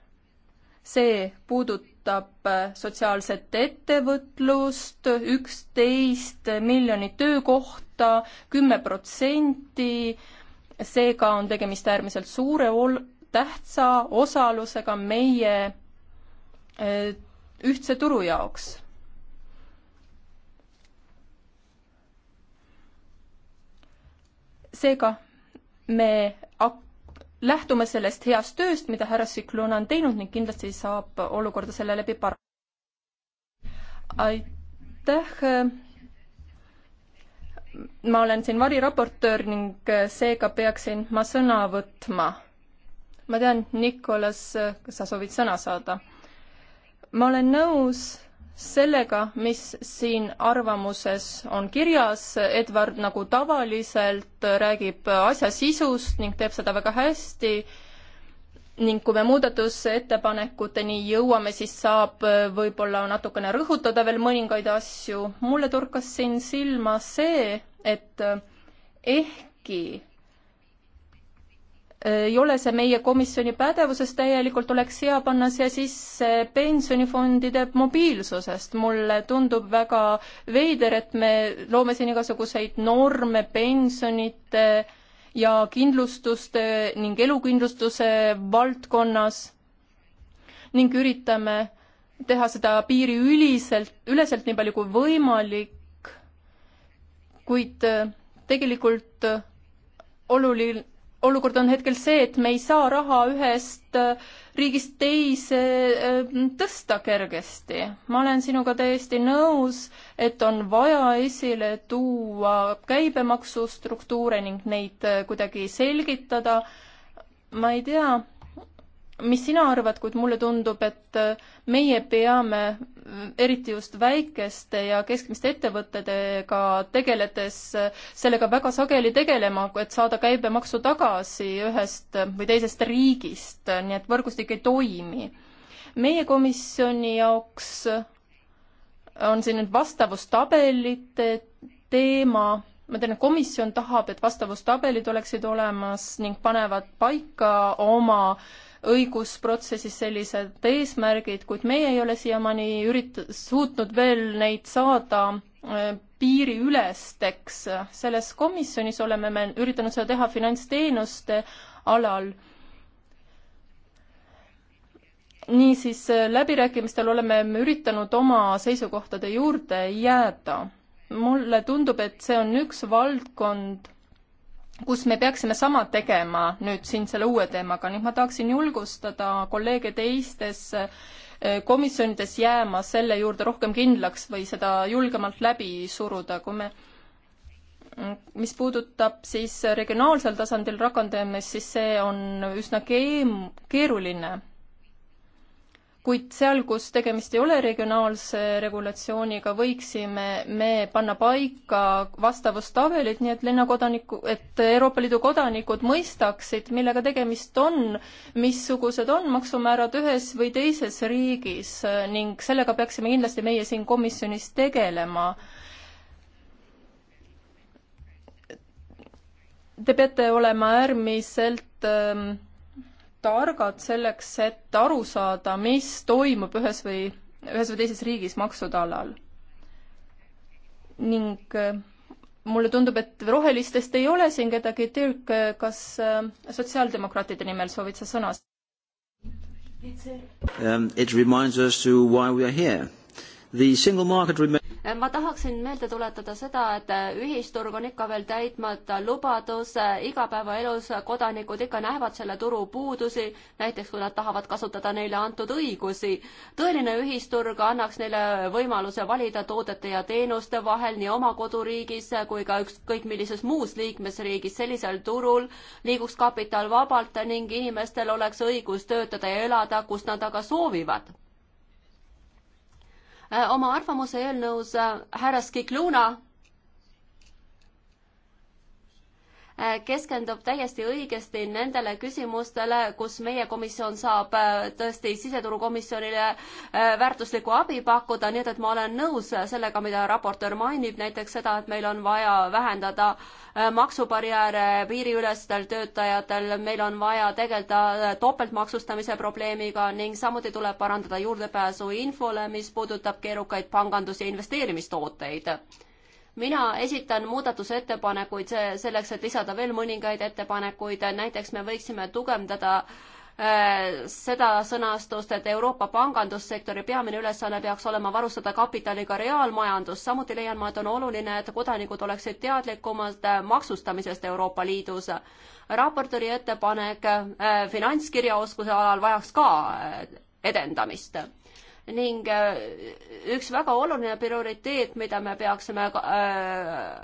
see puudutab äh, sotsiaalset ettevõtlust, üksteist miljonit töökohta, kümme protsenti, seega on tegemist äärmiselt suure ol-, tähtsa osalusega meie Äh, ühtse turu jaoks. seega me lähtume sellest heast tööst, mida härra Siklun on teinud ning kindlasti saab olukorda selle läbi par-. aitäh. ma olen siin variraportöör ning seega peaksin ma sõna võtma. ma tean, Nikolas, kas sa soovid sõna saada? ma olen nõus sellega, mis siin arvamuses on kirjas, Edward nagu tavaliselt räägib asja sisust ning teeb seda väga hästi ning kui me muudatusettepanekuteni jõuame, siis saab võib-olla natukene rõhutada veel mõningaid asju. mulle torkas siin silma see, et ehkki ei ole see meie komisjoni pädevuses täielikult, oleks hea panna siia sisse pensionifondide mobiilsusest. mulle tundub väga veider, et me loome siin igasuguseid norme pensionite ja kindlustuste ning elukindlustuse valdkonnas ning üritame teha seda piiriüliselt, üleselt nii palju kui võimalik, kuid tegelikult oluline olukord on hetkel see, et me ei saa raha ühest äh, riigist teise äh, tõsta kergesti. ma olen sinuga täiesti nõus, et on vaja esile tuua käibemaksustruktuure ning neid äh, kuidagi selgitada. ma ei tea, mis sina arvad, kuid mulle tundub, et meie peame eriti just väikeste ja keskmiste ettevõtetega tegeledes sellega väga sageli tegelema, et saada käibemaksu tagasi ühest või teisest riigist, nii et võrgustik ei toimi. meie komisjoni jaoks on siin nüüd vastavustabelite teema, ma tean, et komisjon tahab, et vastavustabelid oleksid olemas ning panevad paika oma äh, õigusprotsessis sellised eesmärgid, kuid meie ei ole siiamaani ürit-, suutnud veel neid saada äh, piiriülesteks. selles komisjonis oleme me üritanud seda teha finantsteenuste alal niisiis äh, läbirääkimistel oleme me üritanud oma seisukohtade juurde jääda. mulle tundub, et see on üks valdkond, kus me peaksime sama tegema nüüd siin selle uue teemaga, nii et ma tahaksin julgustada kolleege teistes eh, komisjonides jääma selle juurde rohkem kindlaks või seda julgemalt läbi suruda, kui me mm, mis puudutab siis regionaalsel tasandil rakendamist, siis see on üsna keem-, keeruline kuid seal, kus tegemist ei ole regionaalse regulatsiooniga, võiksime me panna paika vastavustabelid, nii et linnakodaniku, et Euroopa Liidu kodanikud mõistaksid, millega tegemist on, missugused on maksumäärad ühes või teises riigis ning sellega peaksime kindlasti meie siin komisjonis tegelema te peate olema äärmiselt ähm, targad selleks, et aru saada, mis toimub ühes või, ühes või teises riigis maksude alal. ning äh, mulle tundub, et rohelistest ei ole siin kedagi, Dirk, äh, kas äh, sotsiaaldemokraatide nimel soovid sa sõna? Um, it reminds us to why we are here The single market remains ma tahaksin meelde tuletada seda, et äh, ühisturg on ikka veel täitmata lubadus, äh, igapäevaelus kodanikud ikka näevad selle turu puudusi, näiteks kui nad tahavad kasutada neile antud õigusi. tõeline ühisturg annaks neile võimaluse valida toodete ja teenuste vahel nii oma koduriigis kui ka ükskõik millises muus liikmesriigis. sellisel turul liiguks kapital vabalt ning inimestel oleks õigus töötada ja elada, kus nad aga soovivad Äh, oma arvamuse eelnõus äh, härra Skikluna Äh, keskendub täiesti õigesti nendele küsimustele, kus meie komisjon saab äh, tõesti siseturukomisjonile äh, väärtuslikku abi pakkuda, nii et, et ma olen nõus sellega, mida raportöör mainib, näiteks seda, et meil on vaja vähendada maksubarjääre piiriülestel töötajatel, meil on vaja tegeleda topeltmaksustamise probleemiga ning samuti tuleb parandada juurdepääsu infole, mis puudutab keerukaid pangandus- ja investeerimistooteid mina esitan muudatusettepanekuid selleks, et lisada veel mõningaid ettepanekuid, näiteks me võiksime tugevdada äh, seda sõnastust, et Euroopa pangandussektori peamine ülesanne peaks olema varustada kapitaliga reaalmajandus, samuti leian ma, et on oluline, et kodanikud oleksid teadlikumad äh, maksustamisest Euroopa Liidus. raportööri ettepanek äh, finantskirjaoskuse alal vajaks ka edendamist ning äh, üks väga oluline prioriteet, mida me peaksime äh,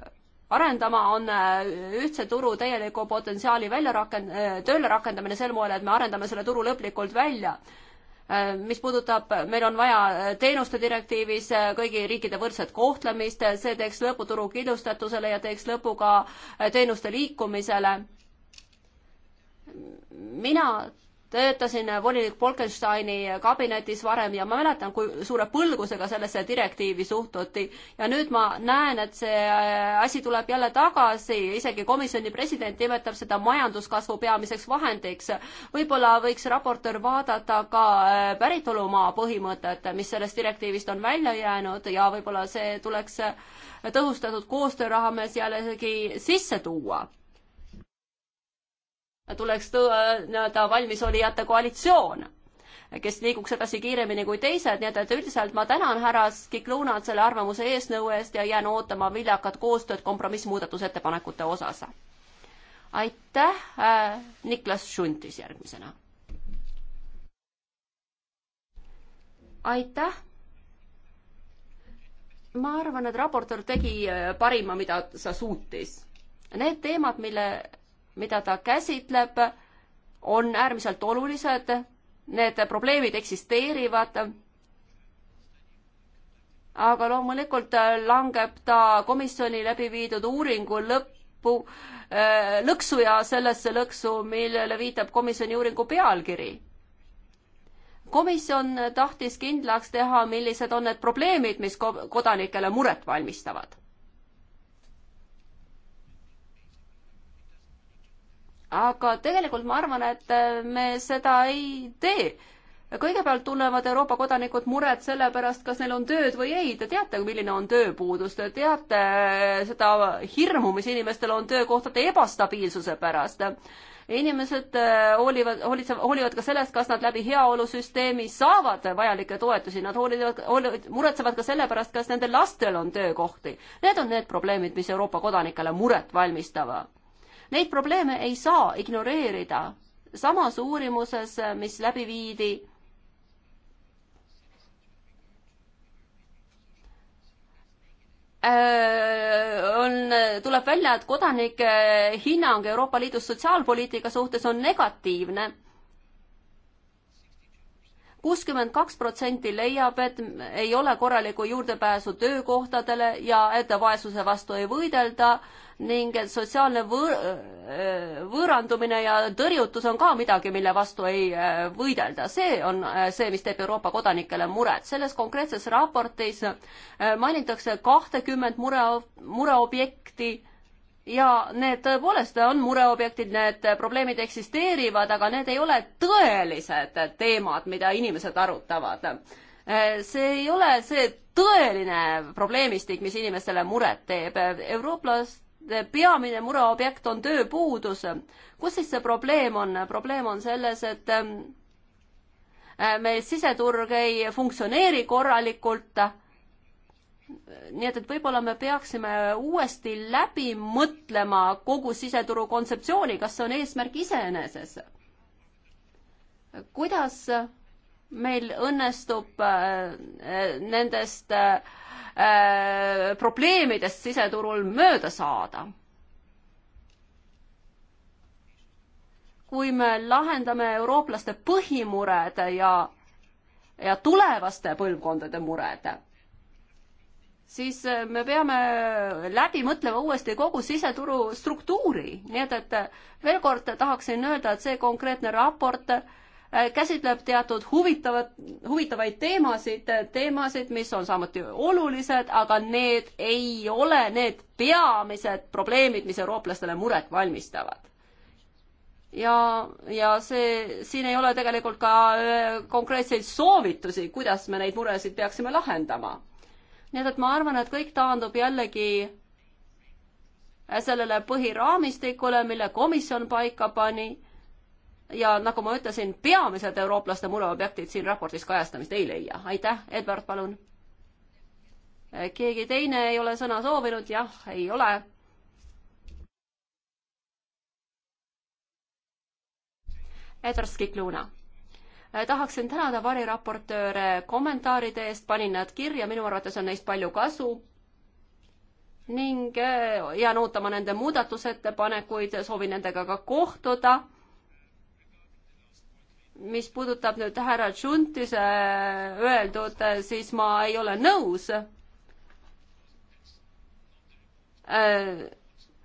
arendama, on äh, ühtse turu täieliku potentsiaali välja rakend-, tööle rakendamine sel moel, et me arendame selle turu lõplikult välja. mis puudutab, meil on vaja teenuste direktiivis kõigi riikide võrdset kohtlemist, see teeks lõpu turu killustatusele ja teeks lõpu ka teenuste liikumisele. mina töötasin volinik Bolkensteini kabinetis varem ja ma mäletan, kui suure põlgusega sellesse direktiivi suhtuti. ja nüüd ma näen, et see äh, asi tuleb jälle tagasi, isegi komisjoni president nimetab seda majanduskasvu peamiseks vahendiks. võib-olla võiks raportöör vaadata ka äh, päritolumaa põhimõtet, mis sellest direktiivist on välja jäänud ja võib-olla see tuleks äh, tõhustatud koostöö raames jällegi sisse tuua tuleks nii-öelda valmisolijate koalitsioon, kes liiguks edasi kiiremini kui teised, nii et, et üldiselt ma tänan härra Skiklunat selle arvamuse eesnõu eest ja jään ootama viljakat koostööd kompromissmuudatusettepanekute osas. aitäh, äh, Niklas Šuntis järgmisena. aitäh. ma arvan, et raportöör tegi äh, parima, mida sa suutis. Need teemad, mille mida ta käsitleb, on äärmiselt olulised. Need probleemid eksisteerivad. aga loomulikult langeb ta komisjoni läbi viidud uuringu lõppu, äh, lõksu ja sellesse lõksu, millele viitab komisjoni uuringu pealkiri komisjon tahtis kindlaks teha, millised on need probleemid, mis kodanikele muret valmistavad aga tegelikult ma arvan, et äh, me seda ei tee. kõigepealt tunnevad Euroopa kodanikud muret selle pärast, kas neil on tööd või ei. Te teate, milline on tööpuudus, te teate äh, seda hirmu, mis inimestel on töökohtade ebastabiilsuse pärast inimesed äh, hoolivad, hoolitsevad, hoolivad ka sellest, kas nad läbi heaolusüsteemi saavad vajalikke toetusi, nad hoolivad, hoolivad, muretsevad ka selle pärast, kas nende lastel on töökohti. Need on need probleemid, mis Euroopa kodanikele muret valmistavad Neid probleeme ei saa ignoreerida. samas uurimuses, mis läbi viidi äh, on, tuleb välja, et kodanike hinnang Euroopa Liidu sotsiaalpoliitika suhtes on negatiivne. kuuskümmend kaks protsenti leiab, et ei ole korralikku juurdepääsu töökohtadele ja et vaesuse vastu ei võidelda ning sotsiaalne võõr, võõrandumine ja tõrjutus on ka midagi, mille vastu ei äh, võidelda. see on äh, see, mis teeb Euroopa kodanikele muret. selles konkreetses raportis äh, mainitakse kahtekümmet mure, mureobjekti ja need tõepoolest on mureobjektid, need probleemid eksisteerivad, aga need ei ole tõelised teemad, mida inimesed arutavad. see ei ole see tõeline probleemistik, mis inimestele muret teeb. eurooplast peamine mureobjekt on tööpuudus. kus siis see probleem on? probleem on selles, et ähm, äh, meil siseturg ei funktsioneeri korralikult. nii et, et võib-olla me peaksime uuesti läbi mõtlema kogu siseturu kontseptsiooni, kas see on eesmärk iseeneses. kuidas meil õnnestub äh, äh, nendest äh, Äh, probleemidest siseturul mööda saada. kui me lahendame eurooplaste põhimured ja, ja tulevaste põlvkondade mured, siis äh, me peame läbi mõtlema uuesti kogu siseturu struktuuri, nii et, et veel kord tahaksin öelda, et see konkreetne raport äh, Äh, käsitleb teatud huvitavat, huvitavaid teemasid, teemasid, mis on samuti olulised, aga need ei ole need peamised probleemid, mis eurooplastele muret valmistavad. ja, ja see, siin ei ole tegelikult ka äh, konkreetseid soovitusi, kuidas me neid muresid peaksime lahendama. nii et, et ma arvan, et kõik taandub jällegi äh, sellele põhiraamistikule, mille komisjon paika pani ja nagu ma ütlesin, peamised eurooplaste mureobjektid siin raportis kajastamist ei leia. aitäh, Edward, palun. keegi teine ei ole sõna soovinud, jah, ei ole. Edward Skikluna. tahaksin tänada variraportööre kommentaaride eest, panin nad kirja, minu arvates on neist palju kasu ning eh, jään ootama nende muudatusettepanekuid, soovin nendega ka kohtuda mis puudutab nüüd härra Tšuntise öeldud, siis ma ei ole nõus äh,.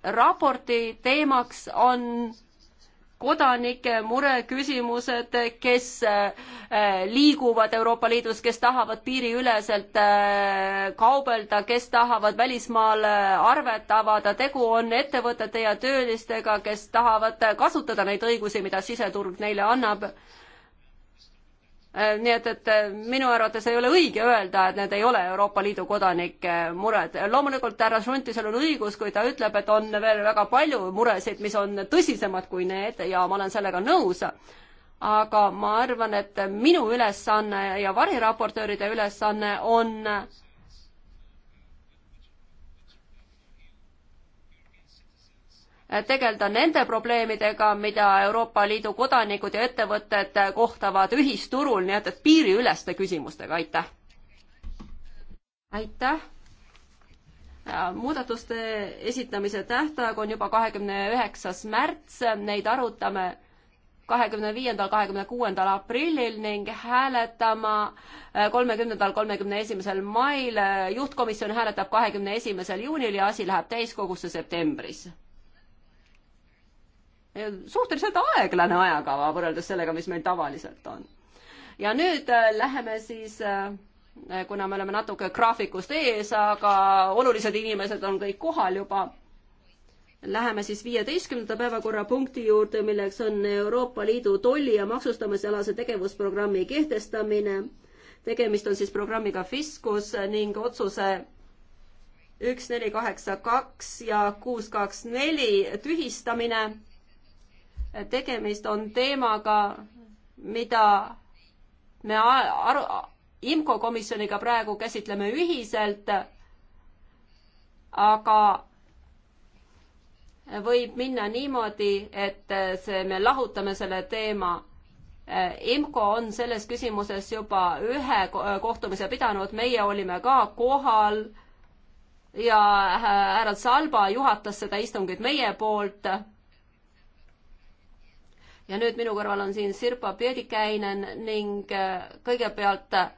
raporti teemaks on kodanike mureküsimused, kes äh, liiguvad Euroopa Liidus, kes tahavad piiriüleselt äh, kaubelda, kes tahavad välismaal äh, arvet avada, tegu on ettevõtete ja töölistega, kes tahavad kasutada neid õigusi, mida siseturg neile annab Äh, nii et, et äh, minu arvates ei ole õige öelda, et need ei ole Euroopa Liidu kodanike mured. loomulikult härra Šuntisel on õigus, kui ta ütleb, et on veel väga palju muresid, mis on tõsisemad kui need ja ma olen sellega nõus. aga ma arvan, et minu ülesanne ja variraportööride ülesanne on äh, tegeleda nende probleemidega, mida Euroopa Liidu kodanikud ja ettevõtted kohtavad ühisturul, nii et, et piiriüleste küsimustega, aitäh! aitäh! Äh, muudatuste esitamise tähtaeg on juba kahekümne üheksas märts, neid arutame kahekümne viiendal, kahekümne kuuendal aprillil ning hääletama äh, kolmekümnendal, kolmekümne esimesel mail. juhtkomisjon hääletab kahekümne esimesel juunil ja asi läheb täiskogusse septembris suhteliselt aeglane ajakava võrreldes sellega, mis meil tavaliselt on. ja nüüd äh, läheme siis äh, kuna me oleme natuke graafikust ees, aga olulised inimesed on kõik kohal juba. Läheme siis viieteistkümnenda päevakorrapunkti juurde, milleks on Euroopa Liidu tolli- ja maksustamisalase tegevusprogrammi kehtestamine. tegemist on siis programmiga Fiskus ning otsuse üks, neli, kaheksa, kaks ja kuus, kaks, neli tühistamine tegemist on teemaga, mida me aru, IMCO komisjoniga praegu käsitleme ühiselt, aga võib minna niimoodi, et see, me lahutame selle teema. IMCO on selles küsimuses juba ühe kohtumise pidanud, meie olime ka kohal ja härra Salba juhatas seda istungit meie poolt ja nüüd minu kõrval on siin Sirpa Piedikäinen ning äh, kõigepealt äh,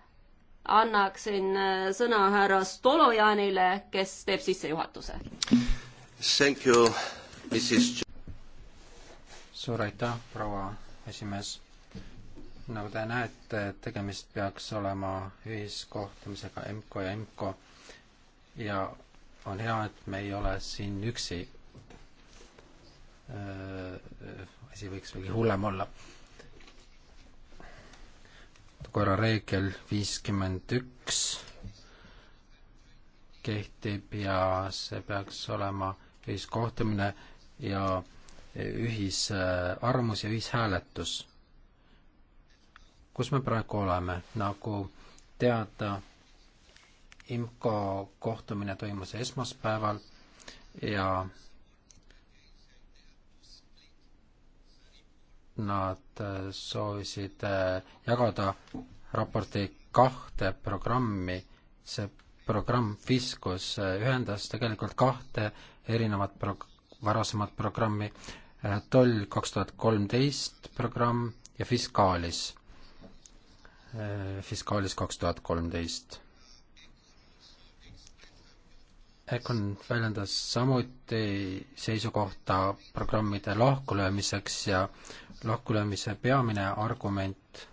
annaksin äh, sõna härra Stolojanile, kes teeb sissejuhatuse. Thank you, Mrs. suur aitäh, proua esimees. nagu te näete, tegemist peaks olema ühiskohtumisega EMKO ja EMKO ja on hea, et me ei ole siin üksi asi võiks veelgi hullem olla. korra reegel viiskümmend üks kehtib ja see peaks olema ühiskohtumine ja ühisarvamus ja ühishääletus. kus me praegu oleme, nagu teada, IMCO kohtumine toimus esmaspäeval ja nad äh, soovisid äh, jagada raporti kahte programmi. see programm Fiskus äh, ühendas tegelikult kahte erinevat pro-, varasemat programmi, Toll kaks tuhat kolmteist programm ja Fiskaalis, Fiskaalis kaks tuhat kolmteist. Econ väljendas samuti seisukohta programmide lahkulöömiseks ja äh, lahkulöömise peamine argument,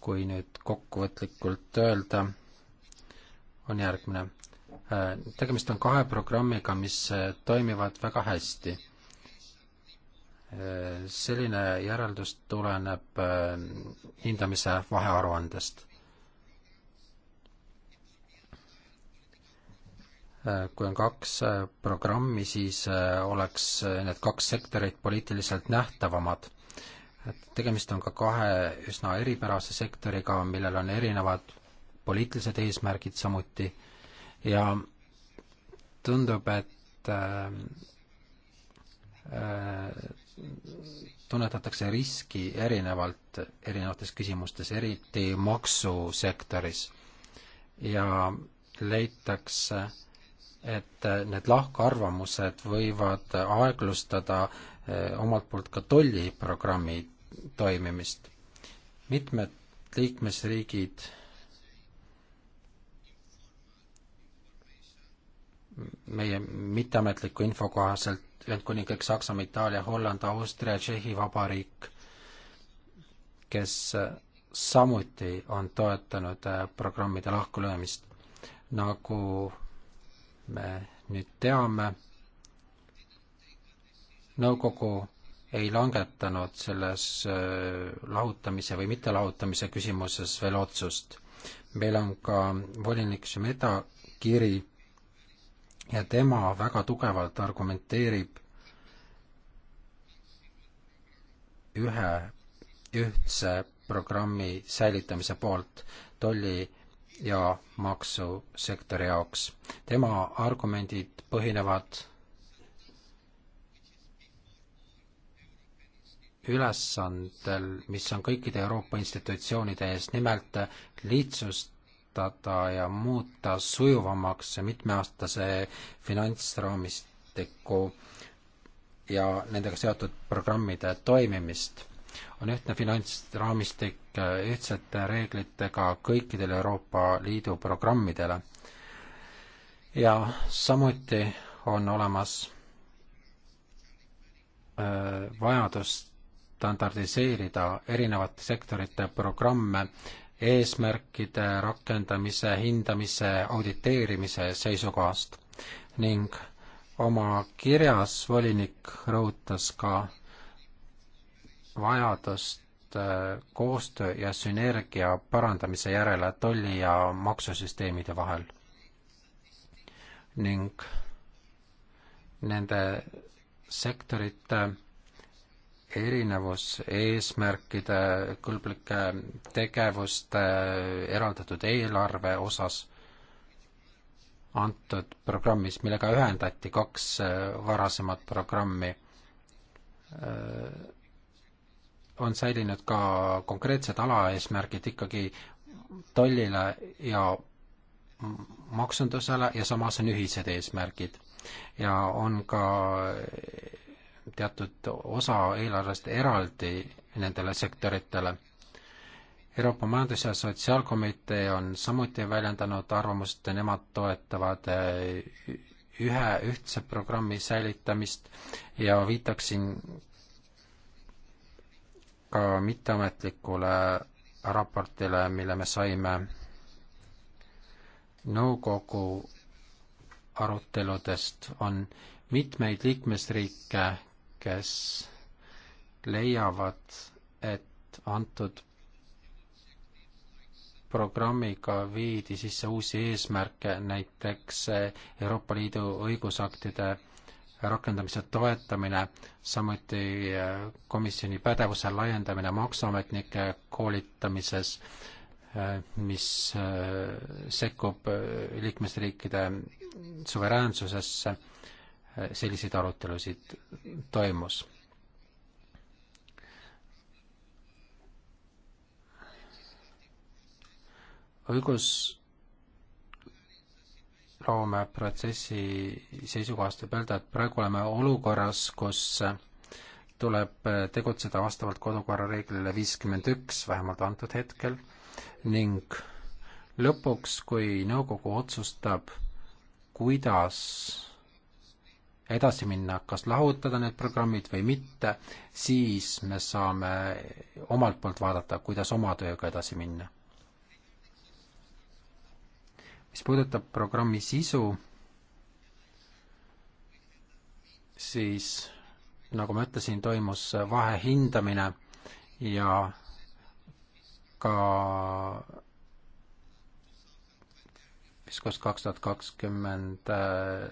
kui nüüd kokkuvõtlikult öelda, on järgmine. Äh, tegemist on kahe programmiga, mis äh, toimivad väga hästi. Äh, selline järeldus tuleneb hindamise vahearuandest. Äh, kui on kaks äh, programmi, siis äh, oleks need kaks sektorit poliitiliselt nähtavamad. et tegemist on ka kahe üsna eripärase sektoriga, millel on erinevad poliitilised eesmärgid samuti ja tundub, et tunnetatakse riski erinevalt erinevates küsimustes, eriti maksusektoris. ja leitakse äh, et äh, need lahkarvamused võivad aeglustada äh, omalt poolt ka tolliprogrammi toimimist. mitmed liikmesriigid meie mitteametliku info kohaselt Ühendkuningriik, Saksamaa, Itaalia, Holland, Austria, Tšehhi Vabariik, kes äh, samuti on toetanud programmide lahkulöömist, nagu me nüüd teame, nõukogu ei langetanud selles äh, lahutamise või mittelahutamise küsimuses veel otsust. meil on ka volinik Šemeta kiri ja tema väga tugevalt argumenteerib ühe ühtse programmi säilitamise poolt. tolli ja maksusektori jaoks. tema argumendid põhinevad ülesandel, mis on kõikide Euroopa institutsioonide ees, nimelt lihtsustada ja muuta sujuvamaks mitmeaastase finantsraamistiku ja nendega seotud programmide toimimist on ühtne finantsraamistik ühtsete eh, reeglitega kõikidele Euroopa Liidu programmidele. ja samuti on olemas eh, vajadus standardiseerida erinevate sektorite programme eesmärkide rakendamise, hindamise, auditeerimise seisukohast ning oma kirjas volinik rõhutas ka vajadust äh, koostöö ja sünergia parandamise järele tolli- ja maksusüsteemide vahel ning nende sektorite erinevus eesmärkide, kõlblike tegevuste, eraldatud eelarve osas antud programmis, millega ühendati kaks äh, varasemat programmi äh, on säilinud ka konkreetsed alaeesmärgid ikkagi tollile ja maksundusele ja samas on ühised eesmärgid. ja on ka teatud osa eelarvest eraldi nendele sektoritele. Euroopa Majandus- ja Sotsiaalkomitee on samuti väljendanud arvamust, nemad toetavad äh, ühe ühtse programmi säilitamist ja viitaksin ka mitteametlikule raportile, mille me saime nõukogu aruteludest, on mitmeid liikmesriike, kes leiavad, et antud programmiga viidi sisse uusi eesmärke, näiteks Euroopa Liidu õigusaktide rakendamise toetamine, samuti äh, komisjoni pädevuse laiendamine maksuametnike koolitamises, äh, mis äh, sekkub liikmesriikide suveräänsusesse, selliseid arutelusid toimus õigus õigusloomeprotsessi seisukohast võib öelda, et praegu oleme olukorras, kus tuleb tegutseda vastavalt kodukorra reeglile viiskümmend üks, vähemalt antud hetkel, ning lõpuks, kui nõukogu otsustab, kuidas edasi minna, kas lahutada need programmid või mitte, siis me saame omalt poolt vaadata, kuidas oma tööga edasi minna mis puudutab programmi sisu, siis nagu ma ütlesin, toimus vahehindamine ja ka Fiskos kaks tuhat kakskümmend äh,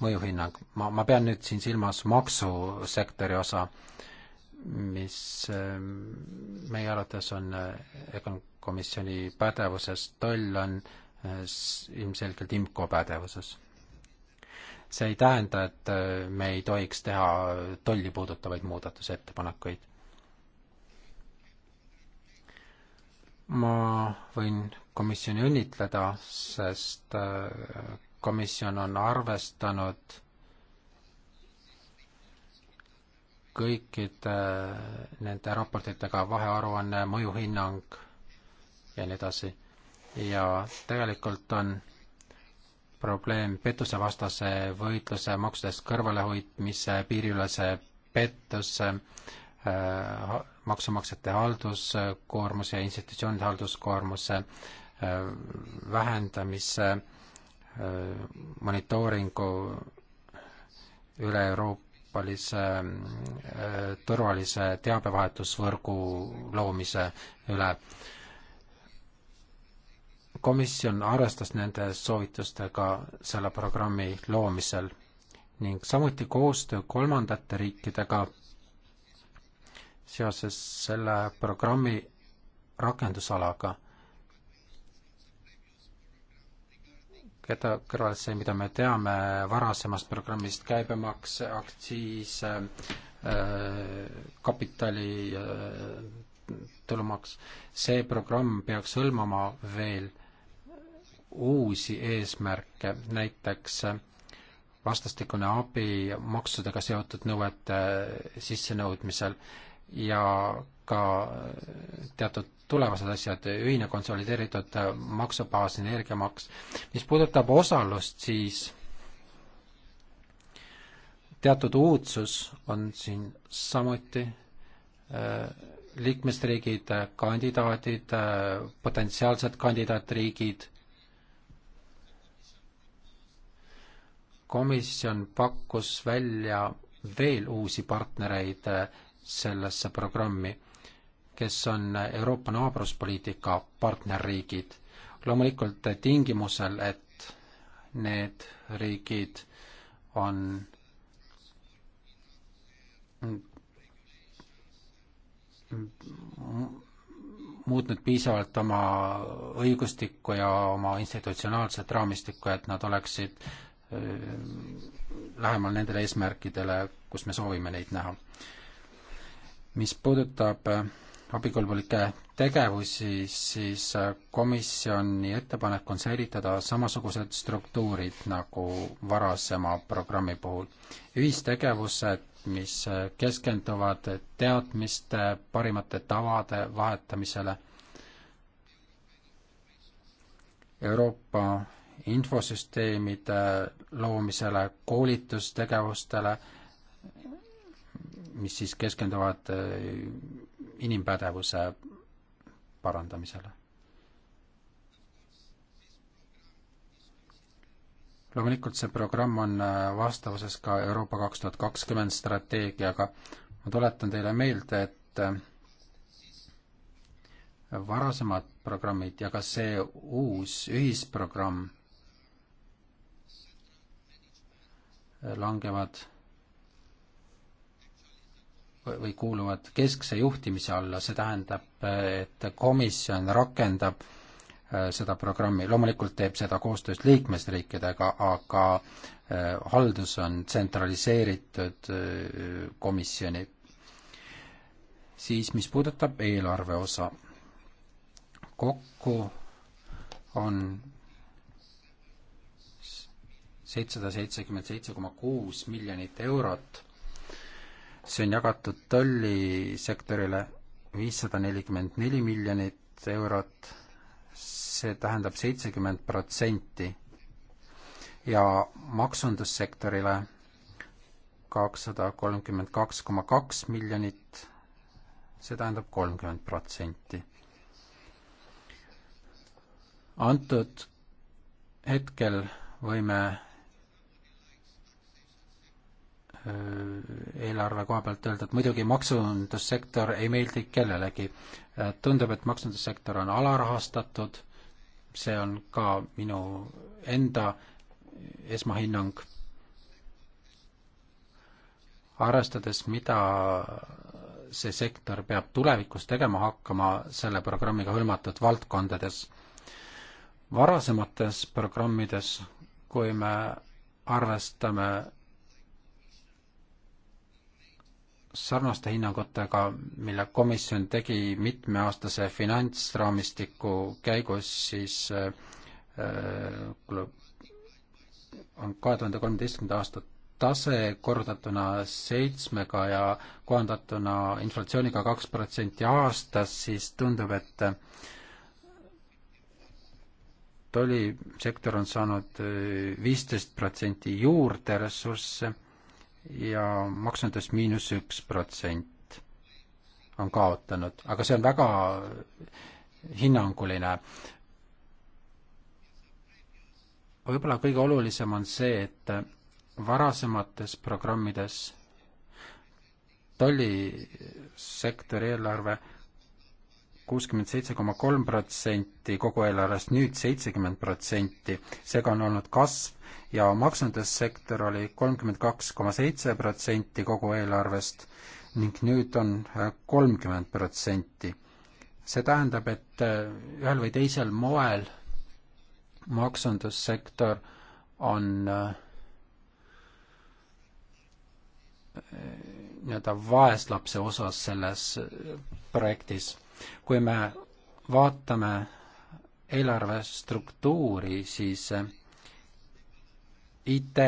mõjuhinnang. ma, ma pean nüüd siin silmas maksusektori osa, mis ähm, meie arvates on äh, Econ komisjoni pädevuses. toll on äh, ilmselgelt IMCO pädevuses. see ei tähenda, et äh, me ei tohiks teha tolli puudutavaid muudatusettepanekuid. ma võin komisjoni õnnitleda, sest äh, komisjon on arvestanud kõikide nende raportitega, vahearuanne, mõjuhinnang ja nii edasi ja tegelikult on probleem pettusevastase võitluse maksudest kõrvalehoidmise, piiriülese pettuse äh,, maksumaksjate halduskoormuse ja institutsioonide halduskoormuse äh, vähendamise äh, monitooringu üle-euroopalise äh, turvalise teabevahetusvõrgu loomise üle komisjon arvestas nende soovitustega selle programmi loomisel ning samuti koostöö kolmandate riikidega seoses selle programmi rakendusalaga, keda kõrval see, mida me teame varasemast programmist, käibemaks, aktsiis äh,, kapitali äh,, tulumaks, see programm peaks hõlmama veel äh, uusi eesmärke, näiteks vastastikune abi maksudega seotud nõuete sissenõudmisel ja ka teatud tulevased asjad, ühine konsolideeritud maksubaas, energiamaks. mis puudutab osalust, siis teatud uudsus on siin samuti äh, liikmesriigid, kandidaadid, äh, potentsiaalsed kandidaatriigid komisjon pakkus välja veel uusi partnereid äh, sellesse programmi, kes on äh, Euroopa naabruspoliitika partnerriigid. loomulikult äh, tingimusel, et need riigid on muutnud piisavalt oma õigustikku ja oma institutsionaalset raamistikku, et nad oleksid Äh, lähemal nendele eesmärkidele, kus me soovime neid näha. mis puudutab äh, abikõlbulikke tegevusi, siis äh, komisjoni ettepanek on säilitada samasugused struktuurid nagu varasema programmi puhul. ühistegevused, mis keskenduvad teadmiste, parimate tavade vahetamisele Euroopa infosüsteemide loomisele, koolitustegevustele, mis siis keskenduvad äh, inimpädevuse parandamisele. loomulikult see programm on äh, vastavuses ka Euroopa kaks tuhat kakskümmend strateegiaga. ma tuletan teile meelde, et äh, varasemad programmid ja ka see uus ühisprogramm langevad või kuuluvad keskse juhtimise alla, see tähendab, et komisjon rakendab äh, seda programmi, loomulikult teeb seda koostöös liikmesriikidega, aga äh, haldus on tsentraliseeritud äh, komisjoni. siis, mis puudutab eelarve osa, kokku on seitsesada seitsekümmend seitse koma kuus miljonit eurot. see on jagatud tollisektorile viissada nelikümmend neli miljonit eurot, see tähendab seitsekümmend protsenti ja maksundussektorile kakssada kolmkümmend kaks koma kaks miljonit, see tähendab kolmkümmend protsenti. antud hetkel võime Äh, eelarve koha pealt öelda, et muidugi maksundussektor ei meeldi kellelegi. Äh, tundub, et maksundussektor on alarahastatud, see on ka minu enda esmahinnang. arvestades, mida see sektor peab tulevikus tegema hakkama selle programmiga hõlmatud valdkondades, varasemates programmides, kui me arvestame sarnaste hinnangutega, mille komisjon tegi mitmeaastase finantsraamistiku käigus, siis äh, äh, on kahe tuhande kolmeteistkümnenda aasta tase korrutatuna seitsmega ja kohandatuna inflatsiooniga kaks protsenti aastas, siis tundub, et tollisektor on saanud äh, viisteist protsenti juurde ressursse ja maksundus miinus üks protsent on kaotanud, aga see on väga hinnanguline. võib-olla kõige olulisem on see, et varasemates programmides tollisektori eelarve kuuskümmend seitse koma kolm protsenti kogu eelarvest, nüüd seitsekümmend protsenti, seega on olnud kasv ja maksundussektor oli kolmkümmend kaks koma seitse protsenti kogu eelarvest ning nüüd on äh, kolmkümmend protsenti. see tähendab, et äh, ühel või teisel moel maksundussektor on äh, nii-öelda vaeslapse osas selles projektis kui me vaatame eelarve struktuuri, siis äh, IT,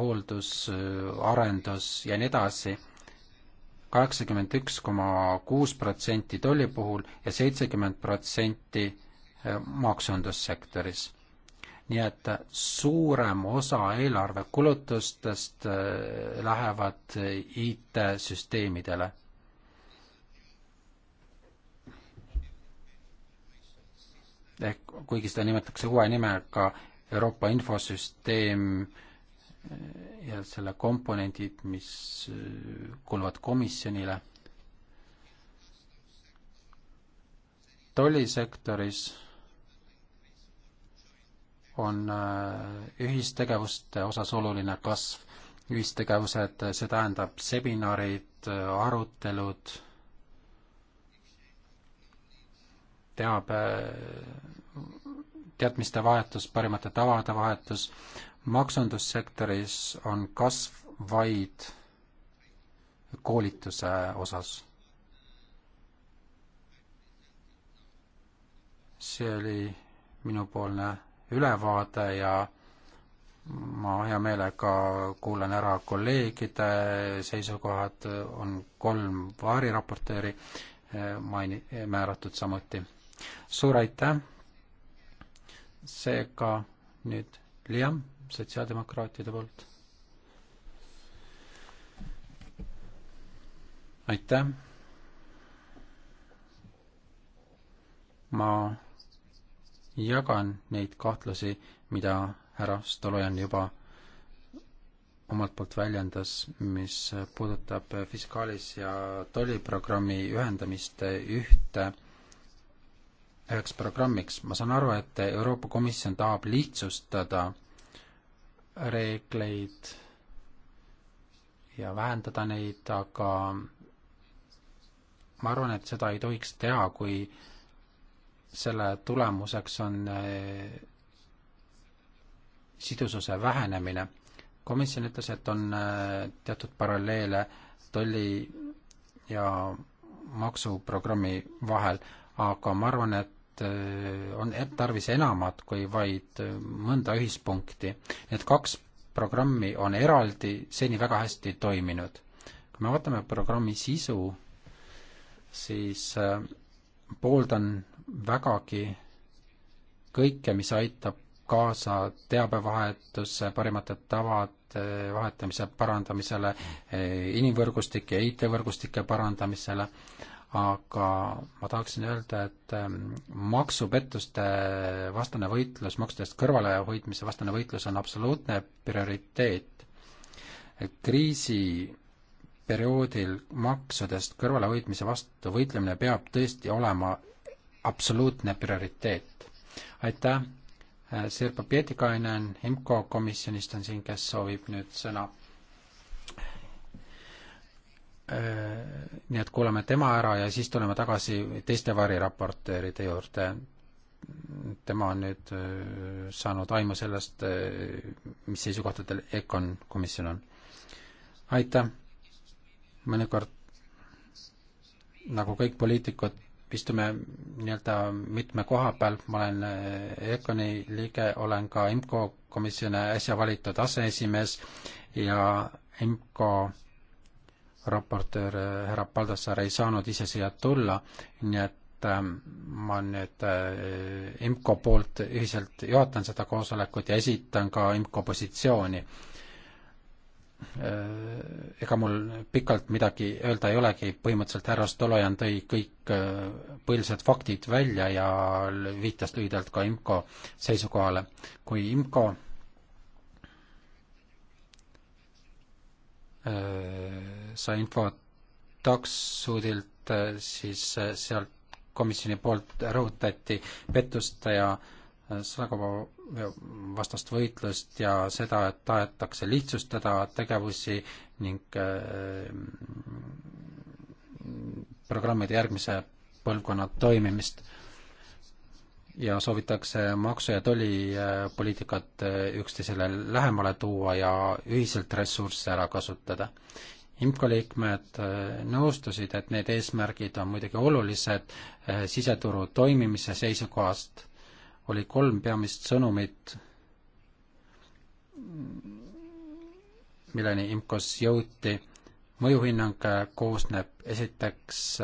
hooldus, äh, arendus ja nii edasi, kaheksakümmend üks koma kuus protsenti tolli puhul ja seitsekümmend protsenti äh, maksundussektoris. nii et suurem osa eelarve kulutustest lähevad IT-süsteemidele ehk kuigi seda nimetatakse uue nimega Euroopa infosüsteem ja selle komponendid, mis kuuluvad komisjonile. tollisektoris on äh, ühistegevuste osas oluline kasv. ühistegevused, see tähendab seminarid, äh, arutelud teabe, äh, teadmiste vahetus, parimate tavade vahetus, maksundussektoris on kasv vaid koolituse osas see oli minupoolne ülevaade ja ma hea meelega kuulan ära kolleegide seisukohad, on kolm vaariraportööri maini-, määratud samuti suur aitäh, seega nüüd Liam sotsiaaldemokraatide poolt. aitäh. ma jagan neid kahtlusi, mida härra Stolojan juba omalt poolt väljendas, mis puudutab fiskaalis ja tolliprogrammi ühendamist ühte üheks programmiks. ma saan aru, et Euroopa Komisjon tahab lihtsustada reegleid ja vähendada neid, aga ma arvan, et seda ei tohiks teha, kui selle tulemuseks on eh, sidususe vähenemine. komisjon ütles, et on eh, teatud paralleele tolli ja maksuprogrammi vahel, aga ma arvan, et Äh, on tarvis enamat kui vaid äh, mõnda ühispunkti. Need kaks programmi on eraldi seni väga hästi toiminud. kui me vaatame programmi sisu, siis äh, pooldan vägagi kõike, mis aitab kaasa teabevahetusse, parimate tavade vahetamise parandamisele, inimvõrgustike, IT-võrgustike parandamisele aga ma tahaksin öelda, et ähm, maksupettuste vastane võitlus, maksudest kõrvalehoidmise vastane võitlus on absoluutne prioriteet. kriisiperioodil maksudest kõrvalehoidmise vastu võitlemine peab tõesti olema absoluutne prioriteet. aitäh, äh, Sirpa Pietikainen, IMCO komisjonist on siin, kes soovib nüüd sõna nii et kuulame tema ära ja siis tuleme tagasi teiste variraportööride juurde. tema on nüüd äh, saanud aimu sellest, äh, mis seisukohtadel EKON komisjon on. aitäh! mõnikord nagu kõik poliitikud istume nii-öelda mitme koha peal, ma olen äh, EKONi liige, olen ka IMCO komisjoni äsja valitud aseesimees ja IMCO raportöör eh, härra Paldassaar ei saanud ise siia tulla, nii et ähm, ma nüüd äh, IMCO poolt ühiselt juhatan seda koosolekut ja esitan ka IMCO positsiooni. Äh, ega mul pikalt midagi öelda ei olegi, põhimõtteliselt härra Stolojan tõi kõik äh, põhilised faktid välja ja viitas lühidalt ka IMCO seisukohale. kui IMCO Äh, sai info taksudilt, äh, siis äh, sealt komisjoni poolt rõhutati pettuste ja sõnakauba vastast võitlust ja seda, et tahetakse lihtsustada tegevusi ning programmide järgmise põlvkonna toimimist ja soovitakse maksu- ja tollipoliitikat äh, üksteisele lähemale tuua ja ühiselt ressursse ära kasutada. IMCO liikmed äh, nõustusid, et need eesmärgid on muidugi olulised äh, siseturu toimimise seisukohast, oli kolm peamist sõnumit, milleni IMCO-s jõuti. mõjuhinnang koosneb esiteks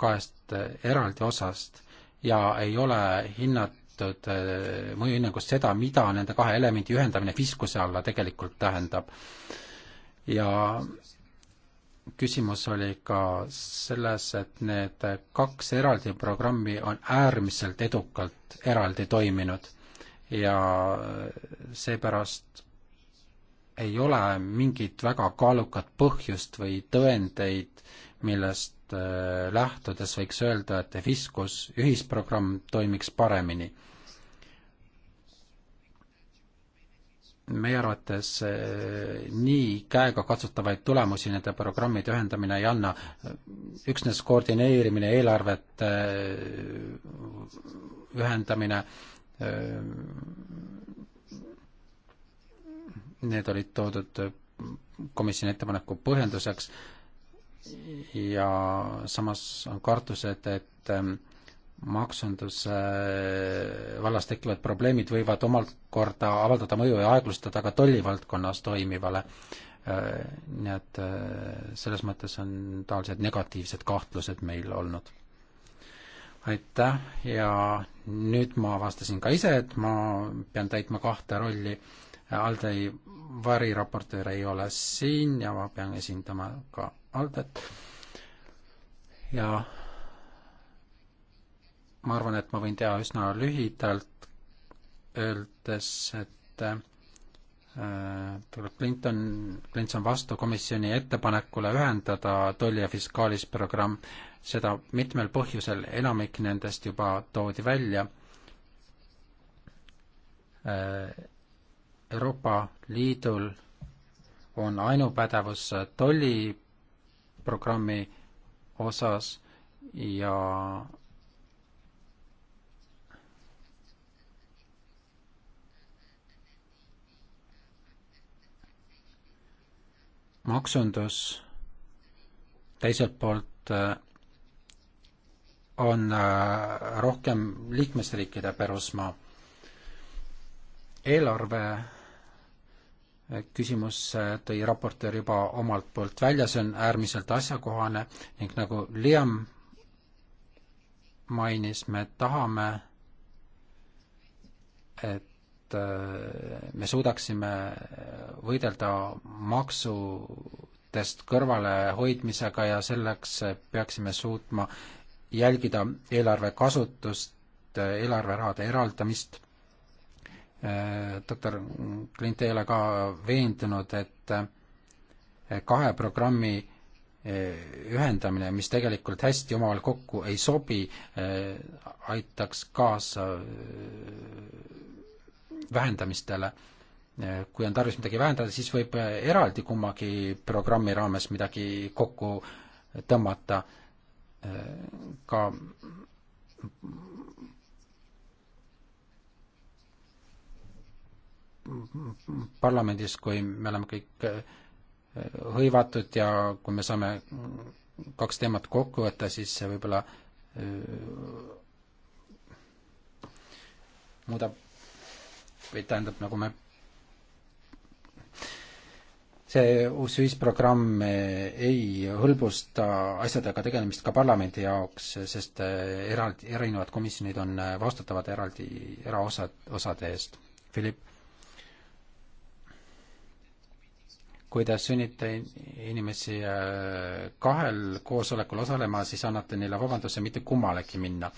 kahest eraldi osast ja ei ole hinnatud äh, mõjuhinnangus seda, mida nende kahe elemendi ühendamine viskuse alla tegelikult tähendab. ja küsimus oli ka selles, et need kaks eraldi programmi on äärmiselt edukalt eraldi toiminud ja seepärast ei ole mingit väga kaalukat põhjust või tõendeid äh, millest äh, lähtudes võiks öelda, et Fiskus ühisprogramm toimiks paremini. meie arvates äh, nii käegakatsutavaid tulemusi nende programmide ühendamine ei anna, üksnes koordineerimine, eelarvete äh, ühendamine, need olid toodud komisjoni ettepaneku põhjenduseks ja samas on kartused, et ähm, maksunduse äh, vallas tekkivad probleemid võivad omalt korda avaldada mõju ja aeglustada ka tollivaldkonnas toimivale. Äh, nii et äh, selles mõttes on taolised negatiivsed kahtlused meil olnud. aitäh ja nüüd ma avastasin ka ise, et ma pean täitma kahte rolli Aldei variraportöör ei ole siin ja ma pean esindama ka Aldet. ja ma arvan, et ma võin teha üsna lühidalt, öeldes, et äh, Clinton, Clinton vastu komisjoni ettepanekule ühendada tolli- ja fiskaalisprogramm, seda mitmel põhjusel, enamik nendest juba toodi välja äh,, Euroopa Liidul on ainupädevus tolliprogrammi osas ja maksundus teiselt poolt äh, on äh, rohkem liikmesriikide pärusmaa. eelarve küsimus äh, tõi raportöör juba omalt poolt välja, see on äärmiselt asjakohane ning nagu Liam mainis, me tahame, et äh, me suudaksime äh, võidelda maksudest kõrvalehoidmisega ja selleks peaksime suutma jälgida eelarve kasutust, eelarverahade eraldamist Äh, doktor Klint ei ole ka veendunud, et äh, kahe programmi äh, ühendamine, mis tegelikult hästi omavahel kokku ei sobi, aitaks kaasa vähendamistele. kui on tarvis midagi vähendada, siis võib eraldi kummagi programmi raames midagi kokku tõmmata. ka parlamendis, kui me oleme kõik äh, hõivatud ja kui me saame kaks teemat kokku võtta, siis see võib-olla äh, muudab või tähendab, nagu me see uus ühisprogramm ei hõlbusta asjadega tegelemist ka parlamendi jaoks, sest äh, eraldi, erinevad komisjonid on vastutavad eraldi eraosad, osade eest. Philip? kui te sunnite inimesi äh, kahel koosolekul osalema, siis annate neile vabanduse mitte kummalegi minna.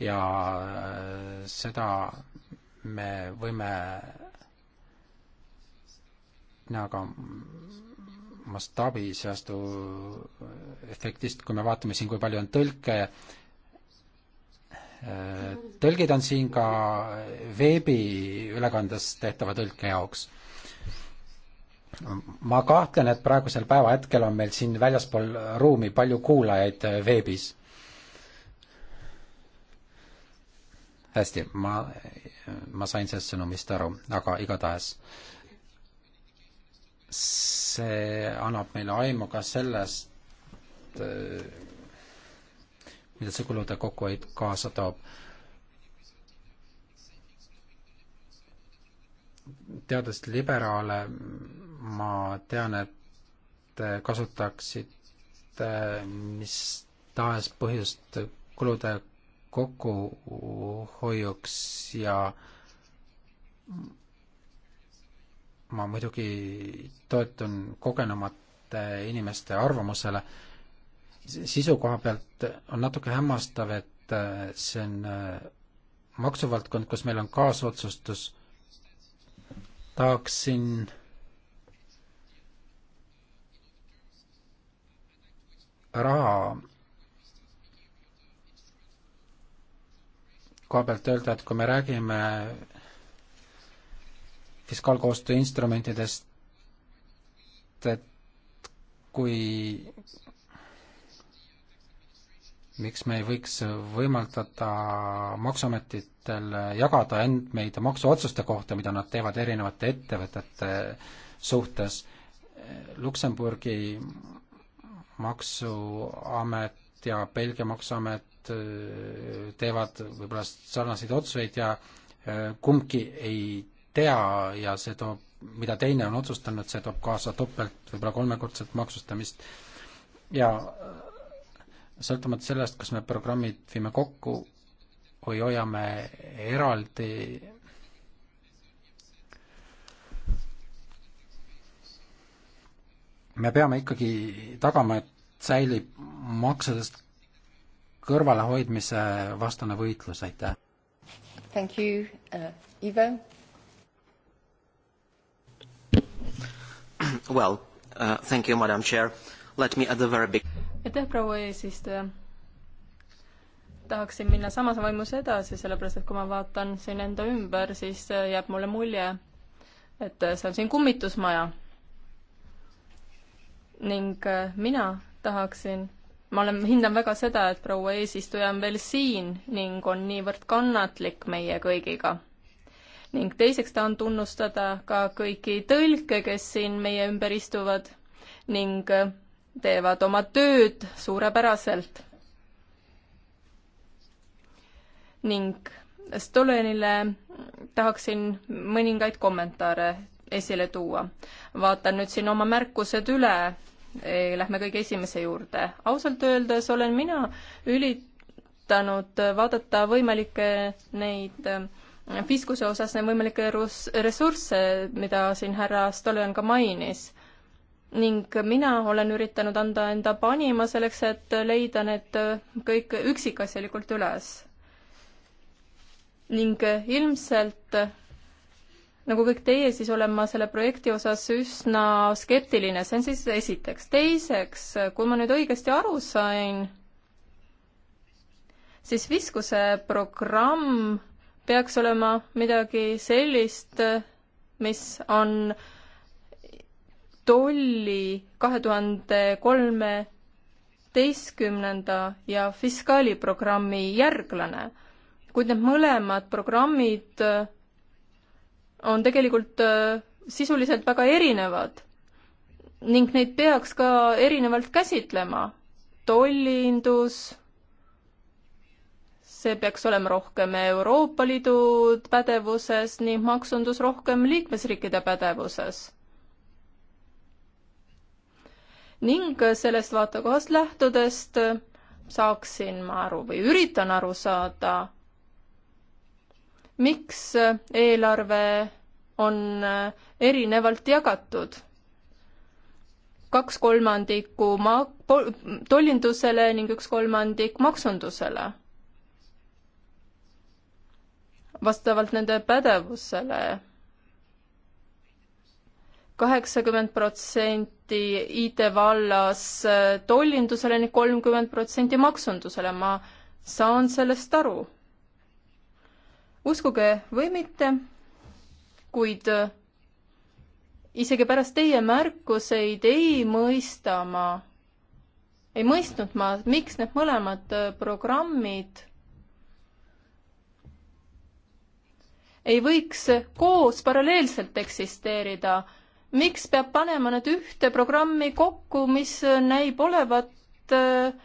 ja äh, seda me võime näha ka mastaabi säästu efektist, kui me vaatame siin, kui palju on tõlke, äh, tõlgid on siin ka veebiülekandes tehtava tõlke jaoks ma kahtlen, et praegusel päevahetkel on meil siin väljaspool ruumi palju kuulajaid äh, veebis. hästi, ma, ma sain sellest sõnumist aru, aga igatahes see annab meile aimu ka sellest, äh, mida see kulude kokkuhoid kaasa toob teades liberaale ma tean, et kasutaksite mis tahes põhjust kulude kokkuhoiuks ja ma muidugi toetun kogenumate inimeste arvamusele, sisu koha pealt on natuke hämmastav, et see on äh, maksuvaldkond, kus meil on kaasotsustus, tahaksin raha koha pealt öelda, et kui me räägime fiskaalkoostöö instrumentidest, et kui miks me ei võiks võimaldada Maksuametitel jagada andmeid maksuotsuste kohta, mida nad teevad erinevate ettevõtete suhtes. Luksemburgi maksuamet ja Belgia maksuamet äh, teevad võib-olla sarnaseid otsuseid ja äh, kumbki ei tea ja see toob, mida teine on otsustanud, see toob kaasa topelt, võib-olla kolmekordset maksustamist ja äh, sõltumata sellest, kas me programmid viime kokku või hoiame eraldi me peame ikkagi tagama, et säilib maksudest kõrvalehoidmise vastane võitlus, aitäh! Thank you uh,, Ivo? Well uh,, thank you, madam chair, let me at the very big-. aitäh, proua eesistuja! tahaksin minna samas vaimus edasi, sellepärast et kui ma vaatan siin enda ümber, siis äh, jääb mulle mulje, et äh, see on siin kummitusmaja ning äh, mina tahaksin, ma olen, hindan väga seda, et proua eesistuja on veel siin ning on niivõrd kannatlik meie kõigiga. ning teiseks tahan tunnustada ka kõiki tõlke, kes siin meie ümber istuvad ning äh, teevad oma tööd suurepäraselt. ning Stolenile tahaksin mõningaid kommentaare esile tuua. vaatan nüüd siin oma märkused üle lähme kõige esimese juurde. ausalt öeldes olen mina üritanud vaadata võimalikke neid äh, Fiskuse osas neid võimalikke ressursse, mida siin härra Stoljan ka mainis. ning mina olen üritanud anda enda panima selleks, et leida need äh, kõik üksikasjalikult üles. ning äh, ilmselt nagu kõik teie, siis olen ma selle projekti osas üsna skeptiline, see on siis esiteks. teiseks, kui ma nüüd õigesti aru sain, siis Viskuse programm peaks olema midagi sellist, mis on tolli kahe tuhande kolmeteistkümnenda ja fiskaaliprogrammi järglane. kuid need mõlemad programmid on tegelikult äh, sisuliselt väga erinevad ning neid peaks ka erinevalt käsitlema. tollindus, see peaks olema rohkem Euroopa Liidu pädevuses ning maksundus rohkem liikmesriikide pädevuses. ning sellest vaatekohast lähtudest saaksin ma aru või üritan aru saada miks äh, eelarve on äh, erinevalt jagatud? kaks kolmandikku ma-, tollindusele ning üks kolmandik maksundusele. vastavalt nende pädevusele. kaheksakümmend protsenti IT-vallas äh, tollindusele ning kolmkümmend protsenti maksundusele, ma saan sellest aru uskuge või mitte, kuid äh, isegi pärast teie märkuseid ei mõista ma, ei mõistnud ma, miks need mõlemad äh, programmid ei võiks koos paralleelselt eksisteerida. miks peab panema need ühte programmi kokku, mis näib olevat äh,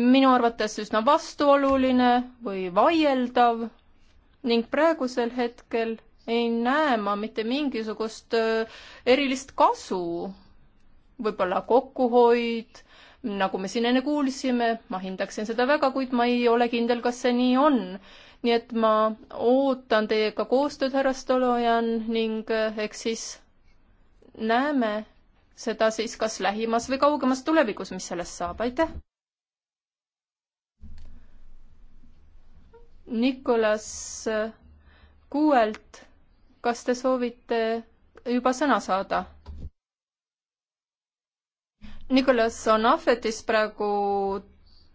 minu arvates üsna vastuoluline või vaieldav ning praegusel hetkel ei näe ma mitte mingisugust äh, erilist kasu, võib-olla kokkuhoid, nagu me siin enne kuulsime, ma hindaksin seda väga, kuid ma ei ole kindel, kas see nii on. nii et ma ootan teiega koostööd, härra Stolojan, ning äh, eks siis näeme seda siis kas lähimas või kaugemas tulevikus, mis sellest saab, aitäh! Nikolas Kuuelt, kas te soovite juba sõna saada? Nikolas on ahvetis praegu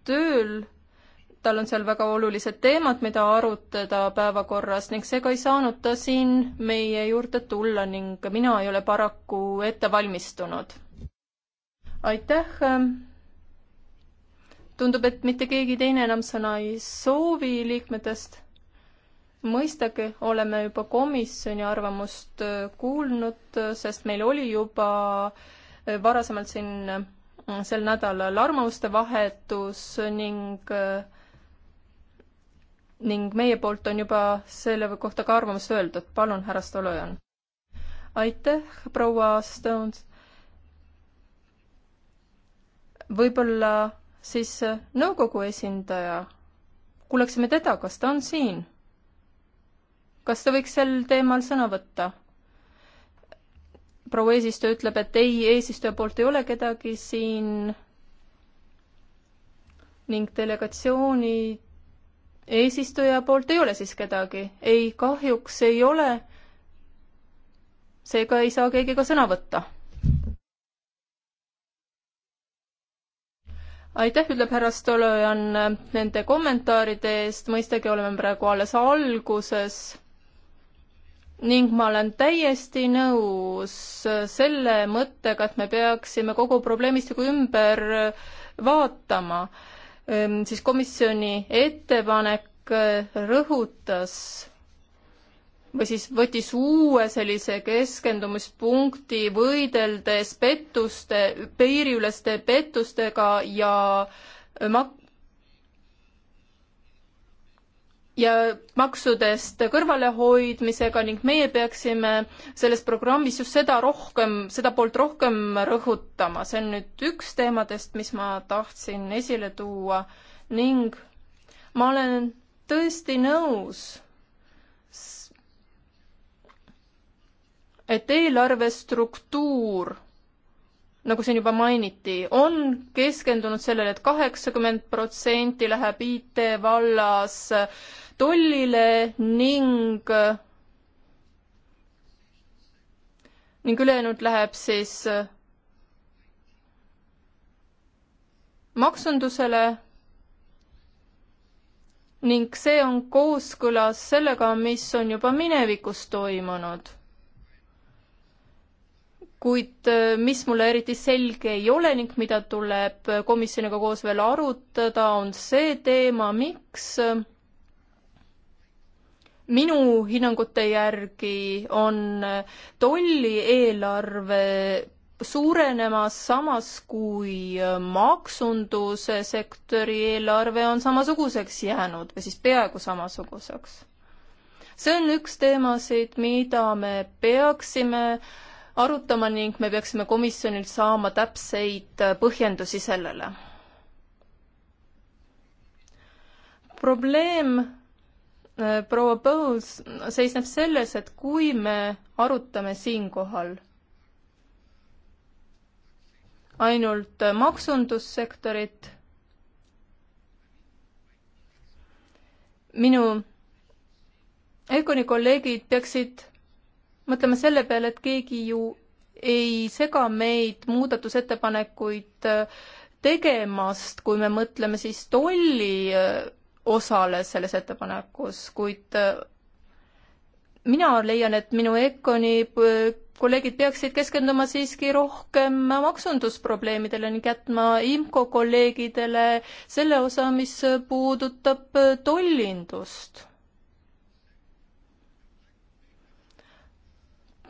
tööl, tal on seal väga olulised teemad, mida arutada päevakorras ning seega ei saanud ta siin meie juurde tulla ning mina ei ole paraku ette valmistunud. aitäh tundub, et mitte keegi teine enam sõna ei soovi liikmetest. mõistagi oleme juba komisjoni arvamust äh, kuulnud, äh, sest meil oli juba äh, varasemalt siin sel nädalal arvamuste vahetus ning ning meie poolt on juba selle kohta ka arvamus öeldud. palun, härra Stolojan. aitäh, proua Stones. võib-olla siis äh, nõukogu esindaja, kuulaksime teda, kas ta on siin? kas ta võiks sel teemal sõna võtta? proua eesistuja ütleb, et ei, eesistuja poolt ei ole kedagi siin ning delegatsiooni eesistuja poolt ei ole siis kedagi. ei, kahjuks ei ole. seega ei saa keegi ka sõna võtta aitäh, ütleb härra Stolojan nende kommentaaride eest, mõistagi oleme praegu alles alguses ning ma olen täiesti nõus selle mõttega, et me peaksime kogu probleemistiku ümber vaatama, ehm, siis komisjoni ettepanek eh, rõhutas või siis võttis uue sellise keskendumispunkti, võideldes pettuste, piiriüleste pettustega ja äh, mak-, ja maksudest kõrvalehoidmisega ning meie peaksime selles programmis just seda rohkem, seda poolt rohkem rõhutama. see on nüüd üks teemadest, mis ma tahtsin esile tuua ning ma olen tõesti nõus et eelarve struktuur, nagu siin juba mainiti, on keskendunud sellele et, et kaheksakümmend protsenti läheb IT vallas tollile ning ning ülejäänud läheb siis maksundusele ning see on kooskõlas sellega, mis on juba minevikus toimunud kuid äh, mis mulle eriti selge ei ole ning mida tuleb äh, komisjoniga koos veel arutada, on see teema, miks äh, minu hinnangute järgi on tolli eelarve suurenemas, samas kui maksunduse sektori eelarve on samasuguseks jäänud või siis peaaegu samasuguseks. see on üks teemasid, mida me peaksime äh, arutama ning me peaksime komisjonilt saama täpseid äh, põhjendusi sellele. probleem äh, proua Põus seisneb selles, et kui me arutame siinkohal ainult äh, maksundussektorit, minu EKONi kolleegid peaksid mõtleme selle peale, et keegi ju ei sega meid muudatusettepanekuid äh, tegemast, kui me mõtleme siis tolli äh, osale selles ettepanekus, kuid äh, mina leian, et minu EKONi kolleegid peaksid keskenduma siiski rohkem maksundusprobleemidele ning jätma IMCO kolleegidele selle osa, mis puudutab tollindust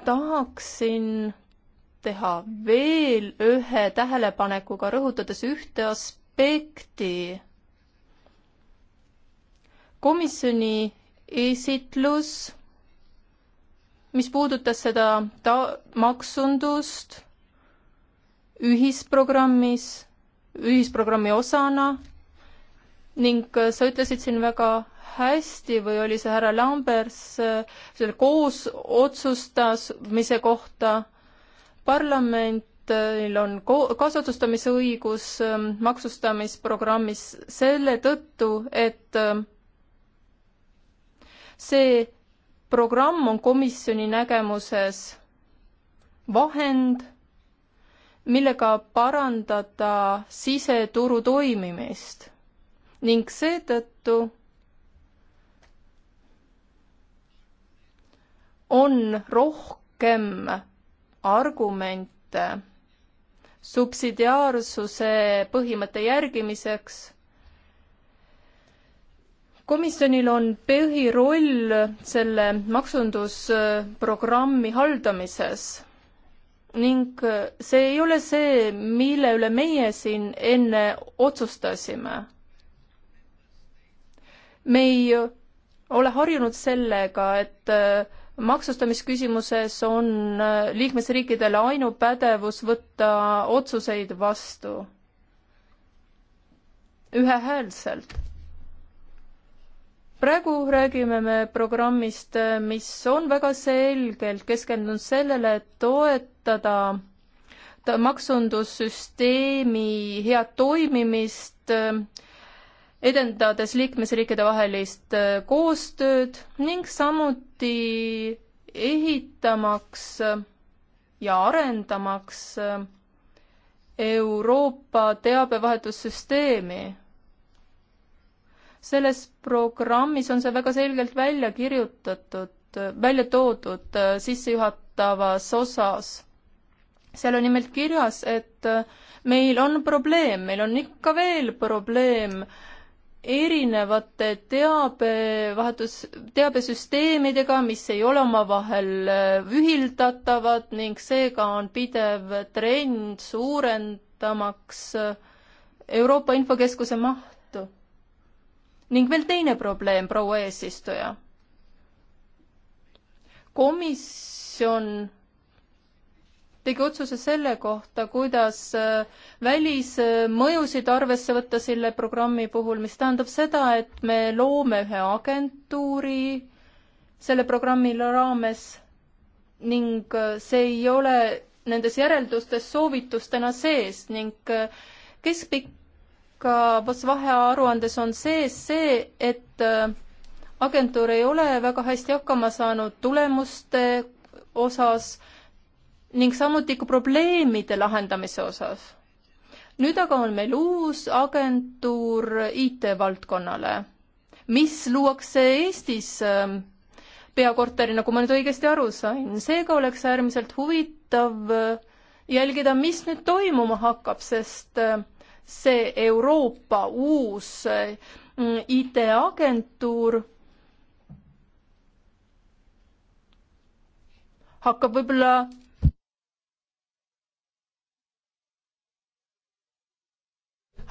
tahaksin teha veel ühe tähelepanekuga, rõhutades ühte aspekti. komisjoni esitlus, mis puudutas seda ta-, maksundust ühisprogrammis, ühisprogrammi osana ning sa ütlesid siin väga hästi või oli see härra Lambers selle koos otsustamise kohta. parlamentil on ko-, kaasotsustamisõigus ähm, maksustamisprogrammis selle tõttu, et ähm, see programm on komisjoni nägemuses vahend, millega parandada siseturu toimimist ning seetõttu on rohkem argumente subsidiaarsuse põhimõtte järgimiseks. komisjonil on põhiroll selle maksundusprogrammi haldamises ning see ei ole see, mille üle meie siin enne otsustasime. me ei ole harjunud sellega, et maksustamisküsimuses on äh, liikmesriikidel ainupädevus võtta otsuseid vastu ühehäälselt. praegu räägime me programmist, äh, mis on väga selgelt keskendunud sellele, et toetada maksundussüsteemi head toimimist äh, edendades liikmesriikide vahelist äh, koostööd ning samuti ehitamaks äh, ja arendamaks äh, Euroopa teabevahetussüsteemi. selles programmis on see väga selgelt välja kirjutatud, välja toodud sissejuhatavas osas. seal on nimelt kirjas, et meil on probleem, meil on ikka veel probleem äh, erinevate teabevahetus, teabesüsteemidega, mis ei ole omavahel äh, ühildatavad ning seega on pidev trend suurendamaks äh, Euroopa Infokeskuse mahtu. ning veel teine probleem, proua eesistuja. komisjon tegi otsuse selle kohta, kuidas äh, välismõjusid arvesse võtta selle programmi puhul, mis tähendab seda, et me loome ühe agentuuri selle programmi raames ning äh, see ei ole nendes järeldustes soovitustena sees ning äh, keskpikka vahearuandes on sees see, et agentuur ei ole väga hästi hakkama saanud tulemuste osas äh, ning samuti ka probleemide lahendamise osas. nüüd aga on meil uus agentuur IT-valdkonnale, mis luuakse Eestis ähm, peakorteri, nagu ma nüüd õigesti aru sain, seega oleks äärmiselt huvitav äh, jälgida, mis nüüd toimuma hakkab, sest äh, see Euroopa uus äh, IT-agentuur hakkab võib-olla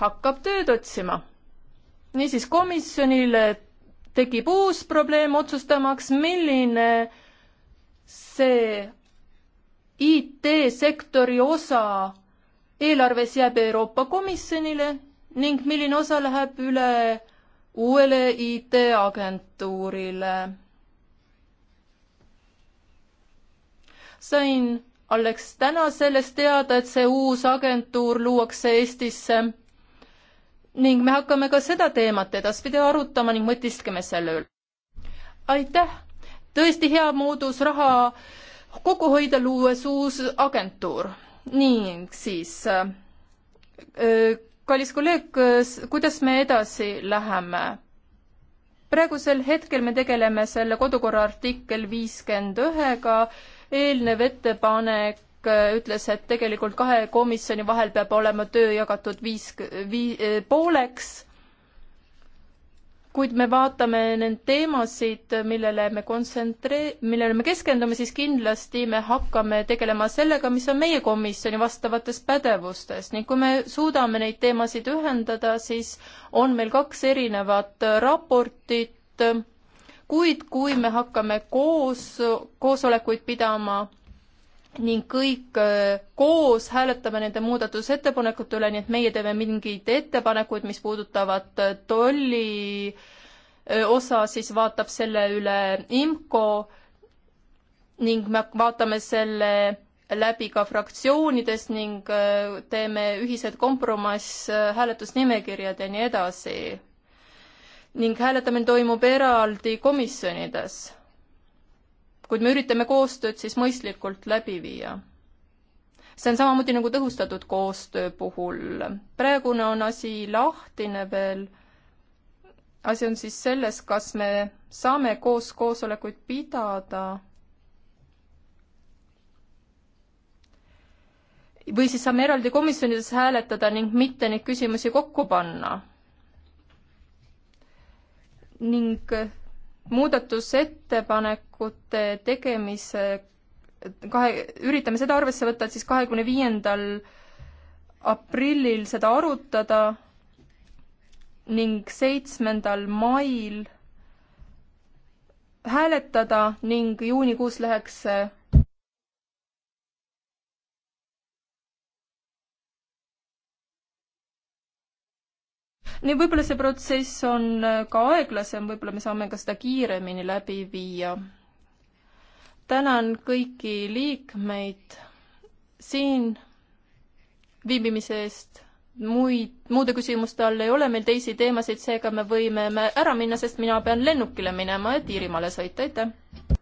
hakkab tööd otsima. niisiis komisjonile tekib uus probleem otsustamaks, milline see IT-sektori osa eelarves jääb Euroopa Komisjonile ning milline osa läheb üle uuele IT-agentuurile. sain alles täna sellest teada, et see uus agentuur luuakse Eestisse ning me hakkame ka seda teemat edaspidi arutama ning mõtiskleme selle üle. aitäh, tõesti hea moodus raha kokku hoida, luues uus agentuur. nii, siis äh, äh, kallis kolleeg, kuidas me edasi läheme? praegusel hetkel me tegeleme selle kodukorra artikkel viiskümmend ühega, eelnev ettepanek volinik ütles, et tegelikult kahe komisjoni vahel peab olema töö jagatud viis, vii-, eh, pooleks, kuid me vaatame neid teemasid, millele me kontsentreer-, millele me keskendume, siis kindlasti me hakkame tegelema sellega, mis on meie komisjoni vastavates pädevustes ning kui me suudame neid teemasid ühendada, siis on meil kaks erinevat raportit kuid kui me hakkame koos, koosolekuid pidama, ning kõik äh, koos hääletame nende muudatusettepanekute üle, nii et meie teeme mingeid ettepanekuid, mis puudutavad äh, tolli äh, osa, siis vaatab selle üle IMCO ning me vaatame selle läbi ka fraktsioonides ning teeme ühised kompromisshääletusnimekirjad ja nii edasi. ning hääletamine toimub eraldi komisjonides kuid me üritame koostööd siis mõistlikult läbi viia. see on samamoodi nagu tõhustatud koostöö puhul. praegune on asi lahtine veel. asi on siis selles, kas me saame koos koosolekuid pidada või siis saame eraldi komisjonides hääletada ning mitte neid küsimusi kokku panna. ning muudatusettepanekute tegemise kahe, üritame seda arvesse võtta, et siis kahekümne viiendal aprillil seda arutada ning seitsmendal mail hääletada ning juunikuus läheks see nii võib-olla see protsess on äh, ka aeglasem, võib-olla me saame ka seda kiiremini läbi viia. tänan kõiki liikmeid siin viibimise eest muid, muude küsimuste all ei ole meil teisi teemasid, seega me võime ära minna, sest mina pean lennukile minema, et Iirimaale sõita, aitäh!